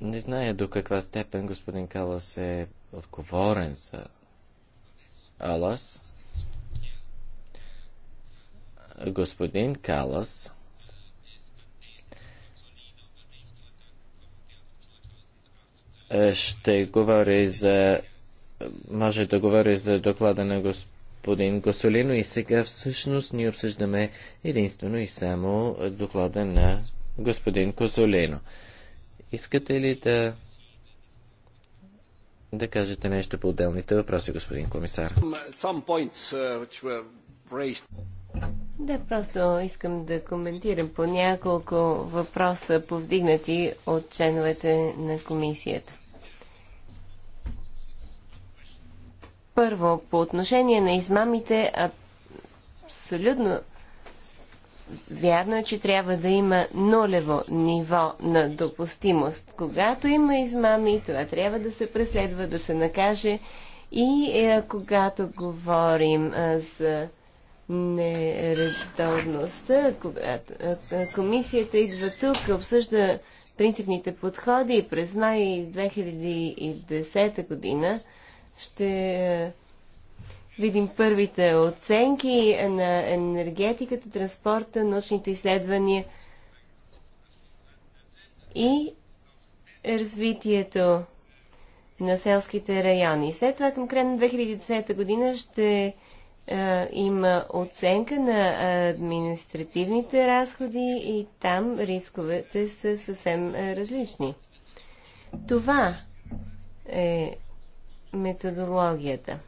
не зная до каква степен господин Калас е отговорен за Алас. Господин Калас ще говори за може да говори за доклада на господин Госолино и сега всъщност ние обсъждаме единствено и само доклада на господин Косолино. Искате ли да да кажете нещо по отделните въпроси, господин комисар? Uh, да, просто искам да коментирам по няколко въпроса, повдигнати от членовете на комисията. Първо, по отношение на измамите, абсолютно вярно е, че трябва да има нулево ниво на допустимост. Когато има измами, това трябва да се преследва, да се накаже. И е, когато говорим а, за нередовността, когато а, комисията идва тук, обсъжда принципните подходи през май 2010 година, ще е, видим първите оценки на енергетиката, транспорта, научните изследвания и развитието на селските райони. След това към края на 2010 година ще е, има оценка на административните разходи и там рисковете са съвсем е, различни. Това е методологията.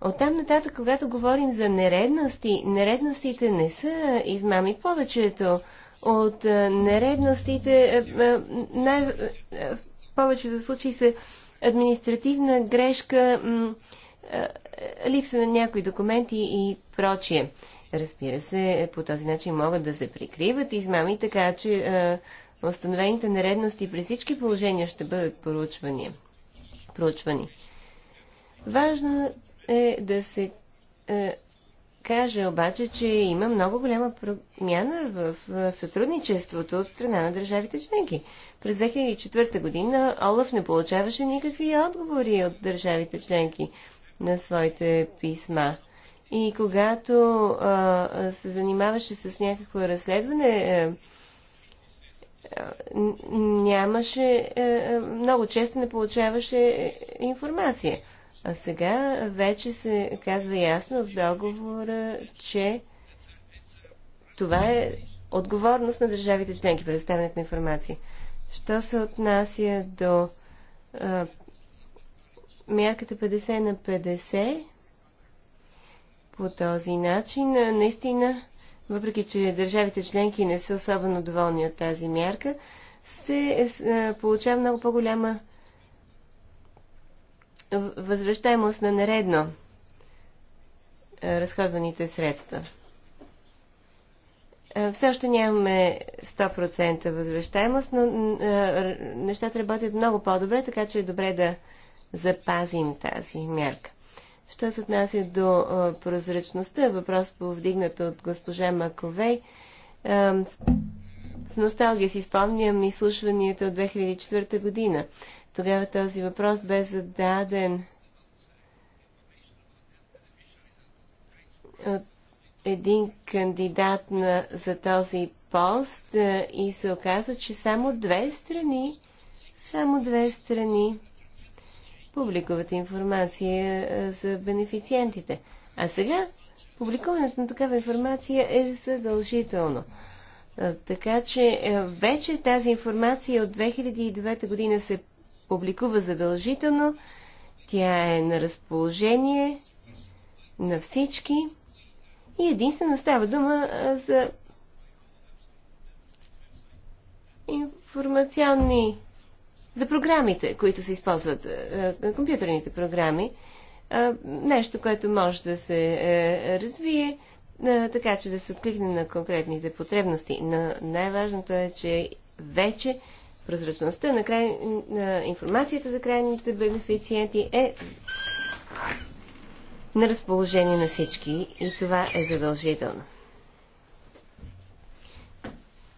Оттам нататък, когато говорим за нередности, нередностите не са измами. Повечето от е, нередностите е, е, най- в повечето случаи са административна грешка, липса на някои документи и прочие. Разбира се, по този начин могат да се прикриват измами, така че установените нередности при всички положения ще бъдат проучвани. проучвани. Важно е да се е, каже обаче, че има много голяма промяна в, в сътрудничеството от страна на държавите членки. През 2004 година Олаф не получаваше никакви отговори от държавите членки на своите писма. И когато а, се занимаваше с някакво разследване, а, е, е, нямаше, а, е, много често не получаваше информация. А сега вече се казва ясно в договора, че това е отговорност на държавите членки, предоставянето на информация. Що се отнася до а, мярката 50 на 50, по този начин, наистина, въпреки че държавите членки не са особено доволни от тази мярка, се е, получава много по-голяма възвръщаемост на нередно е, разходваните средства. Е, все още нямаме 100% възвръщаемост, но е, нещата работят много по-добре, така че е добре да запазим тази мярка. Що се отнася до прозрачността, въпрос повдигната от госпожа Маковей, с носталгия си спомням изслушванията от 2004 година. Тогава този въпрос бе зададен от един кандидат на, за този пост е, и се оказа, че само две страни, само две страни публикуват информация е, за бенефициентите. А сега публикуването на такава информация е задължително. Е, така че вече тази информация от 2009 година се публикува задължително. Тя е на разположение на всички и единствено става дума за информационни за програмите, които се използват, компютърните програми, нещо, което може да се развие, така че да се откликне на конкретните потребности. Но най-важното е, че вече прозрачността на, край, на информацията за крайните бенефициенти е на разположение на всички и това е задължително.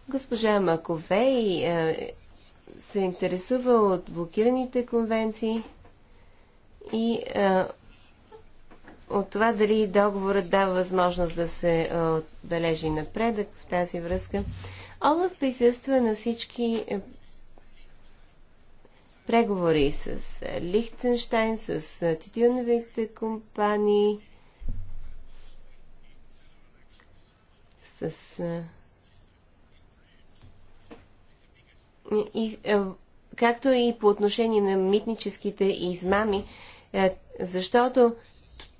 Госпожа Маковей е, се интересува от блокираните конвенции и е, от това дали договорът дава възможност да се е, отбележи напредък в тази връзка. Олаф присъства на всички преговори с е, Лихтенштайн, с е, титюновите компании, с е, и, както и по отношение на митническите измами, защото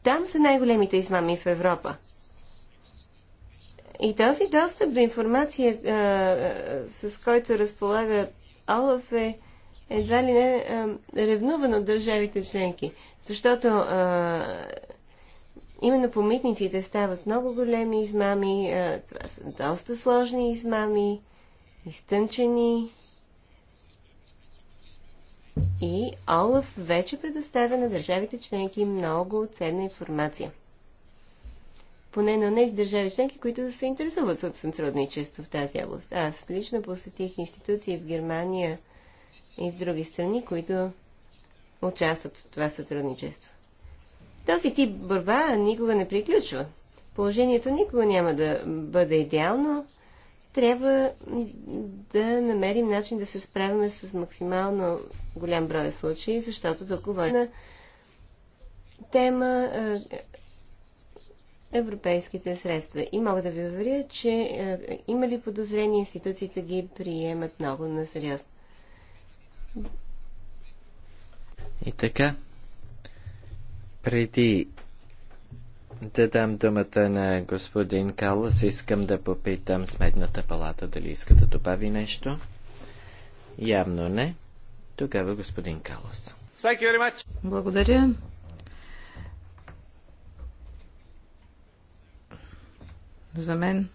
там са най-големите измами в Европа. И този достъп до информация, с който разполага Олаф, е едва ли не ревнуван от държавите членки, защото а, именно по митниците стават много големи измами, а, това са доста сложни измами, изтънчени. И Олаф вече предоставя на държавите членки много ценна информация. Поне на тези държави членки, които се интересуват от сътрудничество в тази област. Аз лично посетих институции в Германия – и в други страни, които участват в това сътрудничество. Този тип борба никога не приключва. Положението никога няма да бъде идеално. Трябва да намерим начин да се справим с максимално голям брой случаи, защото тук говорим на тема е, европейските средства. И мога да ви уверя, че е, има ли подозрения, институциите ги приемат много на сериозно. И така, преди да дам думата на господин Калас, искам да попитам Сметната палата дали иска да добави нещо. Явно не. Тогава господин Калас. Благодаря. За мен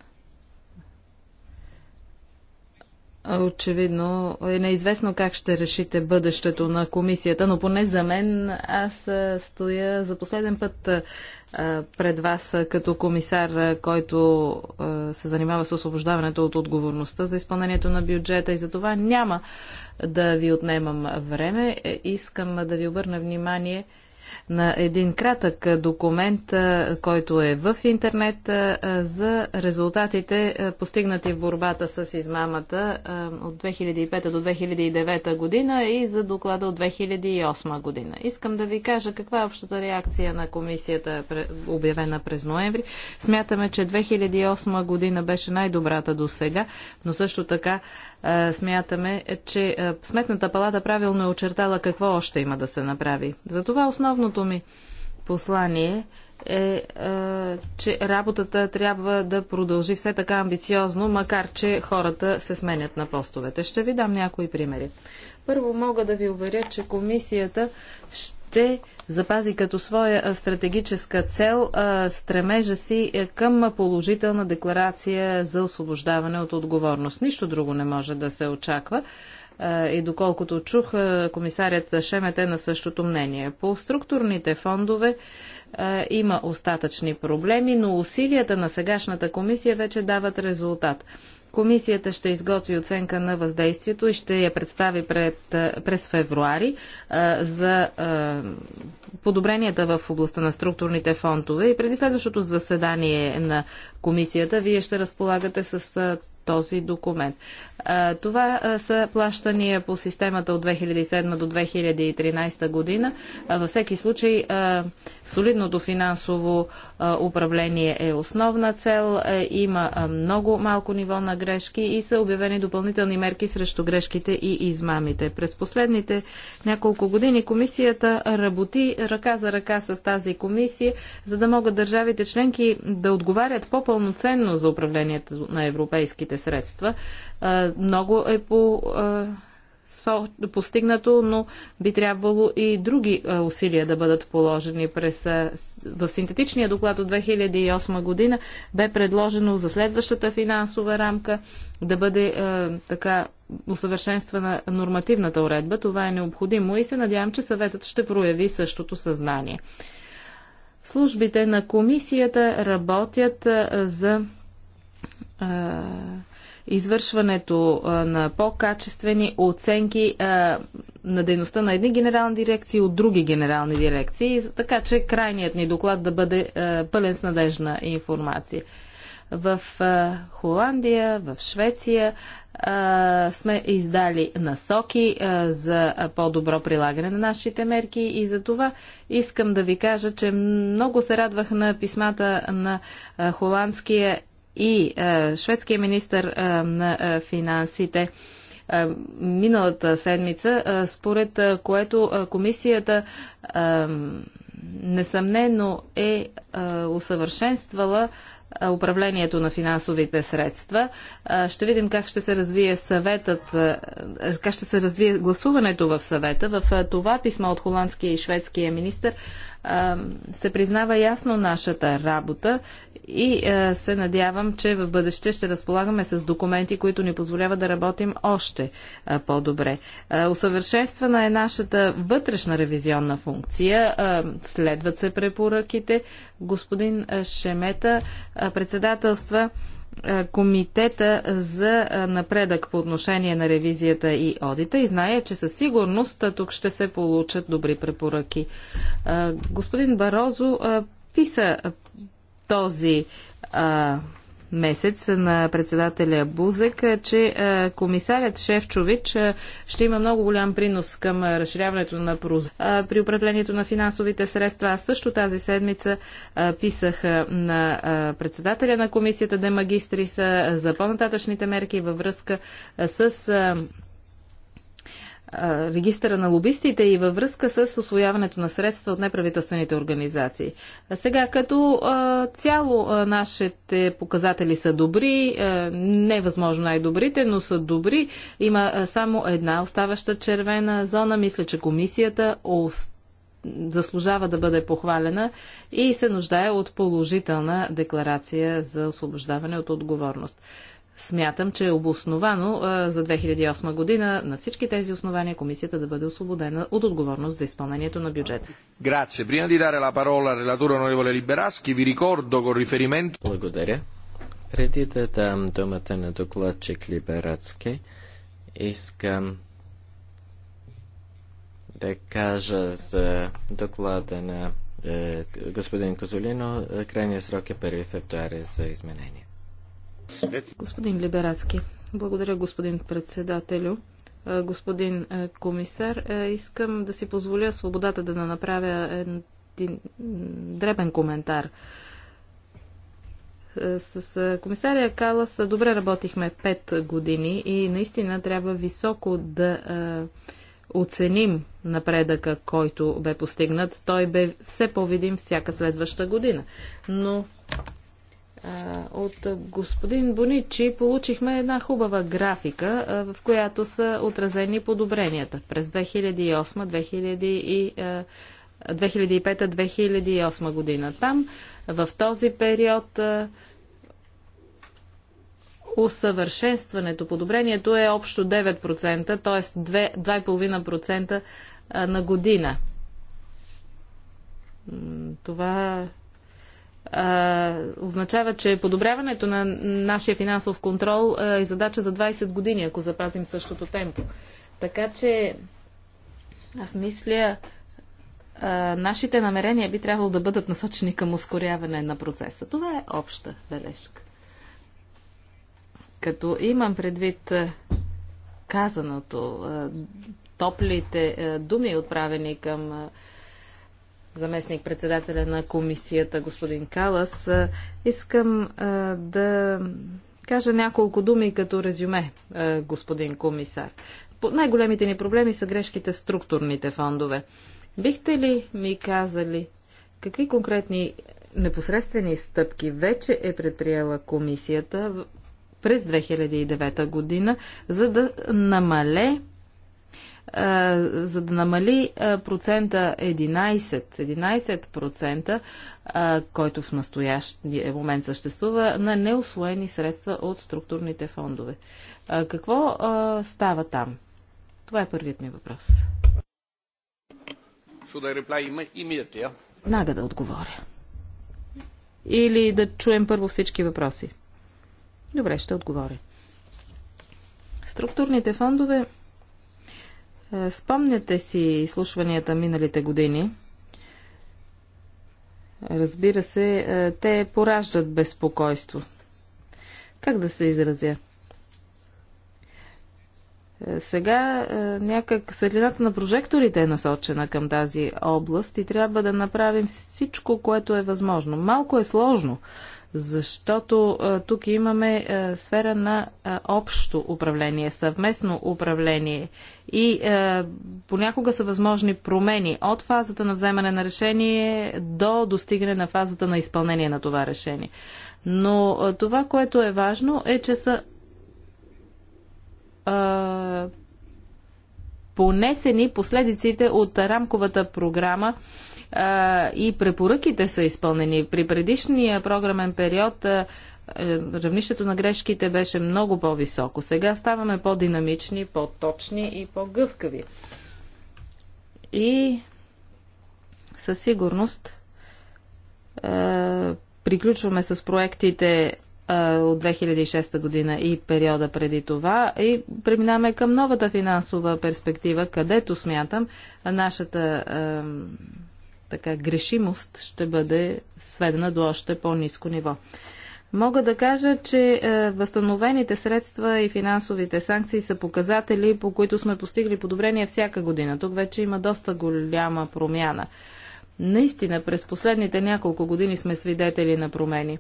Очевидно е неизвестно как ще решите бъдещето на комисията, но поне за мен аз стоя за последен път пред вас като комисар, който се занимава с освобождаването от отговорността за изпълнението на бюджета и за това няма да ви отнемам време. Е, искам да ви обърна внимание на един кратък документ, който е в интернет за резултатите постигнати в борбата с измамата от 2005 до 2009 година и за доклада от 2008 година. Искам да ви кажа каква е общата реакция на комисията, обявена през ноември. Смятаме, че 2008 година беше най-добрата до сега, но също така е, смятаме, е, че е, Сметната палата правилно е очертала какво още има да се направи. Затова основното ми послание е, е, а, е, че работата трябва да продължи все така амбициозно, макар че хората се сменят на постовете. Ще ви дам някои примери. Първо мога да ви уверя, че комисията ще запази като своя стратегическа цел стремежа си е, към положителна декларация за освобождаване от отговорност. Нищо друго не може да се очаква е, и доколкото чух, е, комисарят Шемет е на същото мнение. По структурните фондове е, има остатъчни проблеми, но усилията на сегашната комисия вече дават резултат. Комисията ще изготви оценка на въздействието и ще я представи пред, през февруари за подобренията в областта на структурните фондове. И преди следващото заседание на комисията, вие ще разполагате с този документ. Това са плащания по системата от 2007 до 2013 година. Във всеки случай, солидното финансово управление е основна цел. Има много малко ниво на грешки и са обявени допълнителни мерки срещу грешките и измамите. През последните няколко години комисията работи ръка за ръка с тази комисия, за да могат държавите членки да отговарят по-пълноценно за управлението на европейските финансовите средства. Много е по постигнато, но би трябвало и други усилия да бъдат положени. През, в синтетичния доклад от 2008 година бе предложено за следващата финансова рамка да бъде е, така усъвършенствана нормативната уредба. Това е необходимо и се надявам, че съветът ще прояви същото съзнание. Службите на комисията работят за извършването на по-качествени оценки на дейността на едни генерални дирекции от други генерални дирекции, така че крайният ни доклад да бъде пълен с надежна информация. В Холандия, в Швеция сме издали насоки за по-добро прилагане на нашите мерки и за това искам да ви кажа, че много се радвах на писмата на холандския и е, шведския министр е, на е, финансите миналата седмица, според което комисията несъмнено е усъвършенствала управлението на финансовите средства. Ще видим как ще се развие съветът, как ще се развие гласуването в съвета. В това писмо от холандския и шведския министр се признава ясно нашата работа и е, се надявам, че в бъдеще ще разполагаме с документи, които ни позволяват да работим още е, по-добре. Е, усъвършенствана е нашата вътрешна ревизионна функция. Следват се препоръките. Господин Шемета председателства е, комитета за е, напредък по отношение на ревизията и одита и знае, че със сигурност е, тук ще се получат добри препоръки. Господин Барозо писа този месец на председателя Бузек, че комисарят Шефчович ще има много голям принос към разширяването на проз... при управлението на финансовите средства. Аз също тази седмица писах на председателя на комисията Демагистриса за по-нататъчните мерки във връзка с регистъра на лобистите и във връзка с освояването на средства от неправителствените организации. Сега, като цяло нашите показатели са добри, не възможно най-добрите, но са добри. Има само една оставаща червена зона. Мисля, че комисията заслужава да бъде похвалена и се нуждае от положителна декларация за освобождаване от отговорност смятам, че е обосновано за 2008 година на всички тези основания комисията да бъде освободена от отговорност за изпълнението на бюджета. Благодаря. Преди да дам думата на докладчик Либерацки, искам да кажа за доклада на е, господин Козолино. Е, крайният срок е 1 февруари за изменение. Господин Либерацки, благодаря господин председателю. Господин комисар, искам да си позволя свободата да направя един дребен коментар. С комисария Калас добре работихме 5 години и наистина трябва високо да оценим напредъка, който бе постигнат. Той бе все по-видим всяка следваща година. Но от господин Боничи получихме една хубава графика, в която са отразени подобренията през 2008 2005-2008 година. Там в този период усъвършенстването, подобрението е общо 9%, т.е. 2,5% на година. Това означава, че подобряването на нашия финансов контрол е задача за 20 години, ако запазим същото темпо. Така че аз мисля, нашите намерения би трябвало да бъдат насочени към ускоряване на процеса. Това е обща бележка. Като имам предвид казаното, топлите думи, отправени към заместник председателя на комисията господин Калас. Искам а, да кажа няколко думи като резюме, а, господин комисар. По Най-големите ни проблеми са грешките в структурните фондове. Бихте ли ми казали какви конкретни непосредствени стъпки вече е предприела комисията през 2009 година, за да намале е, за да намали е, процента 11, 11%, е, който в настоящия момент съществува, на неосвоени средства от структурните фондове. Какво става там? Това е първият ми въпрос. Нага да отговоря. Или да чуем първо всички въпроси. Добре, ще отговоря. Структурните фондове е, спомняте си изслушванията миналите години. Разбира се, е, те пораждат безпокойство. Как да се изразя? Е, сега някак светлината на прожекторите е насочена към тази област и трябва да направим всичко, което е възможно. Малко е сложно, защото а, тук имаме а, сфера на а, общо управление, съвместно управление и понякога са възможни промени от фазата на вземане на решение до достигане на фазата на изпълнение на това решение. Но това, което е важно, е, че са понесени последиците от рамковата програма а, и препоръките са изпълнени. При предишния програмен период а, е, равнището на грешките беше много по-високо. Сега ставаме по-динамични, по-точни и по-гъвкави. И със сигурност приключваме с проектите от 2006 година и периода преди това и преминаваме към новата финансова перспектива, където смятам нашата е, така грешимост ще бъде сведена до още по-низко ниво. Мога да кажа, че е, възстановените средства и финансовите санкции са показатели, по които сме постигли подобрение всяка година. Тук вече има доста голяма промяна. Наистина, през последните няколко години сме свидетели на промени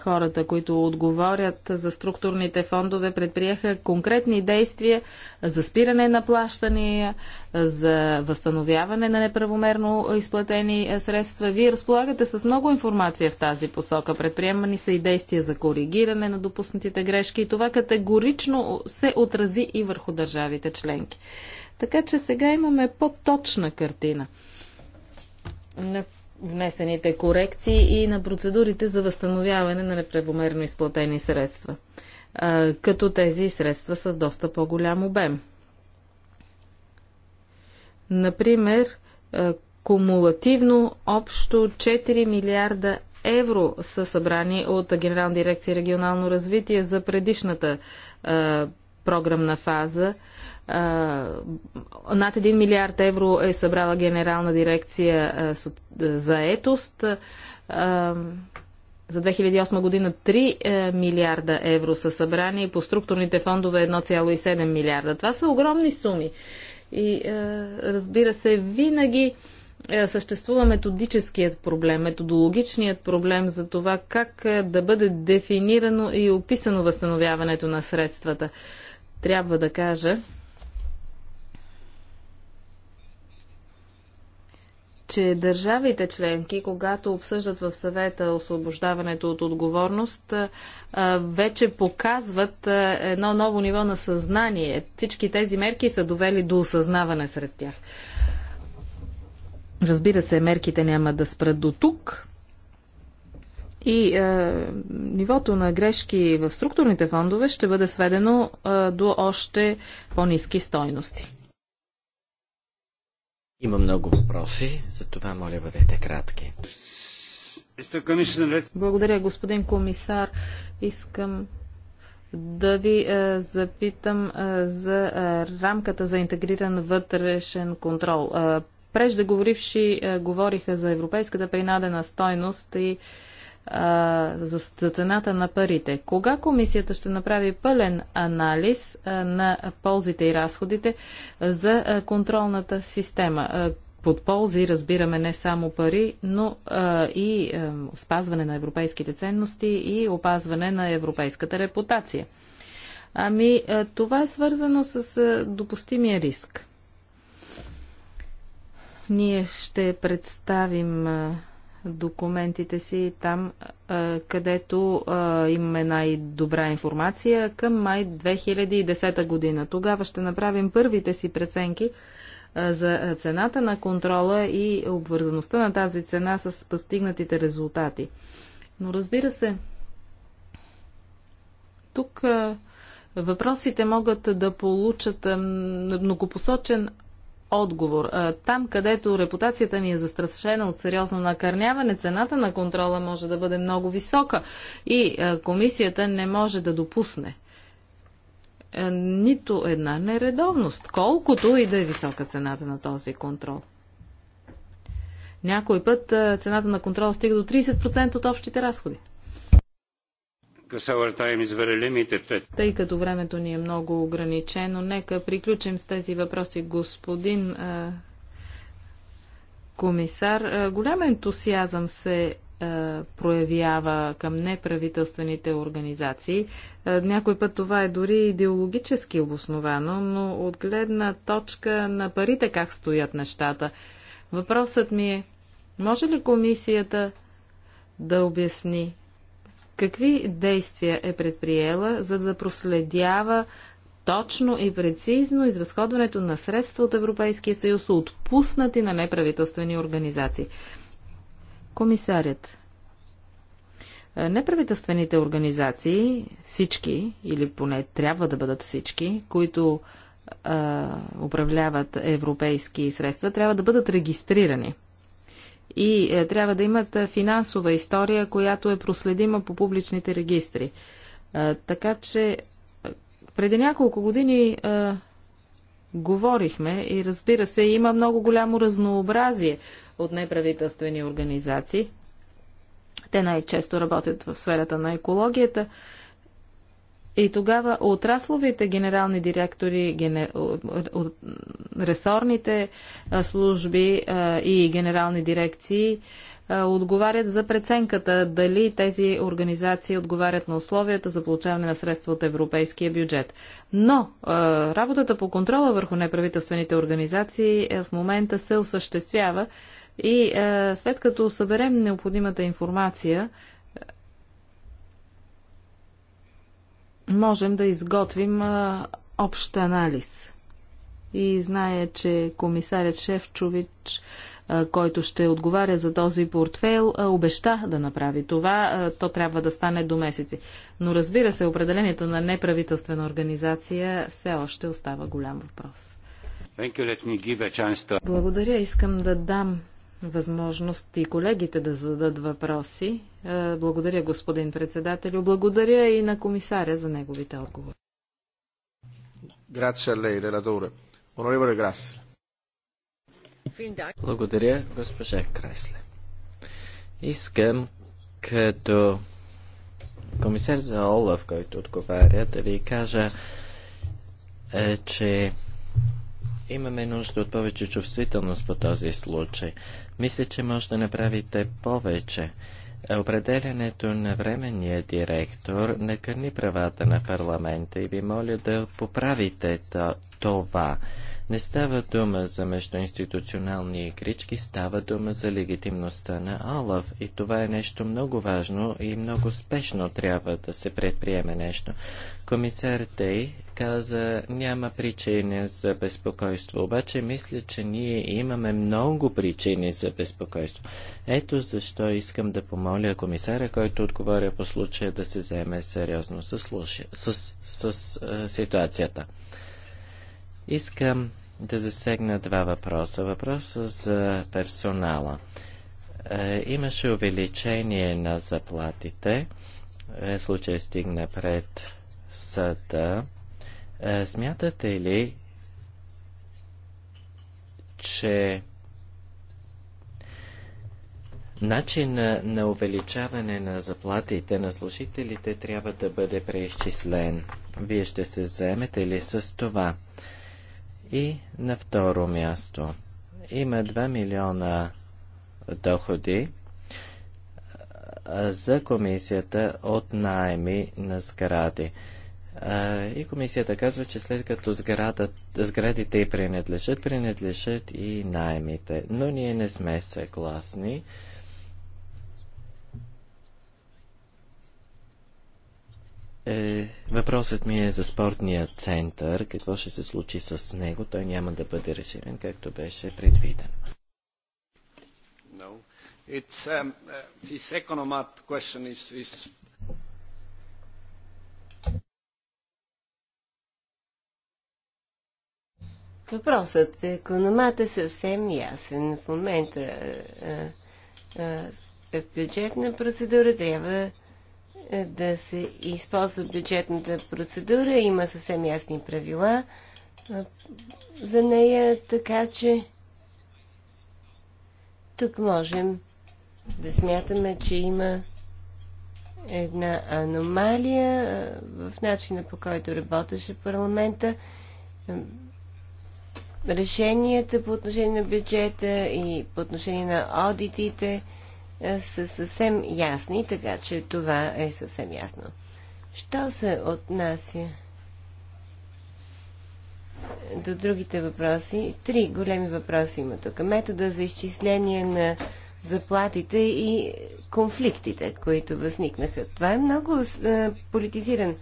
хората, които отговорят за структурните фондове, предприеха конкретни действия за спиране на плащания, за възстановяване на неправомерно изплатени е, средства. Вие разполагате с много информация в тази посока. Предприемани са и действия за коригиране на допуснатите грешки и това категорично се отрази и върху държавите членки. Така че сега имаме по-точна картина внесените корекции и на процедурите за възстановяване на неправомерно изплатени средства, като тези средства са в доста по-голям обем. Например, кумулативно общо 4 милиарда евро са събрани от Генерална дирекция регионално развитие за предишната програмна фаза над 1 милиард евро е събрала генерална дирекция за етост. За 2008 година 3 е, милиарда евро са събрани и по структурните фондове 1,7 милиарда. Това са огромни суми. И е, разбира се, винаги е, съществува методическият проблем, методологичният проблем за това как да бъде дефинирано и описано възстановяването на средствата. Трябва да кажа, че държавите членки, когато обсъждат в съвета освобождаването от отговорност, вече показват едно ново ниво на съзнание. Всички тези мерки са довели до осъзнаване сред тях. Разбира се, мерките няма да спрат до тук. И е, нивото на грешки в структурните фондове ще бъде сведено е, до още по-низки стойности. Има много въпроси, за това моля бъдете кратки. Благодаря, господин комисар. Искам да ви е, запитам е, за е, рамката за интегриран вътрешен контрол. Е, преждеговоривши е, говориха за европейската принадена стойност и а, за статената на парите. Кога комисията ще направи пълен анализ а, на ползите и разходите за а, контролната система? под ползи разбираме не само пари, но а, и а, спазване на европейските ценности и опазване на европейската репутация. Ами, а, това е свързано с а, допустимия риск. Ние ще представим а, документите си там, където имаме най-добра информация към май 2010 година. Тогава ще направим първите си преценки за цената на контрола и обвързаността на тази цена с постигнатите резултати. Но разбира се, тук въпросите могат да получат многопосочен отговор. Там, където репутацията ни е застрашена от сериозно накърняване, цената на контрола може да бъде много висока и комисията не може да допусне нито една нередовност, колкото и да е висока цената на този контрол. Някой път цената на контрол стига до 30% от общите разходи. Тъй като времето ни е много ограничено, нека приключим с тези въпроси. Господин а, комисар, а, голям ентусиазъм се а, проявява към неправителствените организации. Някой път това е дори идеологически обосновано, но от гледна точка на парите как стоят нещата. Въпросът ми е, може ли комисията да обясни Какви действия е предприела, за да проследява точно и прецизно изразходването на средства от Европейския съюз, отпуснати на неправителствени организации? Комисарят. Неправителствените организации, всички, или поне трябва да бъдат всички, които а, управляват европейски средства, трябва да бъдат регистрирани – и е, трябва да имат е, финансова история, която е проследима по публичните регистри. Е, така че преди няколко години а, говорихме и разбира се, има много голямо разнообразие от неправителствени организации. Те най-често работят в сферата на екологията. И тогава отрасловите генерални директори, генер... ресорните служби и генерални дирекции отговарят за преценката дали тези организации отговарят на условията за получаване на средства от европейския бюджет. Но работата по контрола върху неправителствените организации е, в момента се осъществява и след като съберем необходимата информация, можем да изготвим общ анализ. И знае, че комисарят Шефчович, който ще отговаря за този портфейл, обеща да направи това. То трябва да стане до месеци. Но разбира се, определението на неправителствена организация все още остава голям въпрос. Благодаря. Искам да дам възможност и колегите да зададат въпроси. Е, благодаря, господин председател, Благодаря и на комисаря за неговите отговори. Grazie a lei, relatore. Onorevole Благодаря, госпожа Крайсле. Искам като комисар за Олаф, който отговаря, да ви кажа, е, че Имаме нужда от повече чувствителност по този случай. Мисля, че може да направите повече. Определянето на временния директор накърни правата на парламента и ви моля да поправите това. Не става дума за междуинституционални игрички, става дума за легитимността на Олаф. И това е нещо много важно и много спешно трябва да се предприеме нещо. Комисар Тей каза, няма причини за безпокойство, обаче мисля, че ние имаме много причини за безпокойство. Ето защо искам да помоля комисара, който отговоря по случая, да се заеме сериозно с, с, с, с ситуацията. Искам да засегна два въпроса. Въпроса за персонала. Е, имаше увеличение на заплатите. Е, случай стигна пред съда. Е, смятате ли, че начин на увеличаване на заплатите на служителите трябва да бъде преизчислен? Вие ще се заемете ли с това? И на второ място има 2 милиона доходи за комисията от найми на сгради. И комисията казва, че след като сградата, сградите и принадлежат, принадлежат и наймите. Но ние не сме съгласни. Е, въпросът ми е за спортния център. Какво ще се случи с него? Той няма да бъде разширен, както беше предвиден. No. Um, uh, is, is... Въпросът за е, економата е съвсем ясен. В момента а, е, а, е, в бюджетна процедура трябва да се използва бюджетната процедура. Има съвсем ясни правила за нея, така че тук можем да смятаме, че има една аномалия в начина по който работеше парламента. Решенията по отношение на бюджета и по отношение на аудитите – е, са съвсем ясни, така че това е съвсем ясно. Що се отнася до другите въпроси? Три големи въпроси има тук. Метода за изчисление на заплатите и конфликтите, които възникнаха. Това е много е, политизиран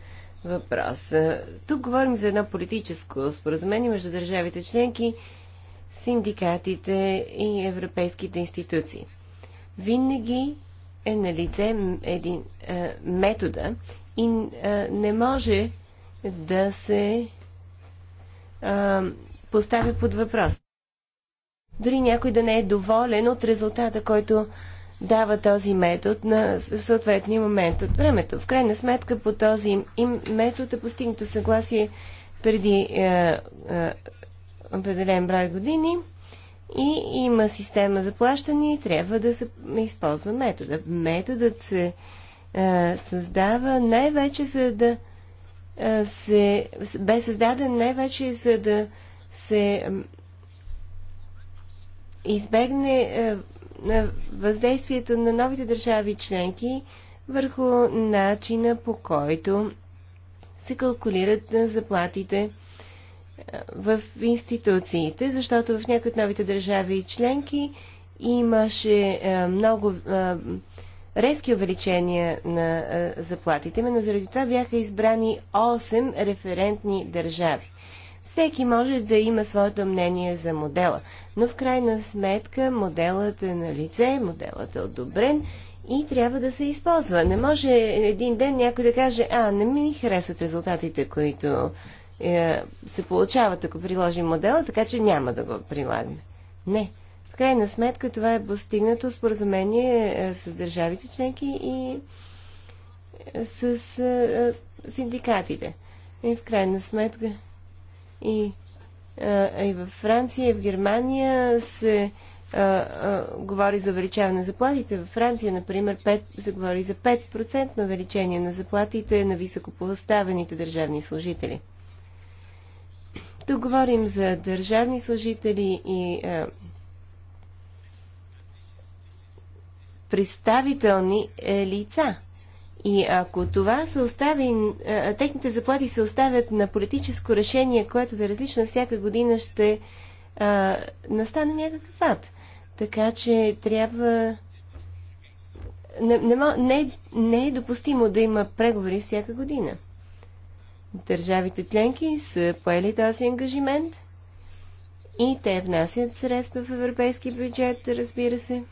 въпрос. Е, тук говорим за едно политическо споразумение между държавите членки, синдикатите и европейските институции винаги е на лице един а, е, метода и а, е, не може да се а, е, поставя под въпрос. Дори някой да не е доволен от резултата, който дава този метод на съответния момент от времето. В крайна сметка по този им метод е постигнато съгласие преди е, е, определен брой години и има система за плащане и трябва да се използва метода. Методът се а, създава най-вече за да а, се... бе създаден най-вече за да се а, избегне а, на въздействието на новите държави членки върху начина по който се калкулират заплатите в институциите, защото в някои от новите държави и членки имаше е, много е, резки увеличения на е, заплатите. Именно заради това бяха избрани 8 референтни държави. Всеки може да има своето мнение за модела, но в крайна сметка моделът е на лице, моделът е одобрен и трябва да се използва. Не може един ден някой да каже, а, не ми харесват резултатите, които е, се получават, ако приложим модела, така че няма да го прилагаме. Не. В крайна сметка това е постигнато споразумение е, с държавите членки и е, с синдикатите. И в крайна сметка и, и във Франция, и в Германия се а, а, говори за увеличаване на заплатите. Във Франция, например, 5, се говори за 5% на увеличение на заплатите на високопоставените държавни служители. Тук говорим за държавни служители и е, представителни е, лица. И ако това се остави, е, техните заплати се оставят на политическо решение, което да е различно всяка година, ще е, настане някакъв ад. Така че трябва. Не, не, не, не е допустимо да има преговори всяка година. Държавите членки са поели този ангажимент и те внасят средства в европейски бюджет, разбира се.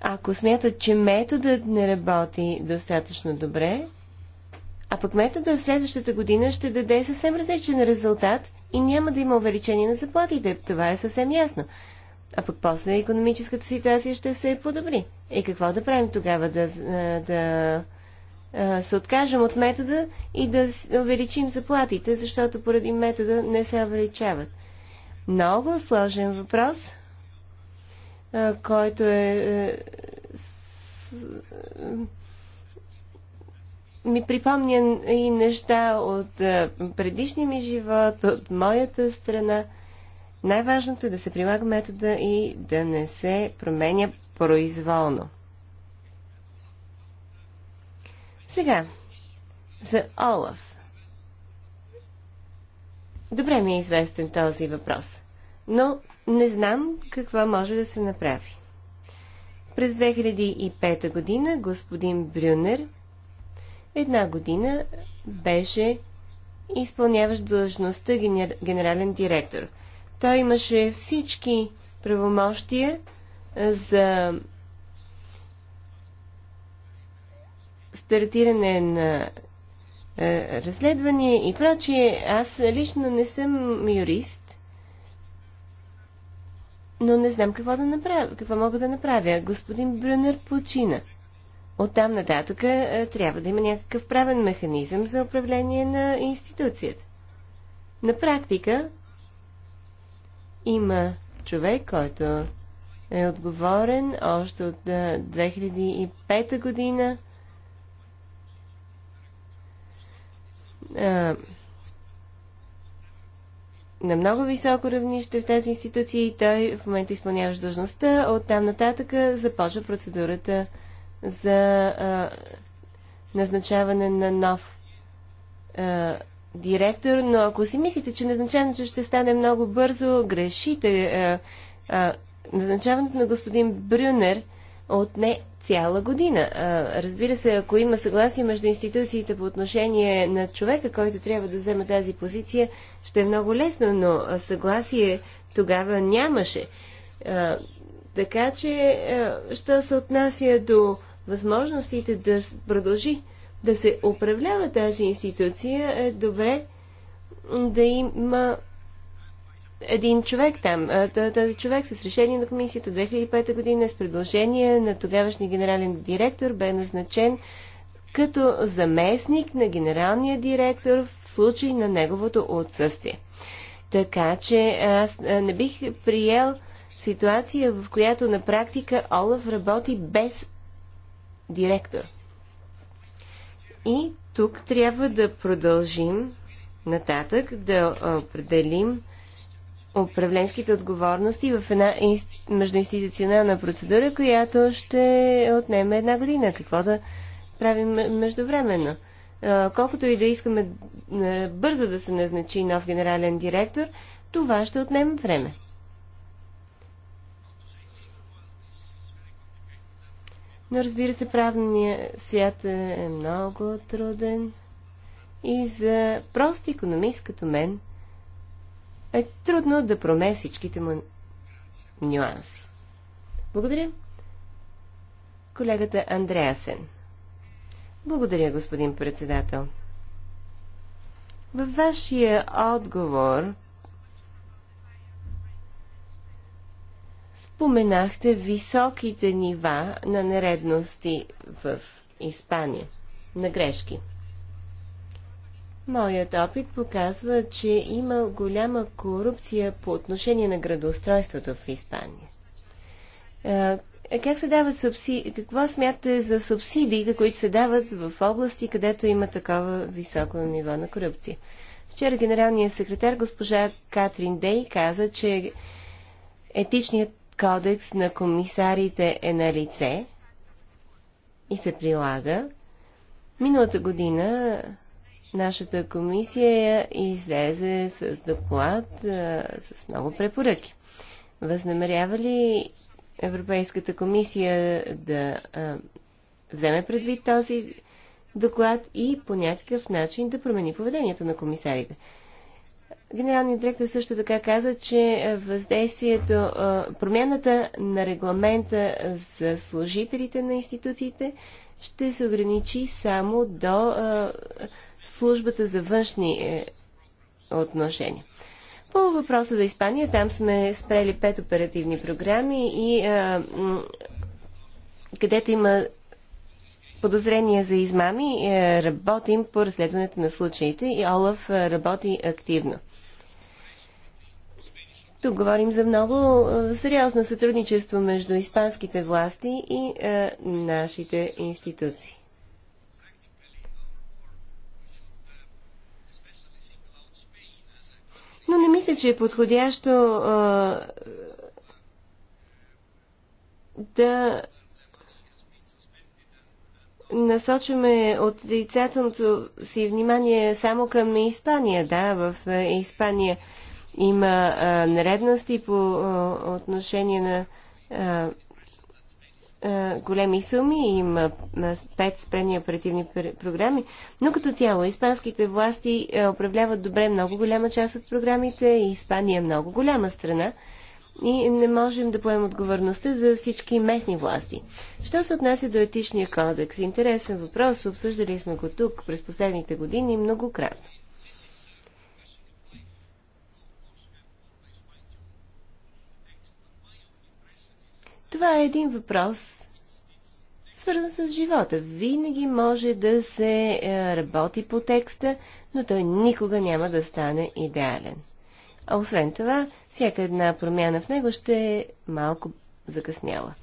Ако смятат, че методът не работи достатъчно добре, а пък метода следващата година ще даде съвсем различен резултат и няма да има увеличение на заплатите. Това е съвсем ясно. А пък после економическата ситуация ще се подобри. И какво да правим тогава? Да, да се откажем от метода и да увеличим заплатите, защото поради метода не се увеличават. Много сложен въпрос, който е. е ми припомня и неща от предишния ми живот, от моята страна. Най-важното е да се прилага метода и да не се променя произволно. Сега, за Олаф. Добре ми е известен този въпрос, но не знам какво може да се направи. През 2005 година господин Брюнер една година беше изпълняващ длъжността генер... генерален директор. Той имаше всички правомощия за стартиране на е, разследване и прочие. Аз лично не съм юрист, но не знам какво да направя, какво мога да направя. Господин Брюнер почина. От там нататък е, трябва да има някакъв правен механизъм за управление на институцията. На практика има човек, който е отговорен още от 2005 е, година на много високо равнище в тази институция и той в момента изпълнява длъжността. От там нататък започва процедурата за а, назначаване на нов а, директор, но ако си мислите, че назначаването ще стане много бързо, грешите. А, а, назначаването на господин Брюнер – отне цяла година. Разбира се, ако има съгласие между институциите по отношение на човека, който трябва да вземе тази позиция, ще е много лесно, но съгласие тогава нямаше. Така че, що се отнася до възможностите да продължи да се управлява тази институция, е добре да има един човек там. Този човек с решение на комисията 2005 година с предложение на тогавашния генерален директор бе назначен като заместник на генералния директор в случай на неговото отсъствие. Така че аз не бих приел ситуация, в която на практика Олаф работи без директор. И тук трябва да продължим нататък да определим управленските отговорности в една междуинституционална процедура, която ще отнеме една година. Какво да правим междувременно? Колкото и да искаме бързо да се назначи нов генерален директор, това ще отнеме време. Но разбира се, правният свят е много труден и за прост економист като мен – е трудно да проме всичките му нюанси. Благодаря. Колегата Андреасен. Благодаря, господин председател. Във вашия отговор споменахте високите нива на нередности в Испания, на грешки. Моят опит показва, че има голяма корупция по отношение на градоустройството в Испания. Как се дават субсидии? Какво смятате за субсидиите, които се дават в области, където има такова високо ниво на корупция? Вчера генералният секретар госпожа Катрин Дей каза, че етичният кодекс на комисарите е на лице и се прилага. Миналата година нашата комисия излезе с доклад а, с много препоръки. Възнамерява ли Европейската комисия да а, вземе предвид този доклад и по някакъв начин да промени поведението на комисарите? Генералният директор също така каза, че въздействието, а, промяната на регламента за служителите на институциите ще се ограничи само до службата за външни е, отношения. По въпроса за Испания, там сме спрели пет оперативни програми и а, където има подозрения за измами, е, работим по разследването на случаите и Олаф е, работи активно. Тук говорим за много сериозно сътрудничество между испанските власти и а, нашите институции. но не мисля, че е подходящо а, да насочваме отрицателното си внимание само към Испания. Да, в Испания има а, нередности по а, отношение на а, е, големи суми, има е, пет спрени оперативни програми, но като цяло испанските власти е, управляват добре много голяма част от програмите и Испания е много голяма страна и не можем да поемем отговорността за всички местни власти. Що се отнася до етичния кодекс? Интересен въпрос, обсъждали сме го тук през последните години многократно. Това е един въпрос, свързан с живота. Винаги може да се е, работи по текста, но той никога няма да стане идеален. А освен това, всяка една промяна в него ще е малко закъсняла.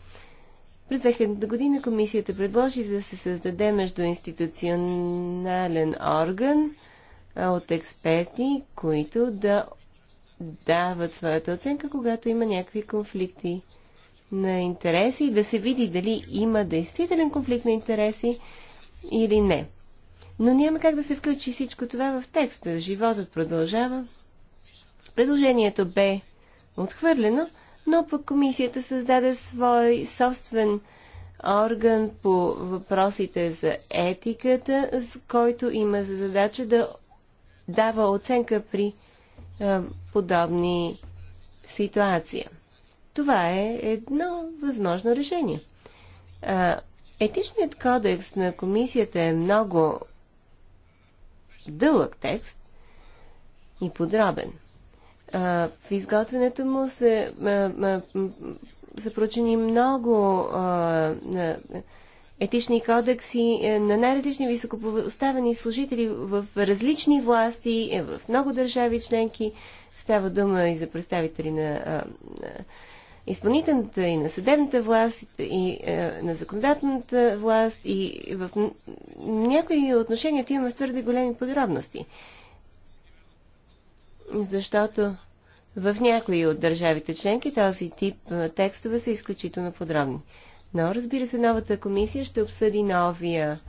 През 2000 година комисията предложи да се създаде междуинституционален орган от експерти, които да дават своята оценка, когато има някакви конфликти на интереси и да се види дали има действителен конфликт на интереси или не. Но няма как да се включи всичко това в текста. Животът продължава. Предложението бе отхвърлено, но пък комисията създаде свой собствен орган по въпросите за етиката, с който има за задача да дава оценка при е, подобни ситуации. Това е едно възможно решение. А, етичният кодекс на комисията е много дълъг текст и подробен. А, в изготвянето му се, а, прочени много а, етични кодекси е, на най-различни високопоставени служители в различни власти, е, в много държави членки. Става дума и за представители на. А, изпълнителната, и на съдебната власт, и е, на законодателната власт, и в някои отношения имаме твърде големи подробности. Защото в някои от държавите членки този тип е, текстове са изключително подробни. Но, разбира се, новата комисия ще обсъди новия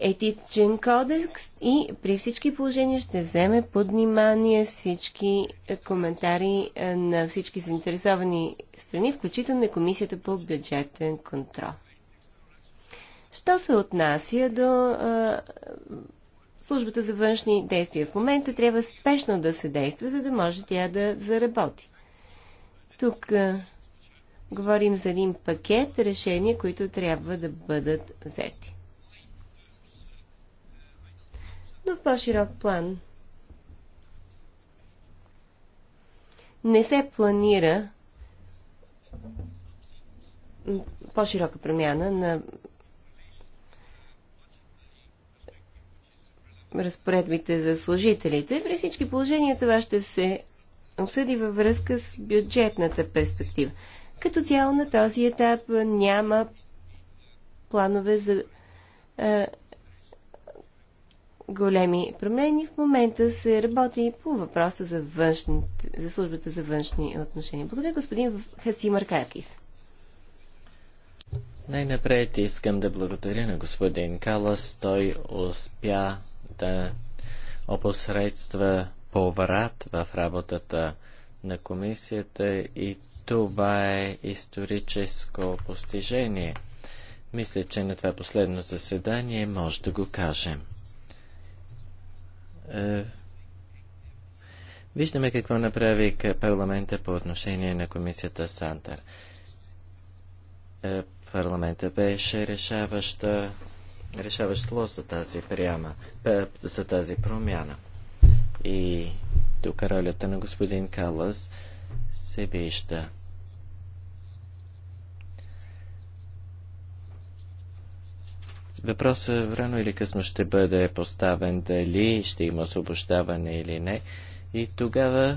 етичен кодекс и при всички положения ще вземе под внимание всички е, коментари е, на всички заинтересовани страни, включително и Комисията по бюджетен контрол. Що се отнася до а, е, службата за външни действия? В момента трябва спешно да се действа, за да може тя да заработи. Тук а, говорим за един пакет решения, които трябва да бъдат взети. но в по-широк план. Не се планира по-широка промяна на разпоредбите за служителите. При всички положения това ще се обсъди във връзка с бюджетната перспектива. Като цяло на този етап няма планове за е, големи промени. В момента се работи по въпроса за, външните, за службата за външни отношения. Благодаря, господин Хаси Маркакис. Най-напред искам да благодаря на господин Калас. Той успя да опосредства поврат в работата на комисията и това е историческо постижение. Мисля, че на това последно заседание може да го кажем. Е, виждаме какво направи парламента по отношение на комисията Сантар. Е, парламента беше решаваща, решаващ лоз за тази, приема, за тази промяна. И тук ролята на господин Калас се вижда. Въпросът е, рано или късно ще бъде поставен дали ще има освобождаване или не. И тогава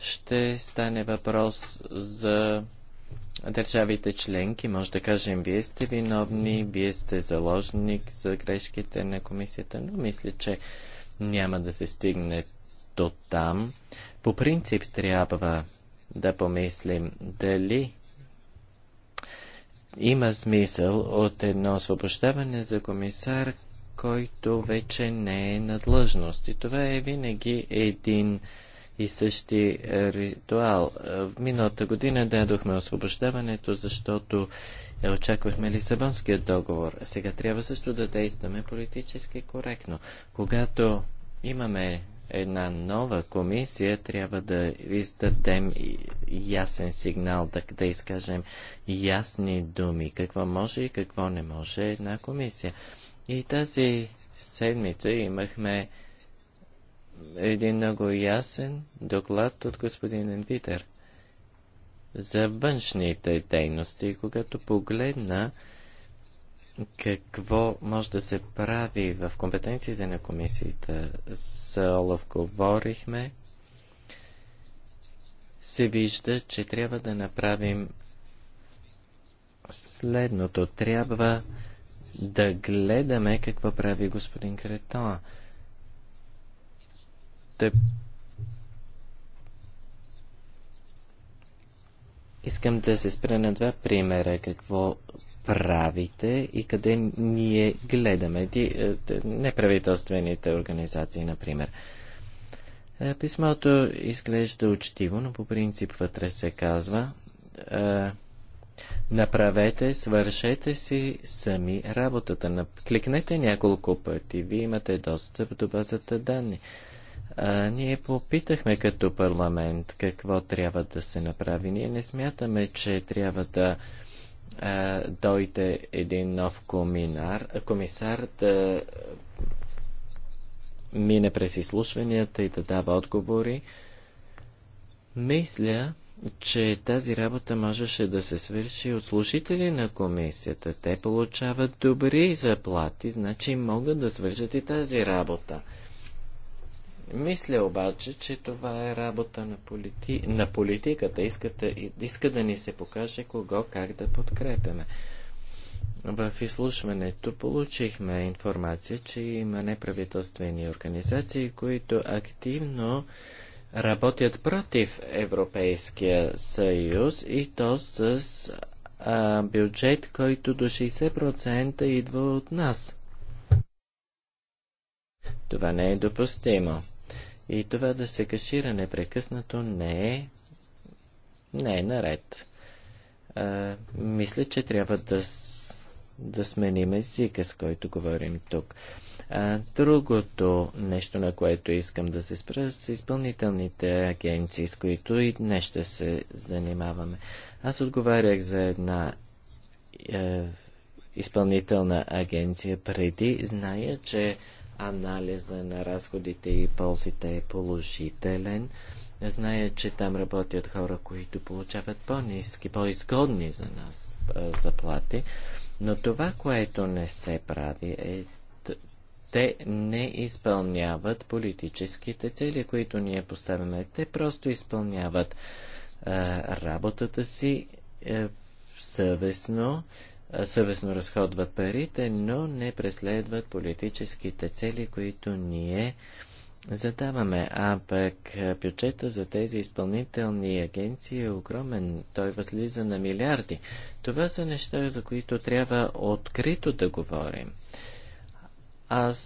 ще стане въпрос за държавите членки. Може да кажем, вие сте виновни, вие сте заложник за грешките на комисията, но мисля, че няма да се стигне до там. По принцип трябва да помислим дали има смисъл от едно освобождаване за комисар, който вече не е на длъжност. И това е винаги един и същи е, ритуал. Е, в миналата година дадохме освобождаването, защото е, очаквахме Лисабонския договор. Сега трябва също да действаме политически коректно. Когато имаме една нова комисия трябва да издадем ясен сигнал, да, да изкажем ясни думи, какво може и какво не може една комисия. И тази седмица имахме един много ясен доклад от господин Енвитер за външните дейности. Когато погледна какво може да се прави в компетенциите на комисията. За Олаф говорихме. Се вижда, че трябва да направим следното. Трябва да гледаме какво прави господин Кретон. Той Искам да се спра на два примера, какво правите и къде ние гледаме. Е, неправителствените организации, например. Е, писмото изглежда учтиво, но по принцип вътре се казва е, Направете, свършете си сами работата. Кликнете няколко пъти, вие имате достъп до базата данни. А, ние попитахме като парламент какво трябва да се направи. Ние не смятаме, че трябва да дойде един нов коминар, комисар да мине през изслушванията и да дава отговори. Мисля, че тази работа можеше да се свърши от служители на комисията. Те получават добри заплати, значи могат да свършат и тази работа. Мисля обаче, че това е работа на, полити... на политиката. Искате... Иска да ни се покаже кого как да подкрепяме. В изслушването получихме информация, че има неправителствени организации, които активно работят против Европейския съюз и то с а, бюджет, който до 60% идва от нас. Това не е допустимо. И това да се кашира непрекъснато не е, не е наред. А, мисля, че трябва да, да сменим езика, с който говорим тук. А, другото нещо, на което искам да се спра, са изпълнителните агенции, с които и днес ще се занимаваме. Аз отговарях за една е, изпълнителна агенция преди. Зная, че анализа на разходите и ползите е положителен. Зная, че там работят хора, които получават по-низки, по-изгодни за нас заплати, но това, което не се прави е те не изпълняват политическите цели, които ние поставяме. Те просто изпълняват а, работата си е, съвестно съвестно разходват парите, но не преследват политическите цели, които ние задаваме. А пък бюджета за тези изпълнителни агенции е огромен. Той възлиза на милиарди. Това са неща, за които трябва открито да говорим. Аз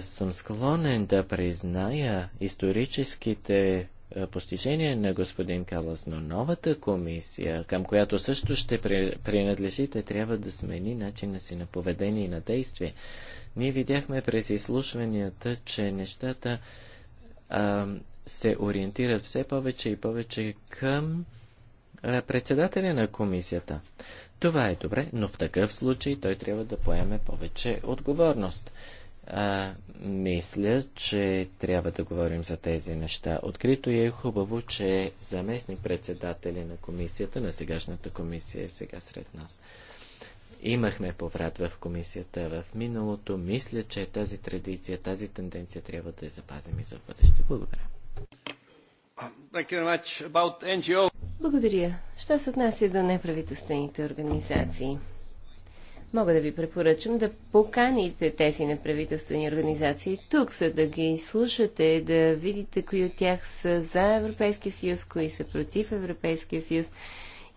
съм склонен да призная историческите е, постижение на господин Калас, но новата комисия, към която също ще принадлежите, трябва да смени начина си на поведение и на действие. Ние видяхме през изслушванията, че нещата а, се ориентират все повече и повече към а, председателя на комисията. Това е добре, но в такъв случай той трябва да поеме повече отговорност. А, мисля, че трябва да говорим за тези неща. Открито е хубаво, че заместни председатели на комисията, на сегашната комисия е сега сред нас. Имахме поврат в комисията в миналото. Мисля, че тази традиция, тази тенденция трябва да я запазим и за бъдеще. Благодаря. Благодаря. Що се отнася до неправителствените организации? Мога да ви препоръчам да поканите тези неправителствени организации тук, за да ги слушате, да видите кои от тях са за Европейския съюз, кои са против Европейския съюз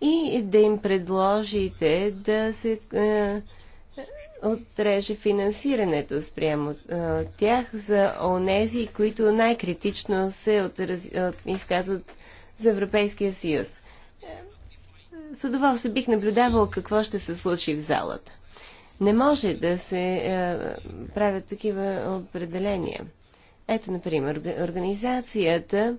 и да им предложите да се е, отреже финансирането спрямо е, тях за онези, които най-критично се отраз... Е, изказват за Европейския съюз. Е, с удоволствие бих наблюдавал какво ще се случи в залата. Не може да се е, правят такива определения. Ето, например, организацията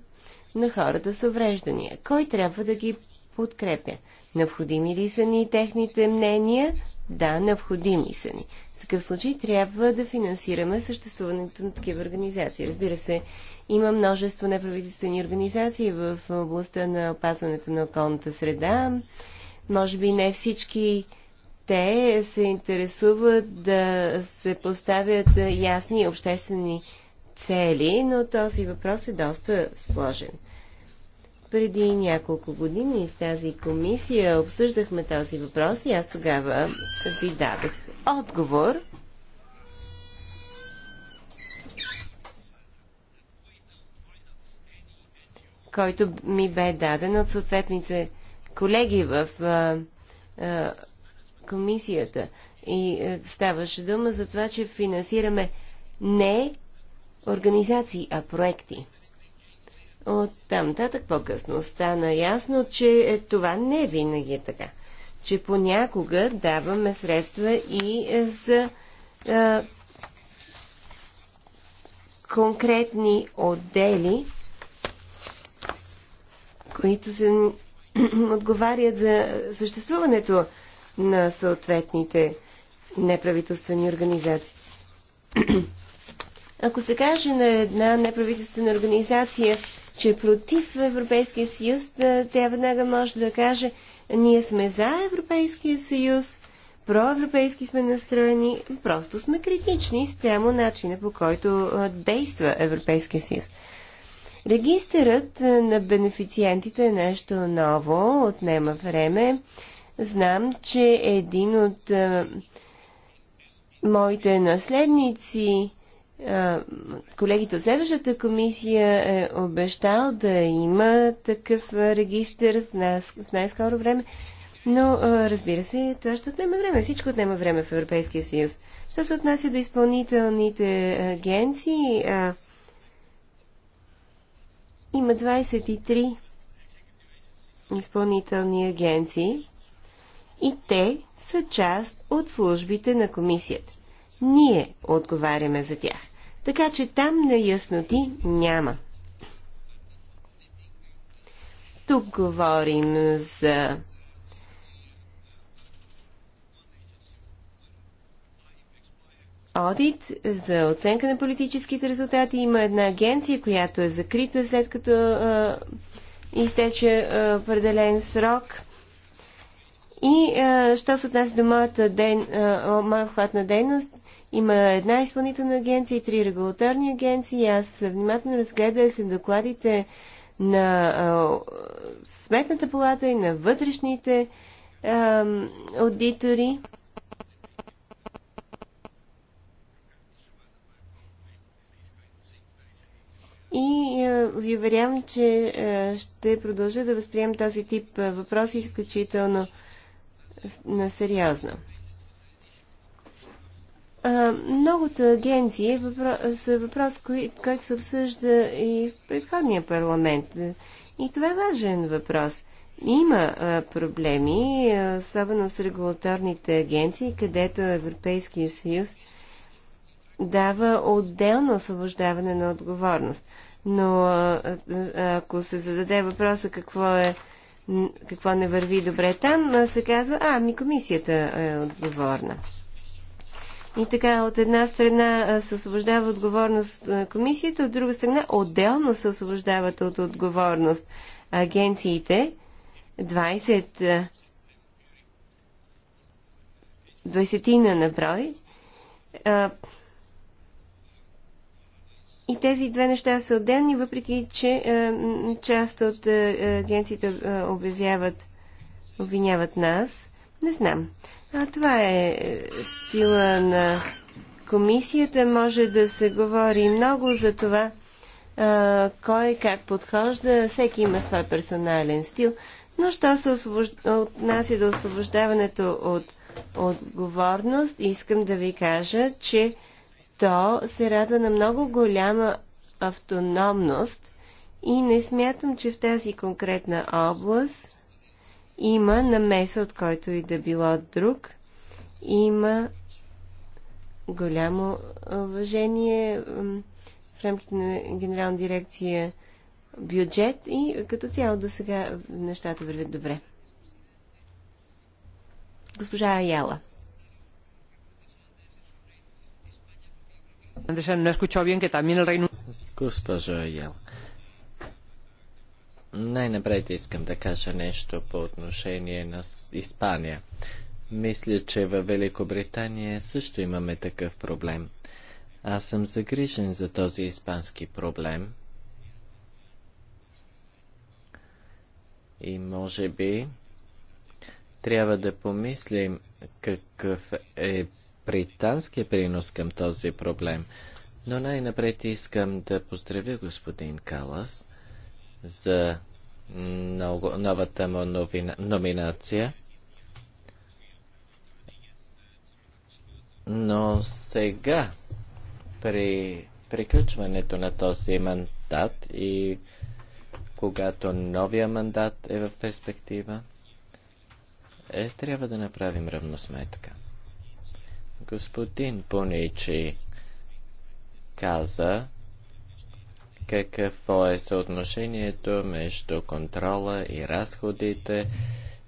на хората с увреждания. Кой трябва да ги подкрепя? Необходими ли са ни техните мнения? Да, необходими са ни. В такъв случай трябва да финансираме съществуването на такива организации. Разбира се, има множество неправителствени организации в областта на опазването на околната среда. Може би не всички те се интересуват да се поставят ясни обществени цели, но този въпрос е доста сложен. Преди няколко години в тази комисия обсъждахме този въпрос и аз тогава ви дадох отговор. който ми бе даден от съответните колеги в а, а, комисията. И е, ставаше дума за това, че финансираме не организации, а проекти. От там татък по-късно стана ясно, че е, това не е винаги е така. Че понякога даваме средства и за е, конкретни отдели, които се отговарят за съществуването на съответните неправителствени организации. Ако се каже на една неправителствена организация, че е против Европейския съюз, да, тя веднага може да каже, ние сме за Европейския съюз, проевропейски сме настроени, просто сме критични спрямо начина по който действа Европейския съюз. Регистърът на бенефициентите е нещо ново, отнема време. Знам, че един от а, е, моите наследници, а, е, колегите от следващата комисия, е обещал да има такъв регистр в, нас, в най-скоро време. Но, а, е, разбира се, това ще отнема време. Всичко отнема време в Европейския съюз. Що се отнася до изпълнителните агенции, а, има 23 изпълнителни агенции и те са част от службите на комисията. Ние отговаряме за тях. Така че там ясноти няма. Тук говорим за одит за оценка на политическите резултати. Има една агенция, която е закрита след като а, изтече а, определен срок. И а, е, що се отнася до моята, ден, а, е, моя обхват на дейност, има една изпълнителна агенция и три регулаторни агенции. Аз внимателно разгледах докладите на а, е, Сметната палата и на вътрешните а, аудитори. И а, ви уверявам, че а, ще продължа да възприемам този тип въпроси изключително на сериозно. Многото агенции е са въпрос, който се обсъжда и в предходния парламент. И това е важен въпрос. Има а, проблеми, особено с регулаторните агенции, където Европейския съюз дава отделно освобождаване на отговорност. Но а, а, ако се зададе въпроса какво е какво не върви добре там, се казва, а, ми комисията е отговорна. И така, от една страна се освобождава отговорност на комисията, от друга страна отделно се освобождават от отговорност агенциите. 20 20 на брой. И тези две неща са отделни, въпреки че е, част от е, агенциите е, обявяват, обвиняват нас. Не знам. А това е, е стила на комисията. Може да се говори много за това е, кой как подхожда. Всеки има свой персонален стил. Но що се отнася до освобождаването от отговорност, искам да ви кажа, че то се радва на много голяма автономност и не смятам, че в тази конкретна област има намеса от който и да било друг. Има голямо уважение в рамките на Генерална дирекция бюджет и като цяло до сега нещата вървят добре. Госпожа Аяла. Госпожо Йел, най-напред искам да кажа нещо по отношение на Испания. Мисля, че във Великобритания също имаме такъв проблем. Аз съм загрижен за този испански проблем. И може би трябва да помислим какъв е британския принос към този проблем. Но най-напред искам да поздравя господин Калас за много, новата му новина, номинация. Но сега, при приключването на този мандат и когато новия мандат е в перспектива, е, трябва да направим равносметка. Господин Поничи каза какво е съотношението между контрола и разходите.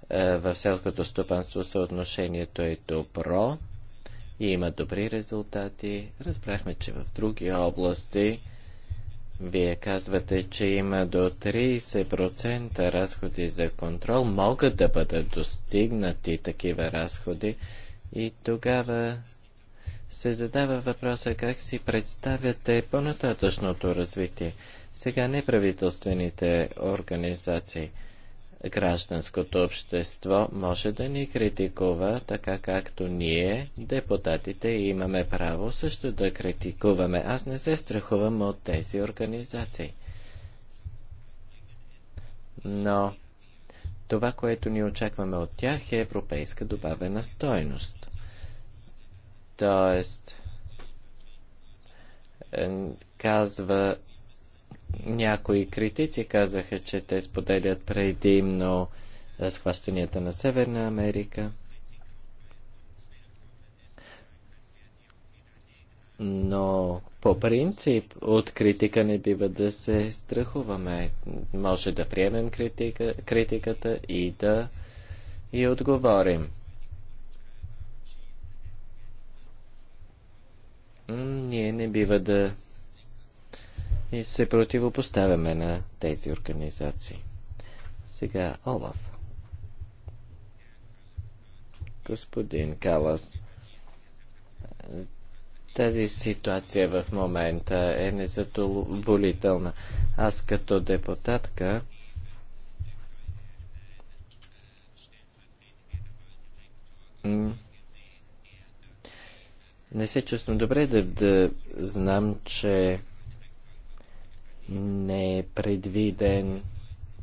Е, в селското стопанство съотношението е добро и има добри резултати. Разбрахме, че в други области вие казвате, че има до 30% разходи за контрол. Могат да бъдат достигнати такива разходи и тогава се задава въпроса как си представяте по-нататъчното развитие. Сега неправителствените организации, гражданското общество може да ни критикува, така както ние, депутатите, имаме право също да критикуваме. Аз не се страхувам от тези организации. Но това, което ни очакваме от тях е европейска добавена стойност. Тоест, е, казва, някои критици казаха, че те споделят предимно схващанията на Северна Америка. Но по принцип от критика не бива да се страхуваме. Може да приемем критика, критиката и да и отговорим. Ние не бива да и се противопоставяме на тези организации. Сега Олаф. Господин Калас, тази ситуация в момента е незадоволителна. Аз като депутатка не се чувствам добре да, да знам, че не е предвиден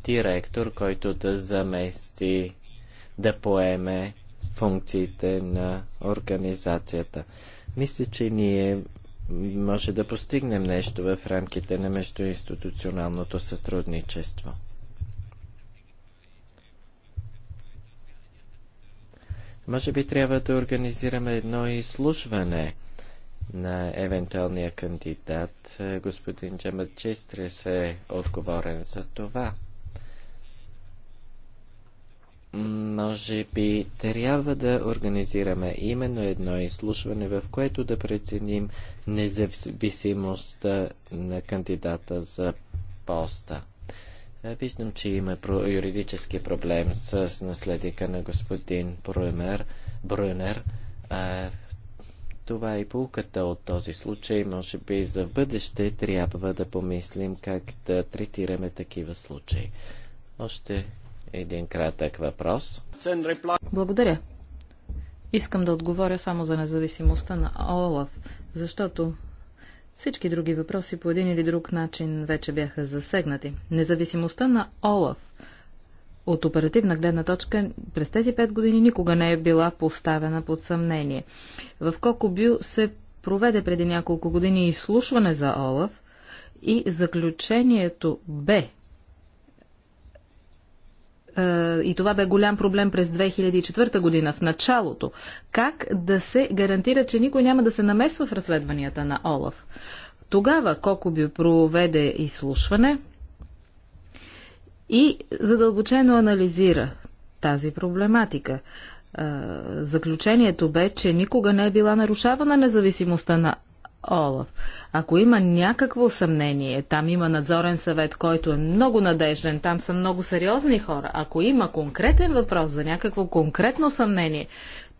директор, който да замести, да поеме функциите на организацията. Мисля, че ние може да постигнем нещо в рамките на междуинституционалното сътрудничество. Може би трябва да организираме едно изслушване на евентуалния кандидат. Господин Джамът Чистрис е отговорен за това. Може би трябва да организираме именно едно изслушване, в което да преценим независимостта на кандидата за поста. Е, виждам, че има юридически проблем с наследника на господин Брунер. Брюнер. Е, това е полката от този случай. Може би за бъдеще трябва да помислим как да третираме такива случаи. Още един кратък въпрос. Благодаря. Искам да отговоря само за независимостта на Олаф, защото всички други въпроси по един или друг начин вече бяха засегнати. Независимостта на Олаф от оперативна гледна точка през тези пет години никога не е била поставена под съмнение. В Кокобю се проведе преди няколко години изслушване за Олаф и заключението бе, е, и това бе голям проблем през 2004 година, в началото, как да се гарантира, че никой няма да се намесва в разследванията на Олаф. Тогава Кокоби проведе изслушване и задълбочено анализира тази проблематика. Е, заключението бе, че никога не е била нарушавана независимостта на Олаф. Ако има някакво съмнение, там има надзорен съвет, който е много надежден, там са много сериозни хора. Ако има конкретен въпрос за някакво конкретно съмнение,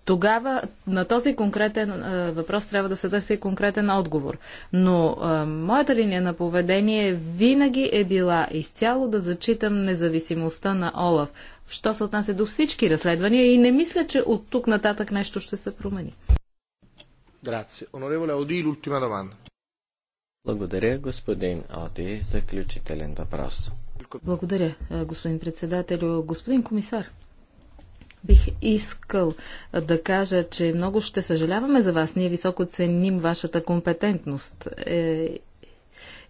тогава на този конкретен е, въпрос трябва да се търси конкретен отговор. Но е, моята линия на поведение винаги е била изцяло да зачитам независимостта на Олаф, що се отнася до всички разследвания и не мисля, че от тук нататък нещо ще се промени. Благодаря, господин Оди. Заключителен въпрос. Благодаря, е, господин председател, Господин комисар, бих искал е, да кажа, че много ще съжаляваме за вас. Ние високо ценим вашата компетентност. Е,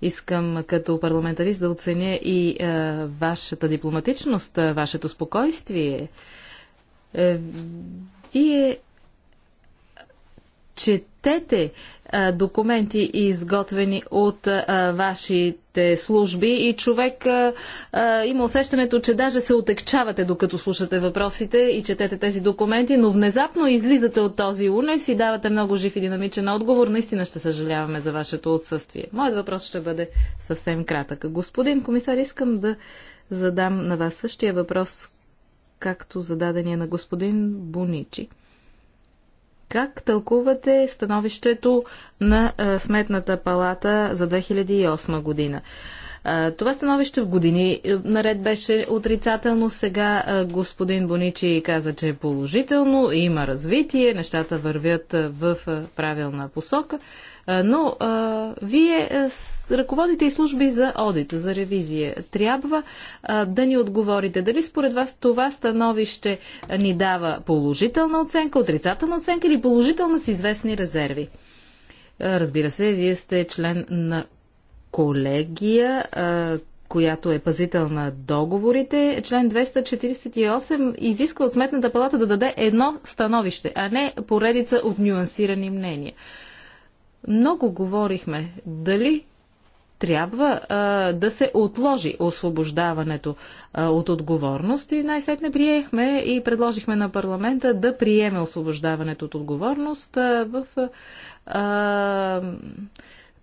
искам като парламентарист да оценя и вашата дипломатичност, вашето спокойствие. Вие четете а, документи, изготвени от а, вашите служби и човек а, а, има усещането, че даже се отекчавате докато слушате въпросите и четете тези документи, но внезапно излизате от този унес и давате много жив и динамичен отговор. Наистина ще съжаляваме за вашето отсъствие. Моят въпрос ще бъде съвсем кратък. Господин комисар, искам да задам на вас същия въпрос, както зададения на господин Буничи. Как тълкувате становището на Сметната палата за 2008 година? Това становище в години наред беше отрицателно. Сега господин Боничи каза, че е положително, има развитие, нещата вървят в правилна посока. Но а, вие ръководите и служби за одит, за ревизия. Трябва а, да ни отговорите дали според вас това становище ни дава положителна оценка, отрицателна оценка или положителна с известни резерви. А, разбира се, вие сте член на колегия, а, която е пазител на договорите. Член 248 изисква от Сметната палата да даде едно становище, а не поредица от нюансирани мнения. Много говорихме дали трябва а, да се отложи освобождаването а, от отговорност и най-сетне приехме и предложихме на парламента да приеме освобождаването от отговорност а, в а,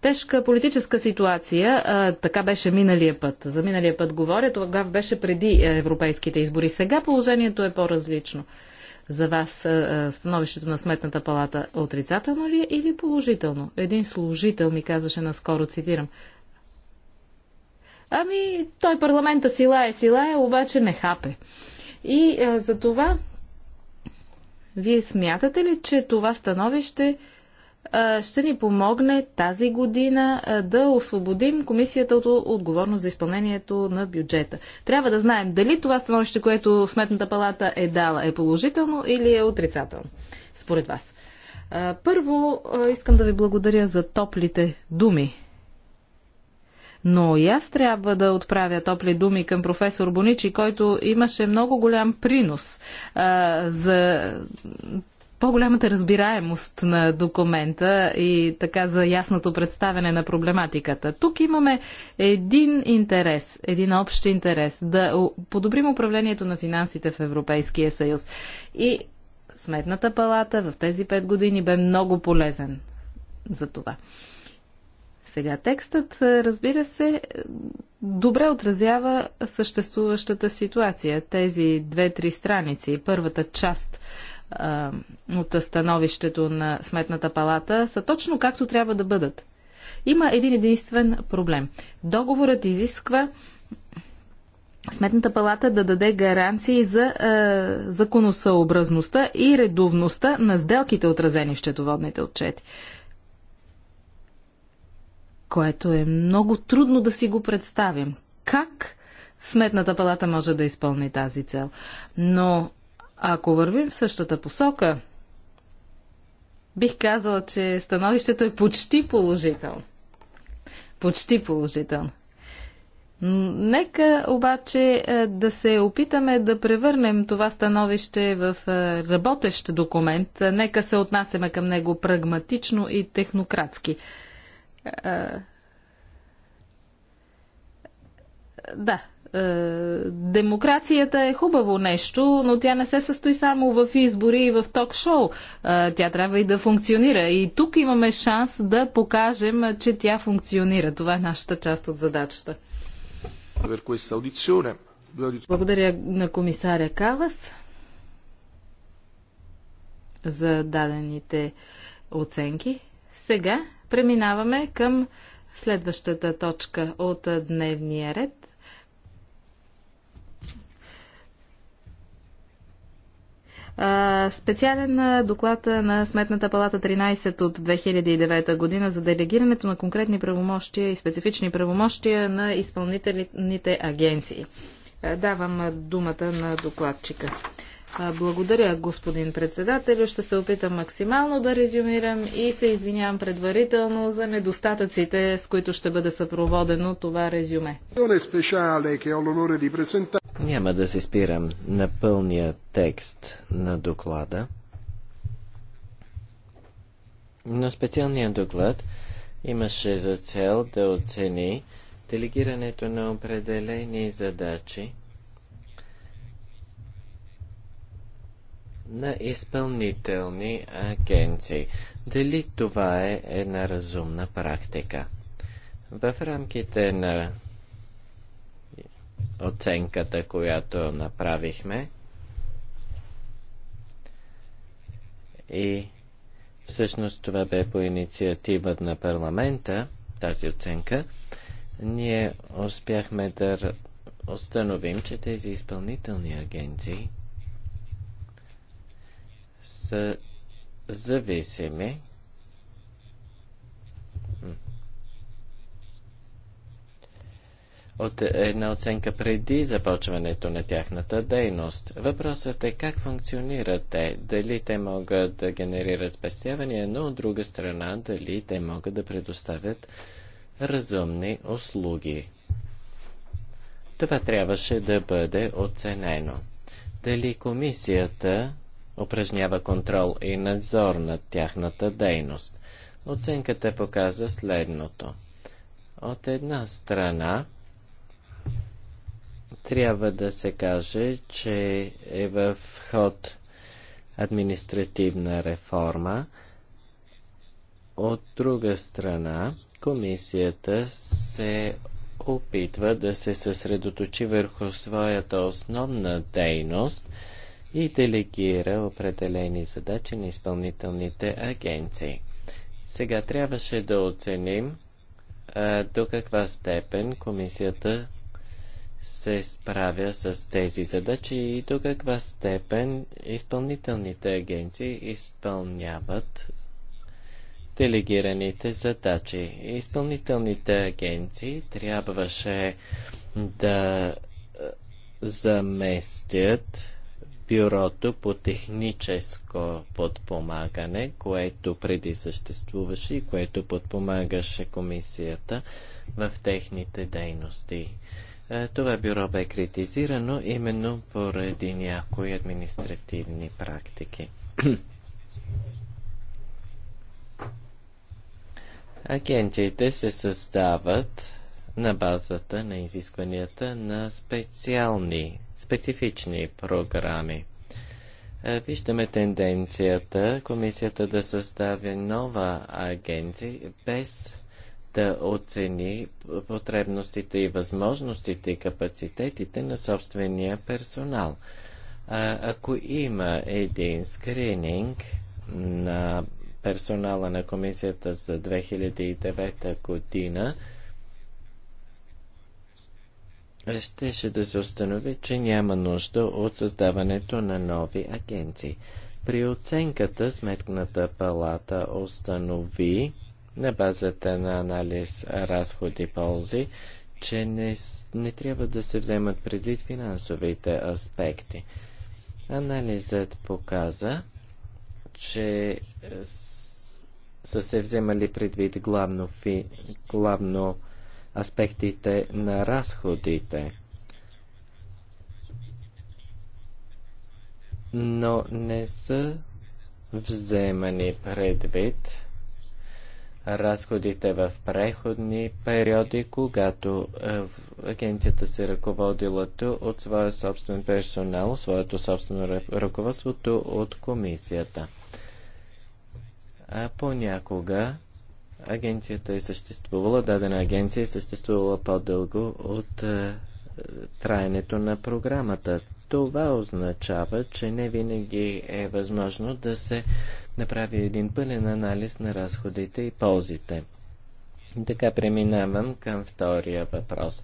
тежка политическа ситуация. А, така беше миналия път. За миналия път говоря, тогава беше преди европейските избори. Сега положението е по-различно за вас е, е, становището на Сметната палата отрицателно ли е или положително? Един служител ми казваше наскоро, цитирам, Ами, той парламента сила е, сила е, обаче не хапе. И а, е, за това, вие смятате ли, че това становище ще ни помогне тази година да освободим комисията от отговорност за изпълнението на бюджета. Трябва да знаем дали това становище, което Сметната палата е дала, е положително или е отрицателно, според вас. Първо, искам да ви благодаря за топлите думи. Но и аз трябва да отправя топли думи към професор Боничи, който имаше много голям принос а, за по-голямата разбираемост на документа и така за ясното представяне на проблематиката. Тук имаме един интерес, един общ интерес да подобрим управлението на финансите в Европейския съюз. И Сметната палата в тези пет години бе много полезен за това. Сега текстът, е, разбира се, е, добре отразява съществуващата ситуация. Тези две-три страници, първата част – от становището на Сметната палата, са точно както трябва да бъдат. Има един единствен проблем. Договорът изисква Сметната палата да даде гаранции за е, законосъобразността и редовността на сделките, отразени в счетоводните отчети. Което е много трудно да си го представим. Как Сметната палата може да изпълни тази цел? Но ако вървим в същата посока, бих казала, че становището е почти положително. Почти положително. Нека обаче е, да се опитаме да превърнем това становище в е, работещ документ. Нека се отнасяме към него прагматично и технократски. Е, да, е, демокрацията е хубаво нещо, но тя не се състои само в избори и в ток-шоу. Е, тя трябва и да функционира. И тук имаме шанс да покажем, че тя функционира. Това е нашата част от задачата. Благодаря на комисаря Калас за дадените оценки. Сега преминаваме към следващата точка от дневния ред. Специален доклад на Сметната палата 13 от 2009 година за делегирането на конкретни правомощия и специфични правомощия на изпълнителните агенции. Давам думата на докладчика. Благодаря, господин председател. Ще се опитам максимално да резюмирам и се извинявам предварително за недостатъците, с които ще бъде съпроводено това резюме. Няма да се спирам на пълния текст на доклада, но специалният доклад имаше за цел да оцени делегирането на определени задачи – на изпълнителни агенции. Дали това е една разумна практика? В рамките на оценката, която направихме, и всъщност това бе по инициатива на парламента, тази оценка, ние успяхме да установим, че тези изпълнителни агенции – са зависими от една оценка преди започването на тяхната дейност. Въпросът е как функционират те, дали те могат да генерират спестявания, но от друга страна дали те могат да предоставят разумни услуги. Това трябваше да бъде оценено. Дали комисията упражнява контрол и надзор над тяхната дейност. Оценката показа следното. От една страна, трябва да се каже, че е в ход административна реформа. От друга страна, комисията се опитва да се съсредоточи върху своята основна дейност – и делегира определени задачи на изпълнителните агенции. Сега трябваше да оценим а, до каква степен комисията се справя с тези задачи и до каква степен изпълнителните агенции изпълняват делегираните задачи. Изпълнителните агенции трябваше да заместят бюрото по техническо подпомагане, което преди съществуваше и което подпомагаше комисията в техните дейности. Е, това бюро бе критизирано именно поради някои административни практики. Агентите се създават на базата на изискванията на специални специфични програми. Е, виждаме тенденцията комисията да съставя нова агенция без да оцени потребностите и възможностите и капацитетите на собствения персонал. А, ако има един скрининг на персонала на комисията за 2009 година, щеше да се установи, че няма нужда от създаването на нови агенции. При оценката Сметната палата установи на базата на анализ разходи-ползи, че не, не трябва да се вземат предвид финансовите аспекти. Анализът показа, че е, са се вземали предвид главно, фи, главно аспектите на разходите. Но не са вземани предвид разходите в преходни периоди, когато е, агенцията се ръководила от своя собствен персонал, своето собствено ръководството от комисията. А понякога Агенцията е съществувала, дадена агенция е съществувала по-дълго от е, траенето на програмата. Това означава, че не винаги е възможно да се направи един пълен анализ на разходите и ползите. така преминавам към втория въпрос.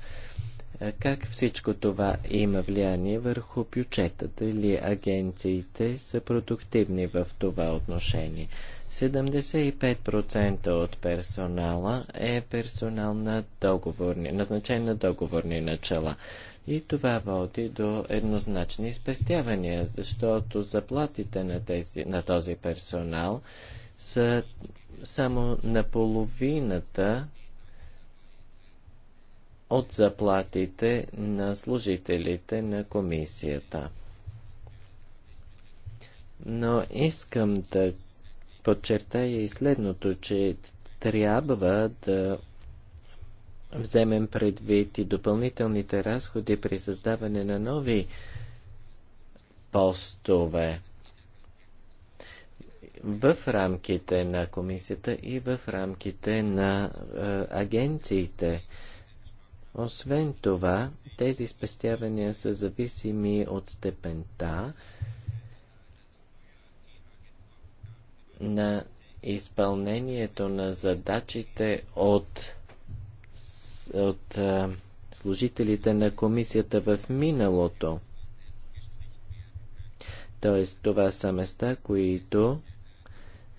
Как всичко това има влияние върху бюджетата или агенциите са продуктивни в това отношение? 75% от персонала е персонал на договорни, назначен на договорни начала. И това води до еднозначни спестявания, защото заплатите на, тези, на този персонал са само на половината от заплатите на служителите на комисията. Но искам да подчертая и следното, че трябва да вземем предвид и допълнителните разходи при създаване на нови постове в рамките на комисията и в рамките на е, агенциите. Освен това, тези спестявания са зависими от степента на изпълнението на задачите от, от а, служителите на комисията в миналото. Тоест, това са места, които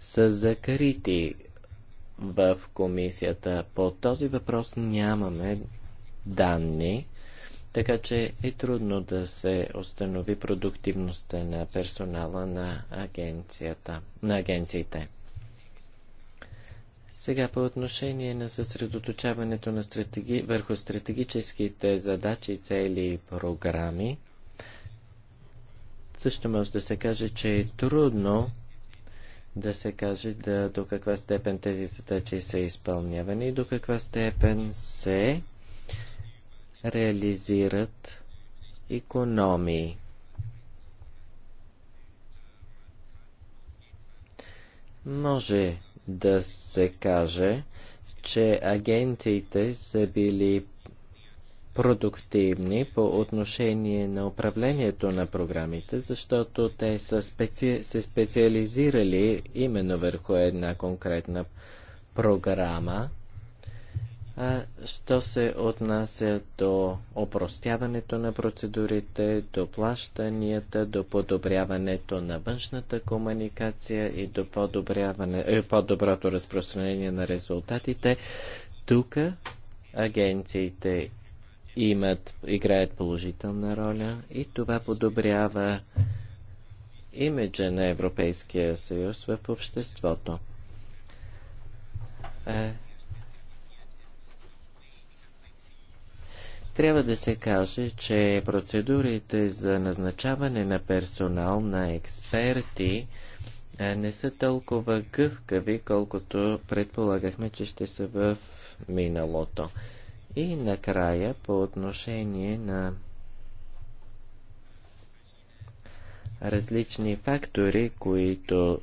са закрити в комисията. По този въпрос нямаме данни, така че е трудно да се установи продуктивността на персонала на, агенцията, на агенциите. Сега по отношение на съсредоточаването на стратеги... върху стратегическите задачи, цели и програми, също може да се каже, че е трудно да се каже да, до каква степен тези задачи са изпълнявани и до каква степен се реализират економии. Може да се каже, че агенциите са били продуктивни по отношение на управлението на програмите, защото те са специ... се специализирали именно върху една конкретна програма Що се отнася до опростяването на процедурите, до плащанията, до подобряването на външната комуникация и до подобряване, е, по-доброто разпространение на резултатите, тук агенциите имат, играят положителна роля и това подобрява имиджа на Европейския съюз в обществото. Трябва да се каже, че процедурите за назначаване на персонал на експерти не са толкова гъвкави, колкото предполагахме, че ще са в миналото. И накрая, по отношение на различни фактори, които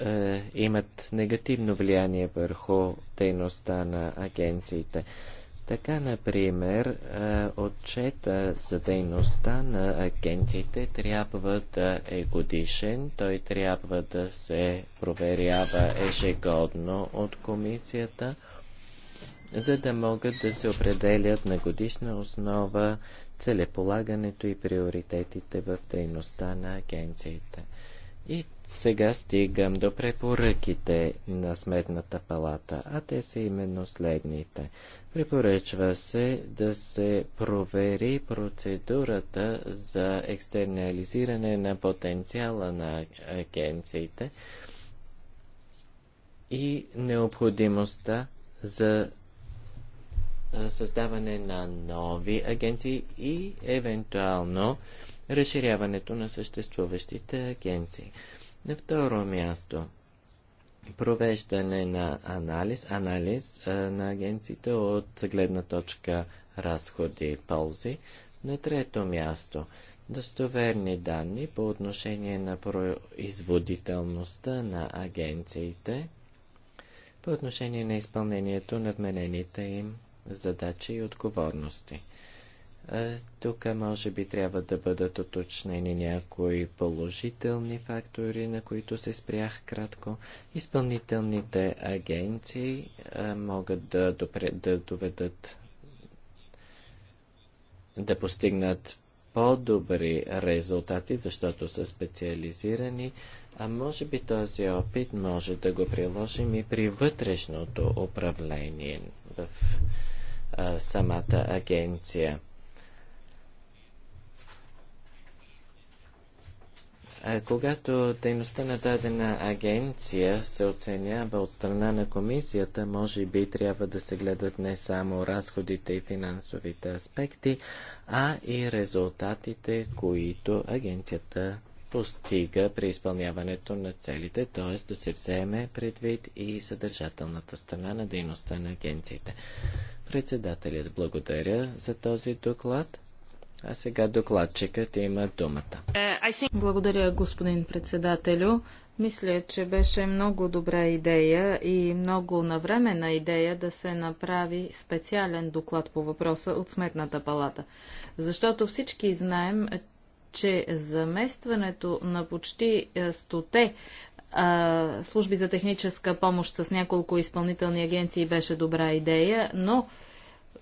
е, имат негативно влияние върху дейността на агенциите. Така, например, е, отчета за дейността на агенциите трябва да е годишен, той трябва да се проверява ежегодно от комисията, за да могат да се определят на годишна основа целеполагането и приоритетите в дейността на агенциите. И сега стигам до препоръките на Сметната палата, а те са именно следните. Препоръчва се да се провери процедурата за екстернализиране на потенциала на агенциите и необходимостта за създаване на нови агенции и евентуално разширяването на съществуващите агенции. На второ място, провеждане на анализ, анализ а, на агенциите от гледна точка разходи и ползи. На трето място, достоверни данни по отношение на производителността на агенциите, по отношение на изпълнението на вменените им задачи и отговорности. Е, тук може би трябва да бъдат уточнени някои положителни фактори, на които се спрях кратко. Изпълнителните агенции а, е, могат да, допре, да доведат да постигнат по-добри резултати, защото са специализирани, а може би този опит може да го приложим и при вътрешното управление в а, е, самата агенция. Когато дейността на дадена агенция се оценява от страна на комисията, може би трябва да се гледат не само разходите и финансовите аспекти, а и резултатите, които агенцията постига при изпълняването на целите, т.е. да се вземе предвид и съдържателната страна на дейността на агенциите. Председателят благодаря за този доклад. А сега докладчикът има думата. Е, Благодаря, господин председателю. Мисля, че беше много добра идея и много навремена идея да се направи специален доклад по въпроса от Сметната палата. Защото всички знаем, че заместването на почти е, стоте е, служби за техническа помощ с няколко изпълнителни агенции беше добра идея, но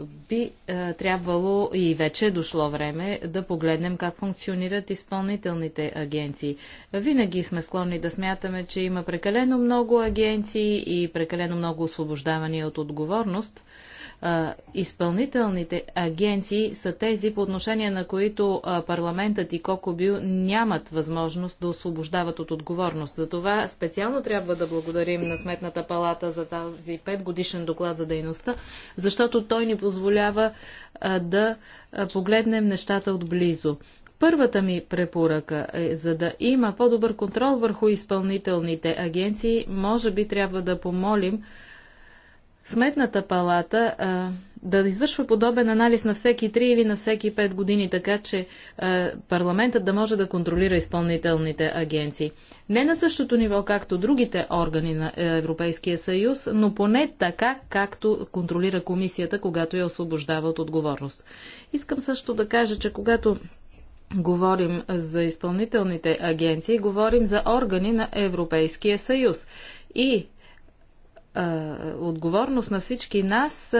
би е, трябвало и вече е дошло време да погледнем как функционират изпълнителните агенции. Винаги сме склонни да смятаме, че има прекалено много агенции и прекалено много освобождавания от отговорност – а, изпълнителните агенции са тези, по отношение на които а, парламентът и Кокобил нямат възможност да освобождават от отговорност. Затова специално трябва да благодарим на Сметната палата за тази петгодишен доклад за дейността, защото той ни позволява а, да погледнем нещата отблизо. Първата ми препоръка е, за да има по-добър контрол върху изпълнителните агенции, може би трябва да помолим Сметната палата а, да извършва подобен анализ на всеки 3 или на всеки 5 години, така че а, парламентът да може да контролира изпълнителните агенции. Не на същото ниво, както другите органи на е, Европейския съюз, но поне така, както контролира комисията, когато я освобождава от отговорност. Искам също да кажа, че когато говорим за изпълнителните агенции, говорим за органи на Европейския съюз. И отговорност на всички нас,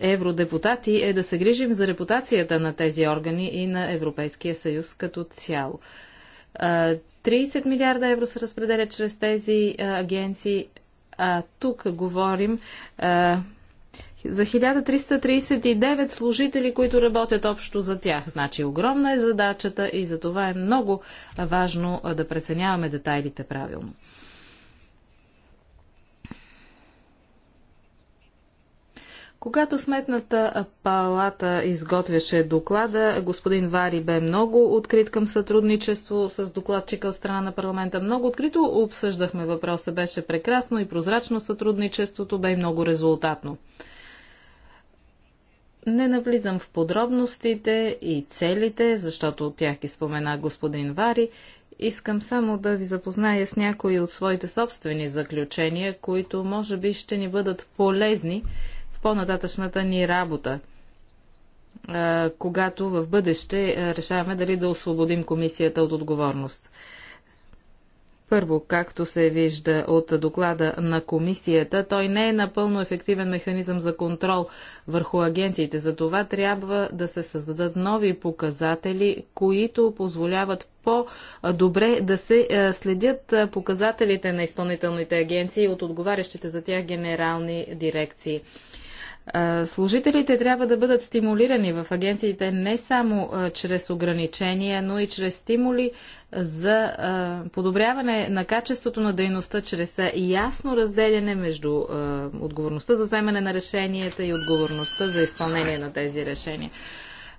евродепутати, е да се грижим за репутацията на тези органи и на Европейския съюз като цяло. 30 милиарда евро се разпределят чрез тези агенции. А тук говорим за 1339 служители, които работят общо за тях. Значи огромна е задачата и за това е много важно да преценяваме детайлите правилно. Когато сметната палата изготвяше доклада, господин Вари бе много открит към сътрудничество с докладчика от страна на парламента. Много открито обсъждахме въпроса. Беше прекрасно и прозрачно сътрудничеството, бе и много резултатно. Не навлизам в подробностите и целите, защото от тях ги спомена господин Вари. Искам само да ви запозная с някои от своите собствени заключения, които може би ще ни бъдат полезни в по-нататъчната ни работа, когато в бъдеще решаваме дали да освободим комисията от отговорност. Първо, както се вижда от доклада на комисията, той не е напълно ефективен механизъм за контрол върху агенциите. За това трябва да се създадат нови показатели, които позволяват по-добре да се следят показателите на изпълнителните агенции от отговарящите за тях генерални дирекции. Служителите трябва да бъдат стимулирани в агенциите не само чрез ограничения, но и чрез стимули за подобряване на качеството на дейността, чрез ясно разделяне между отговорността за вземане на решенията и отговорността за изпълнение на тези решения.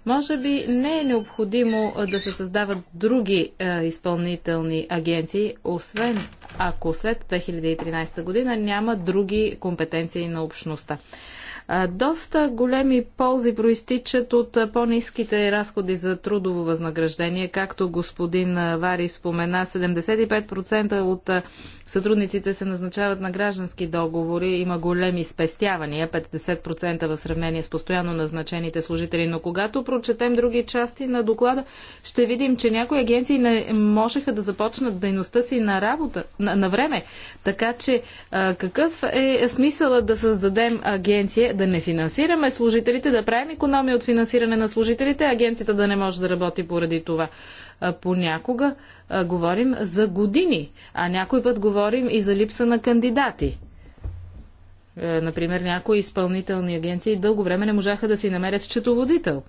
Може би не е необходимо да се създават други е, изпълнителни агенции, освен ако след 2013 година няма други компетенции на общността. Доста големи ползи проистичат от по-низките разходи за трудово възнаграждение. Както господин Вари спомена, 75% от сътрудниците се назначават на граждански договори, има големи спестявания, 50% в сравнение с постоянно назначените служители. Но когато прочетем други части на доклада, ще видим, че някои агенции не можеха да започнат дейността си на работа, на, на време. Така че а, какъв е смисъла да създадем агенция, да не финансираме служителите, да правим економия от финансиране на служителите, агенцията да не може да работи поради това понякога говорим за години, а някой път говорим и за липса на кандидати. Е, например, някои изпълнителни агенции дълго време не можаха да си намерят счетоводител.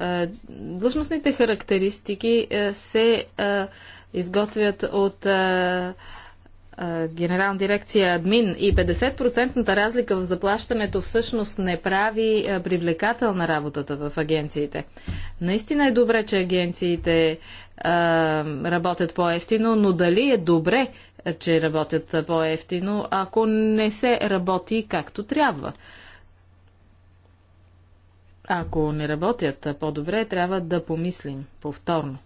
Е, длъжностните характеристики е, се изготвят от генерална дирекция админ и 50 разлика в заплащането всъщност не прави привлекателна работата в агенциите. Наистина е добре, че агенциите а, работят по-ефтино, но дали е добре, че работят по-ефтино, ако не се работи както трябва? Ако не работят по-добре, трябва да помислим повторно.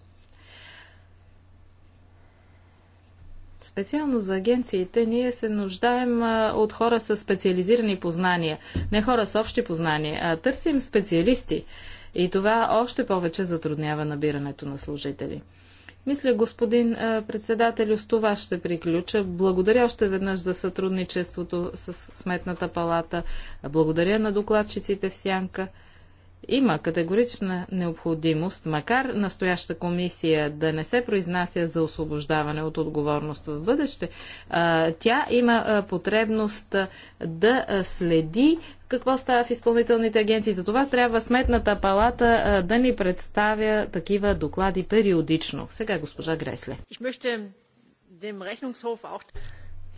Специално за агенциите ние се нуждаем от хора с специализирани познания, не хора с общи познания, а търсим специалисти. И това още повече затруднява набирането на служители. Мисля, господин председател, с това ще приключа. Благодаря още веднъж за сътрудничеството с Сметната палата. Благодаря на докладчиците в Сянка. Има категорична необходимост, макар настояща комисия да не се произнася за освобождаване от отговорност в бъдеще, тя има потребност да следи какво става в изпълнителните агенции. За това трябва Сметната палата да ни представя такива доклади периодично. Сега госпожа Гресле.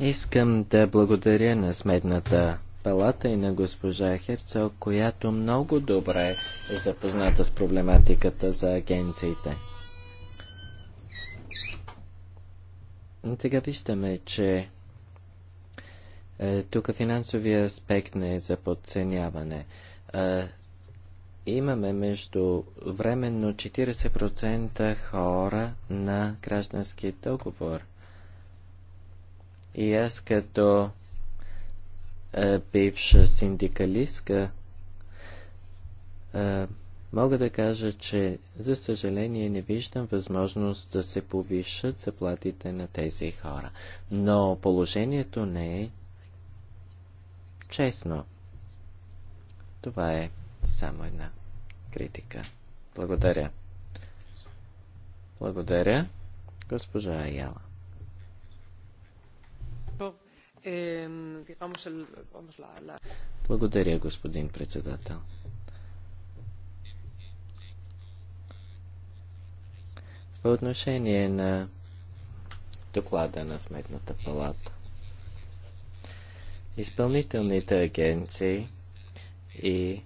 Искам да благодаря на Сметната палата и на госпожа Херцог, която много добре е запозната с проблематиката за агенциите. Сега виждаме, че е, тук финансовия аспект не е за подценяване. Е, имаме между временно 40% хора на граждански договор. И аз като е, бивша синдикалистка, е, мога да кажа, че за съжаление не виждам възможност да се повишат заплатите на тези хора. Но положението не е честно. Това е само една критика. Благодаря. Благодаря, госпожа Аяла. Благодаря, господин председател. По отношение на доклада на Сметната палата. Изпълнителните агенции и е,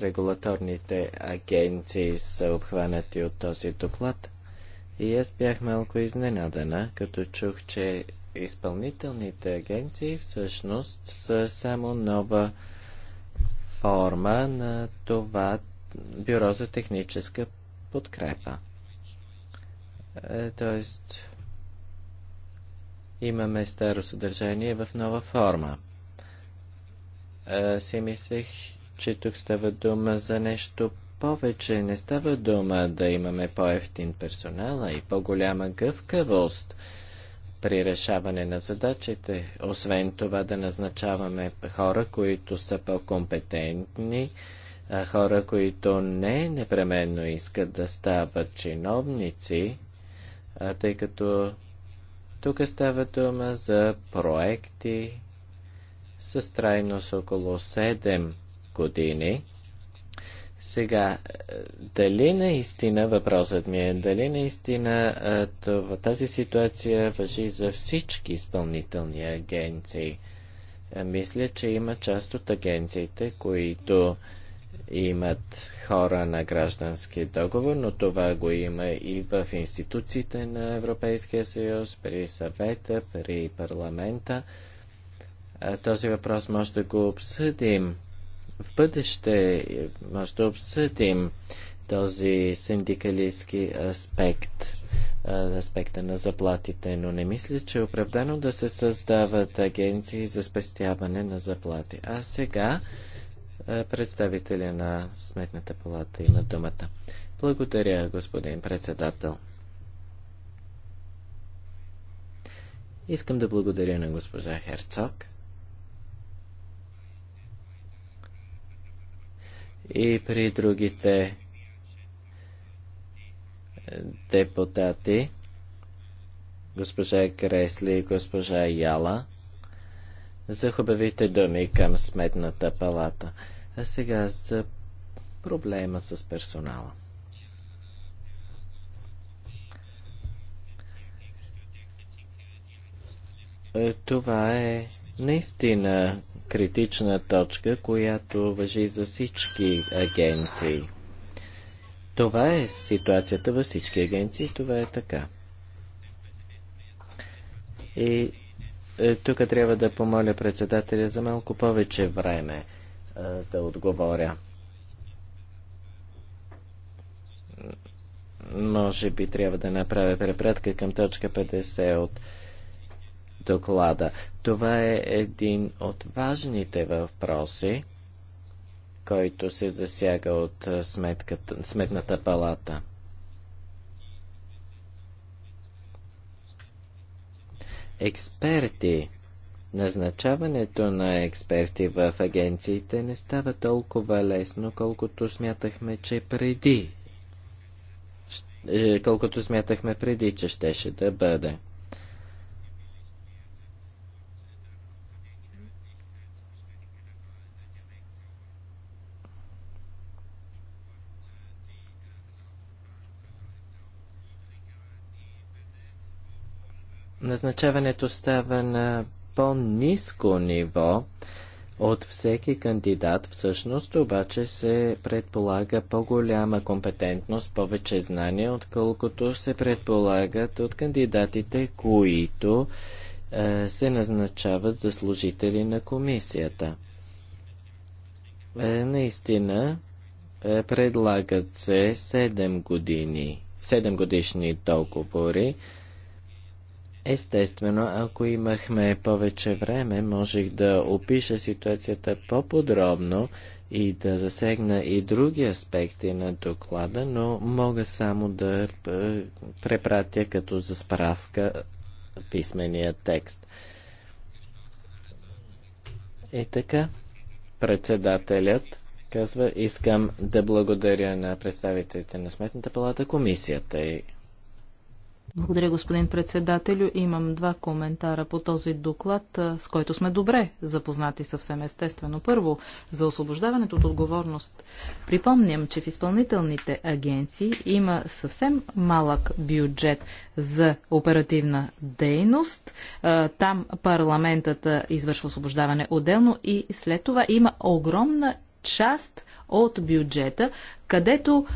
регулаторните агенции са обхванати от този доклад и аз бях малко изненадана, като чух, че изпълнителните агенции всъщност са само нова форма на това бюро за техническа подкрепа. Е, тоест, имаме старо съдържание в нова форма. Е, си мислех, че тук става дума за нещо повече. Не става дума да имаме по-ефтин персонал, а и по-голяма гъвкавост при решаване на задачите. Освен това да назначаваме хора, които са по-компетентни, хора, които не непременно искат да стават чиновници, тъй като тук става дума за проекти с трайност около 7 години – сега, е, дали наистина, въпросът ми е, дали наистина е, това, тази ситуация въжи за всички изпълнителни агенции? Е, мисля, че има част от агенциите, които имат хора на граждански договор, но това го има и в институциите на Европейския съюз, при съвета, при парламента. Този въпрос може да го обсъдим в бъдеще може да обсъдим този синдикалистски аспект, аспекта на заплатите, но не мисля, че е оправдано да се създават агенции за спестяване на заплати. А сега представителя на Сметната палата има думата. Благодаря, господин председател. Искам да благодаря на госпожа Херцог – и при другите е, депутати, госпожа Кресли и госпожа Яла, за хубавите думи към Сметната палата. А сега за проблема с персонала. Е, това е наистина критична точка, която въжи за всички агенции. Това е ситуацията във всички агенции, това е така. И е, тук трябва да помоля председателя за малко повече време е, да отговоря. Може би трябва да направя препратка към точка 50 от доклада. Това е един от важните въпроси, който се засяга от сметката, сметната палата. Експерти. Назначаването на експерти в агенциите не става толкова лесно, колкото смятахме, че преди. Е, колкото смятахме преди, че щеше да бъде. назначаването става на по-низко ниво от всеки кандидат, всъщност обаче се предполага по-голяма компетентност, повече знания, отколкото се предполагат от кандидатите, които е, се назначават за служители на комисията. Е, наистина, е, предлагат се 7 години, 7 годишни договори, Естествено, ако имахме повече време, можех да опиша ситуацията по-подробно и да засегна и други аспекти на доклада, но мога само да е, препратя като за справка писмения текст. И е така, председателят казва, искам да благодаря на представителите на Сметната палата, комисията и благодаря, господин председателю. Имам два коментара по този доклад, с който сме добре запознати съвсем естествено. Първо, за освобождаването от отговорност. Припомням, че в изпълнителните агенции има съвсем малък бюджет за оперативна дейност. Там парламентът извършва освобождаване отделно и след това има огромна част от бюджета, където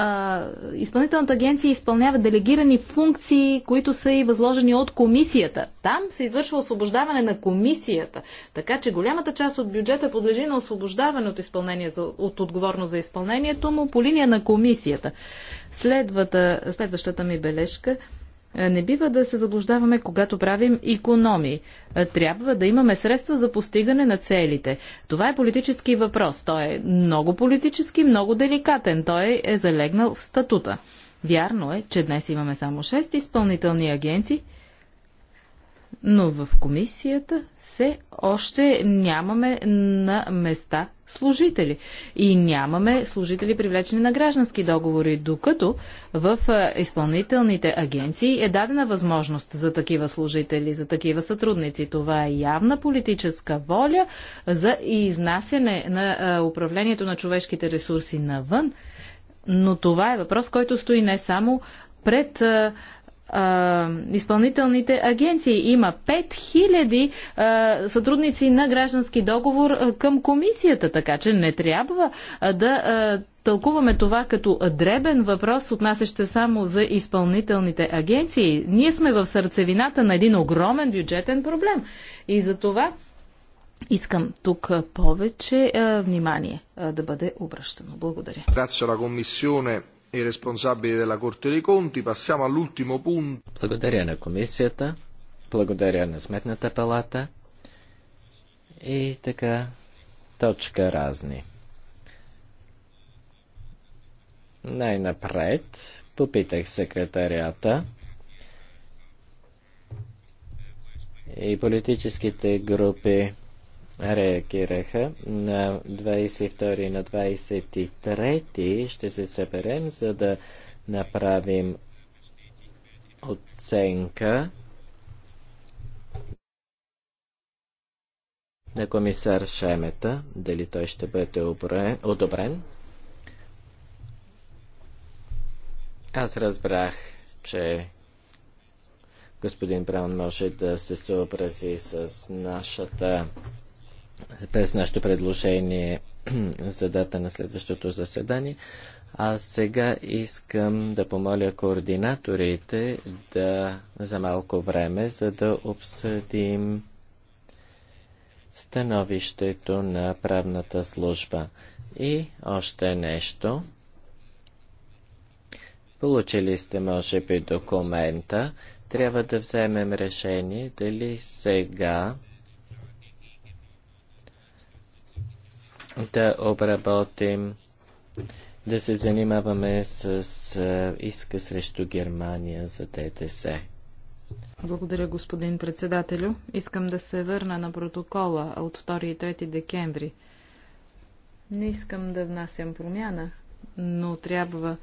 а, изпълнителната агенция изпълнява делегирани функции, които са и възложени от комисията. Там се извършва освобождаване на комисията. Така че голямата част от бюджета подлежи на освобождаване от, изпълнение, от отговорност за изпълнението му по линия на комисията. Следвата, следващата ми бележка – е, не бива да се заблуждаваме, когато правим економии. Е, трябва да имаме средства за постигане на целите. Това е политически въпрос. Той е много политически, много деликатен. Той е залегнал в статута. Вярно е, че днес имаме само 6 изпълнителни агенции – но в комисията все още нямаме на места служители и нямаме служители привлечени на граждански договори, докато в изпълнителните агенции е дадена възможност за такива служители, за такива сътрудници. Това е явна политическа воля за изнасяне на управлението на човешките ресурси навън, но това е въпрос, който стои не само пред а, изпълнителните агенции. Има 5000 а, сътрудници на граждански договор а, към комисията, така че не трябва а, да а, тълкуваме това като дребен въпрос, отнасящ се само за изпълнителните агенции. Ние сме в сърцевината на един огромен бюджетен проблем. И за това Искам тук повече а, внимание а, да бъде обращано. Благодаря и responsabili della Corte dei Conti. Passiamo all'ultimo punto. Благодаря на комисията, благодаря на Сметната палата и така точка разни. Най-напред попитах секретарията и политическите групи реагираха. На 22 и на 23 ще се съберем, за да направим оценка на комисар Шемета, дали той ще бъде одобрен. Аз разбрах, че господин Браун може да се съобрази с нашата през нашето предложение за дата на следващото заседание. А сега искам да помоля координаторите да за малко време, за да обсъдим становището на правната служба. И още нещо. Получили сте, може би, документа. Трябва да вземем решение дали сега да обработим, да се занимаваме с иска срещу Германия за ДДС. Благодаря, господин председателю. Искам да се върна на протокола от 2 и 3 декември. Не искам да внасям промяна, но трябва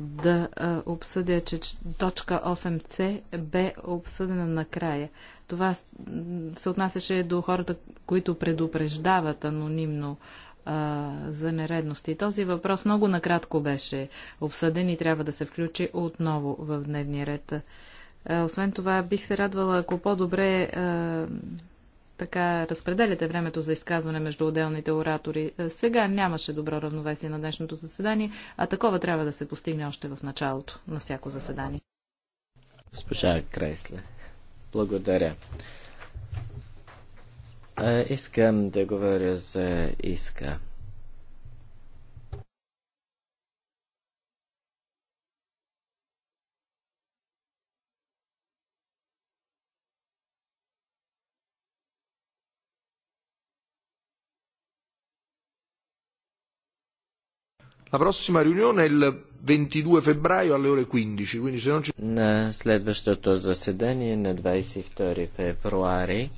да обсъдя, че точка 8c бе обсъдена накрая. Това се отнасяше до хората, които предупреждават анонимно а, за нередности. Този въпрос много накратко беше обсъден и трябва да се включи отново в дневния ред. А, освен това, бих се радвала, ако по-добре така разпределяте времето за изказване между отделните оратори. Е, сега нямаше добро равновесие на днешното заседание, а такова трябва да се постигне още в началото на всяко заседание. Госпожа Кресле, благодаря. Е, искам да говоря за иска. La prossima riunione è il 22 febbraio alle ore 15, quindi se non ci... На следващото заседание на 22 февруари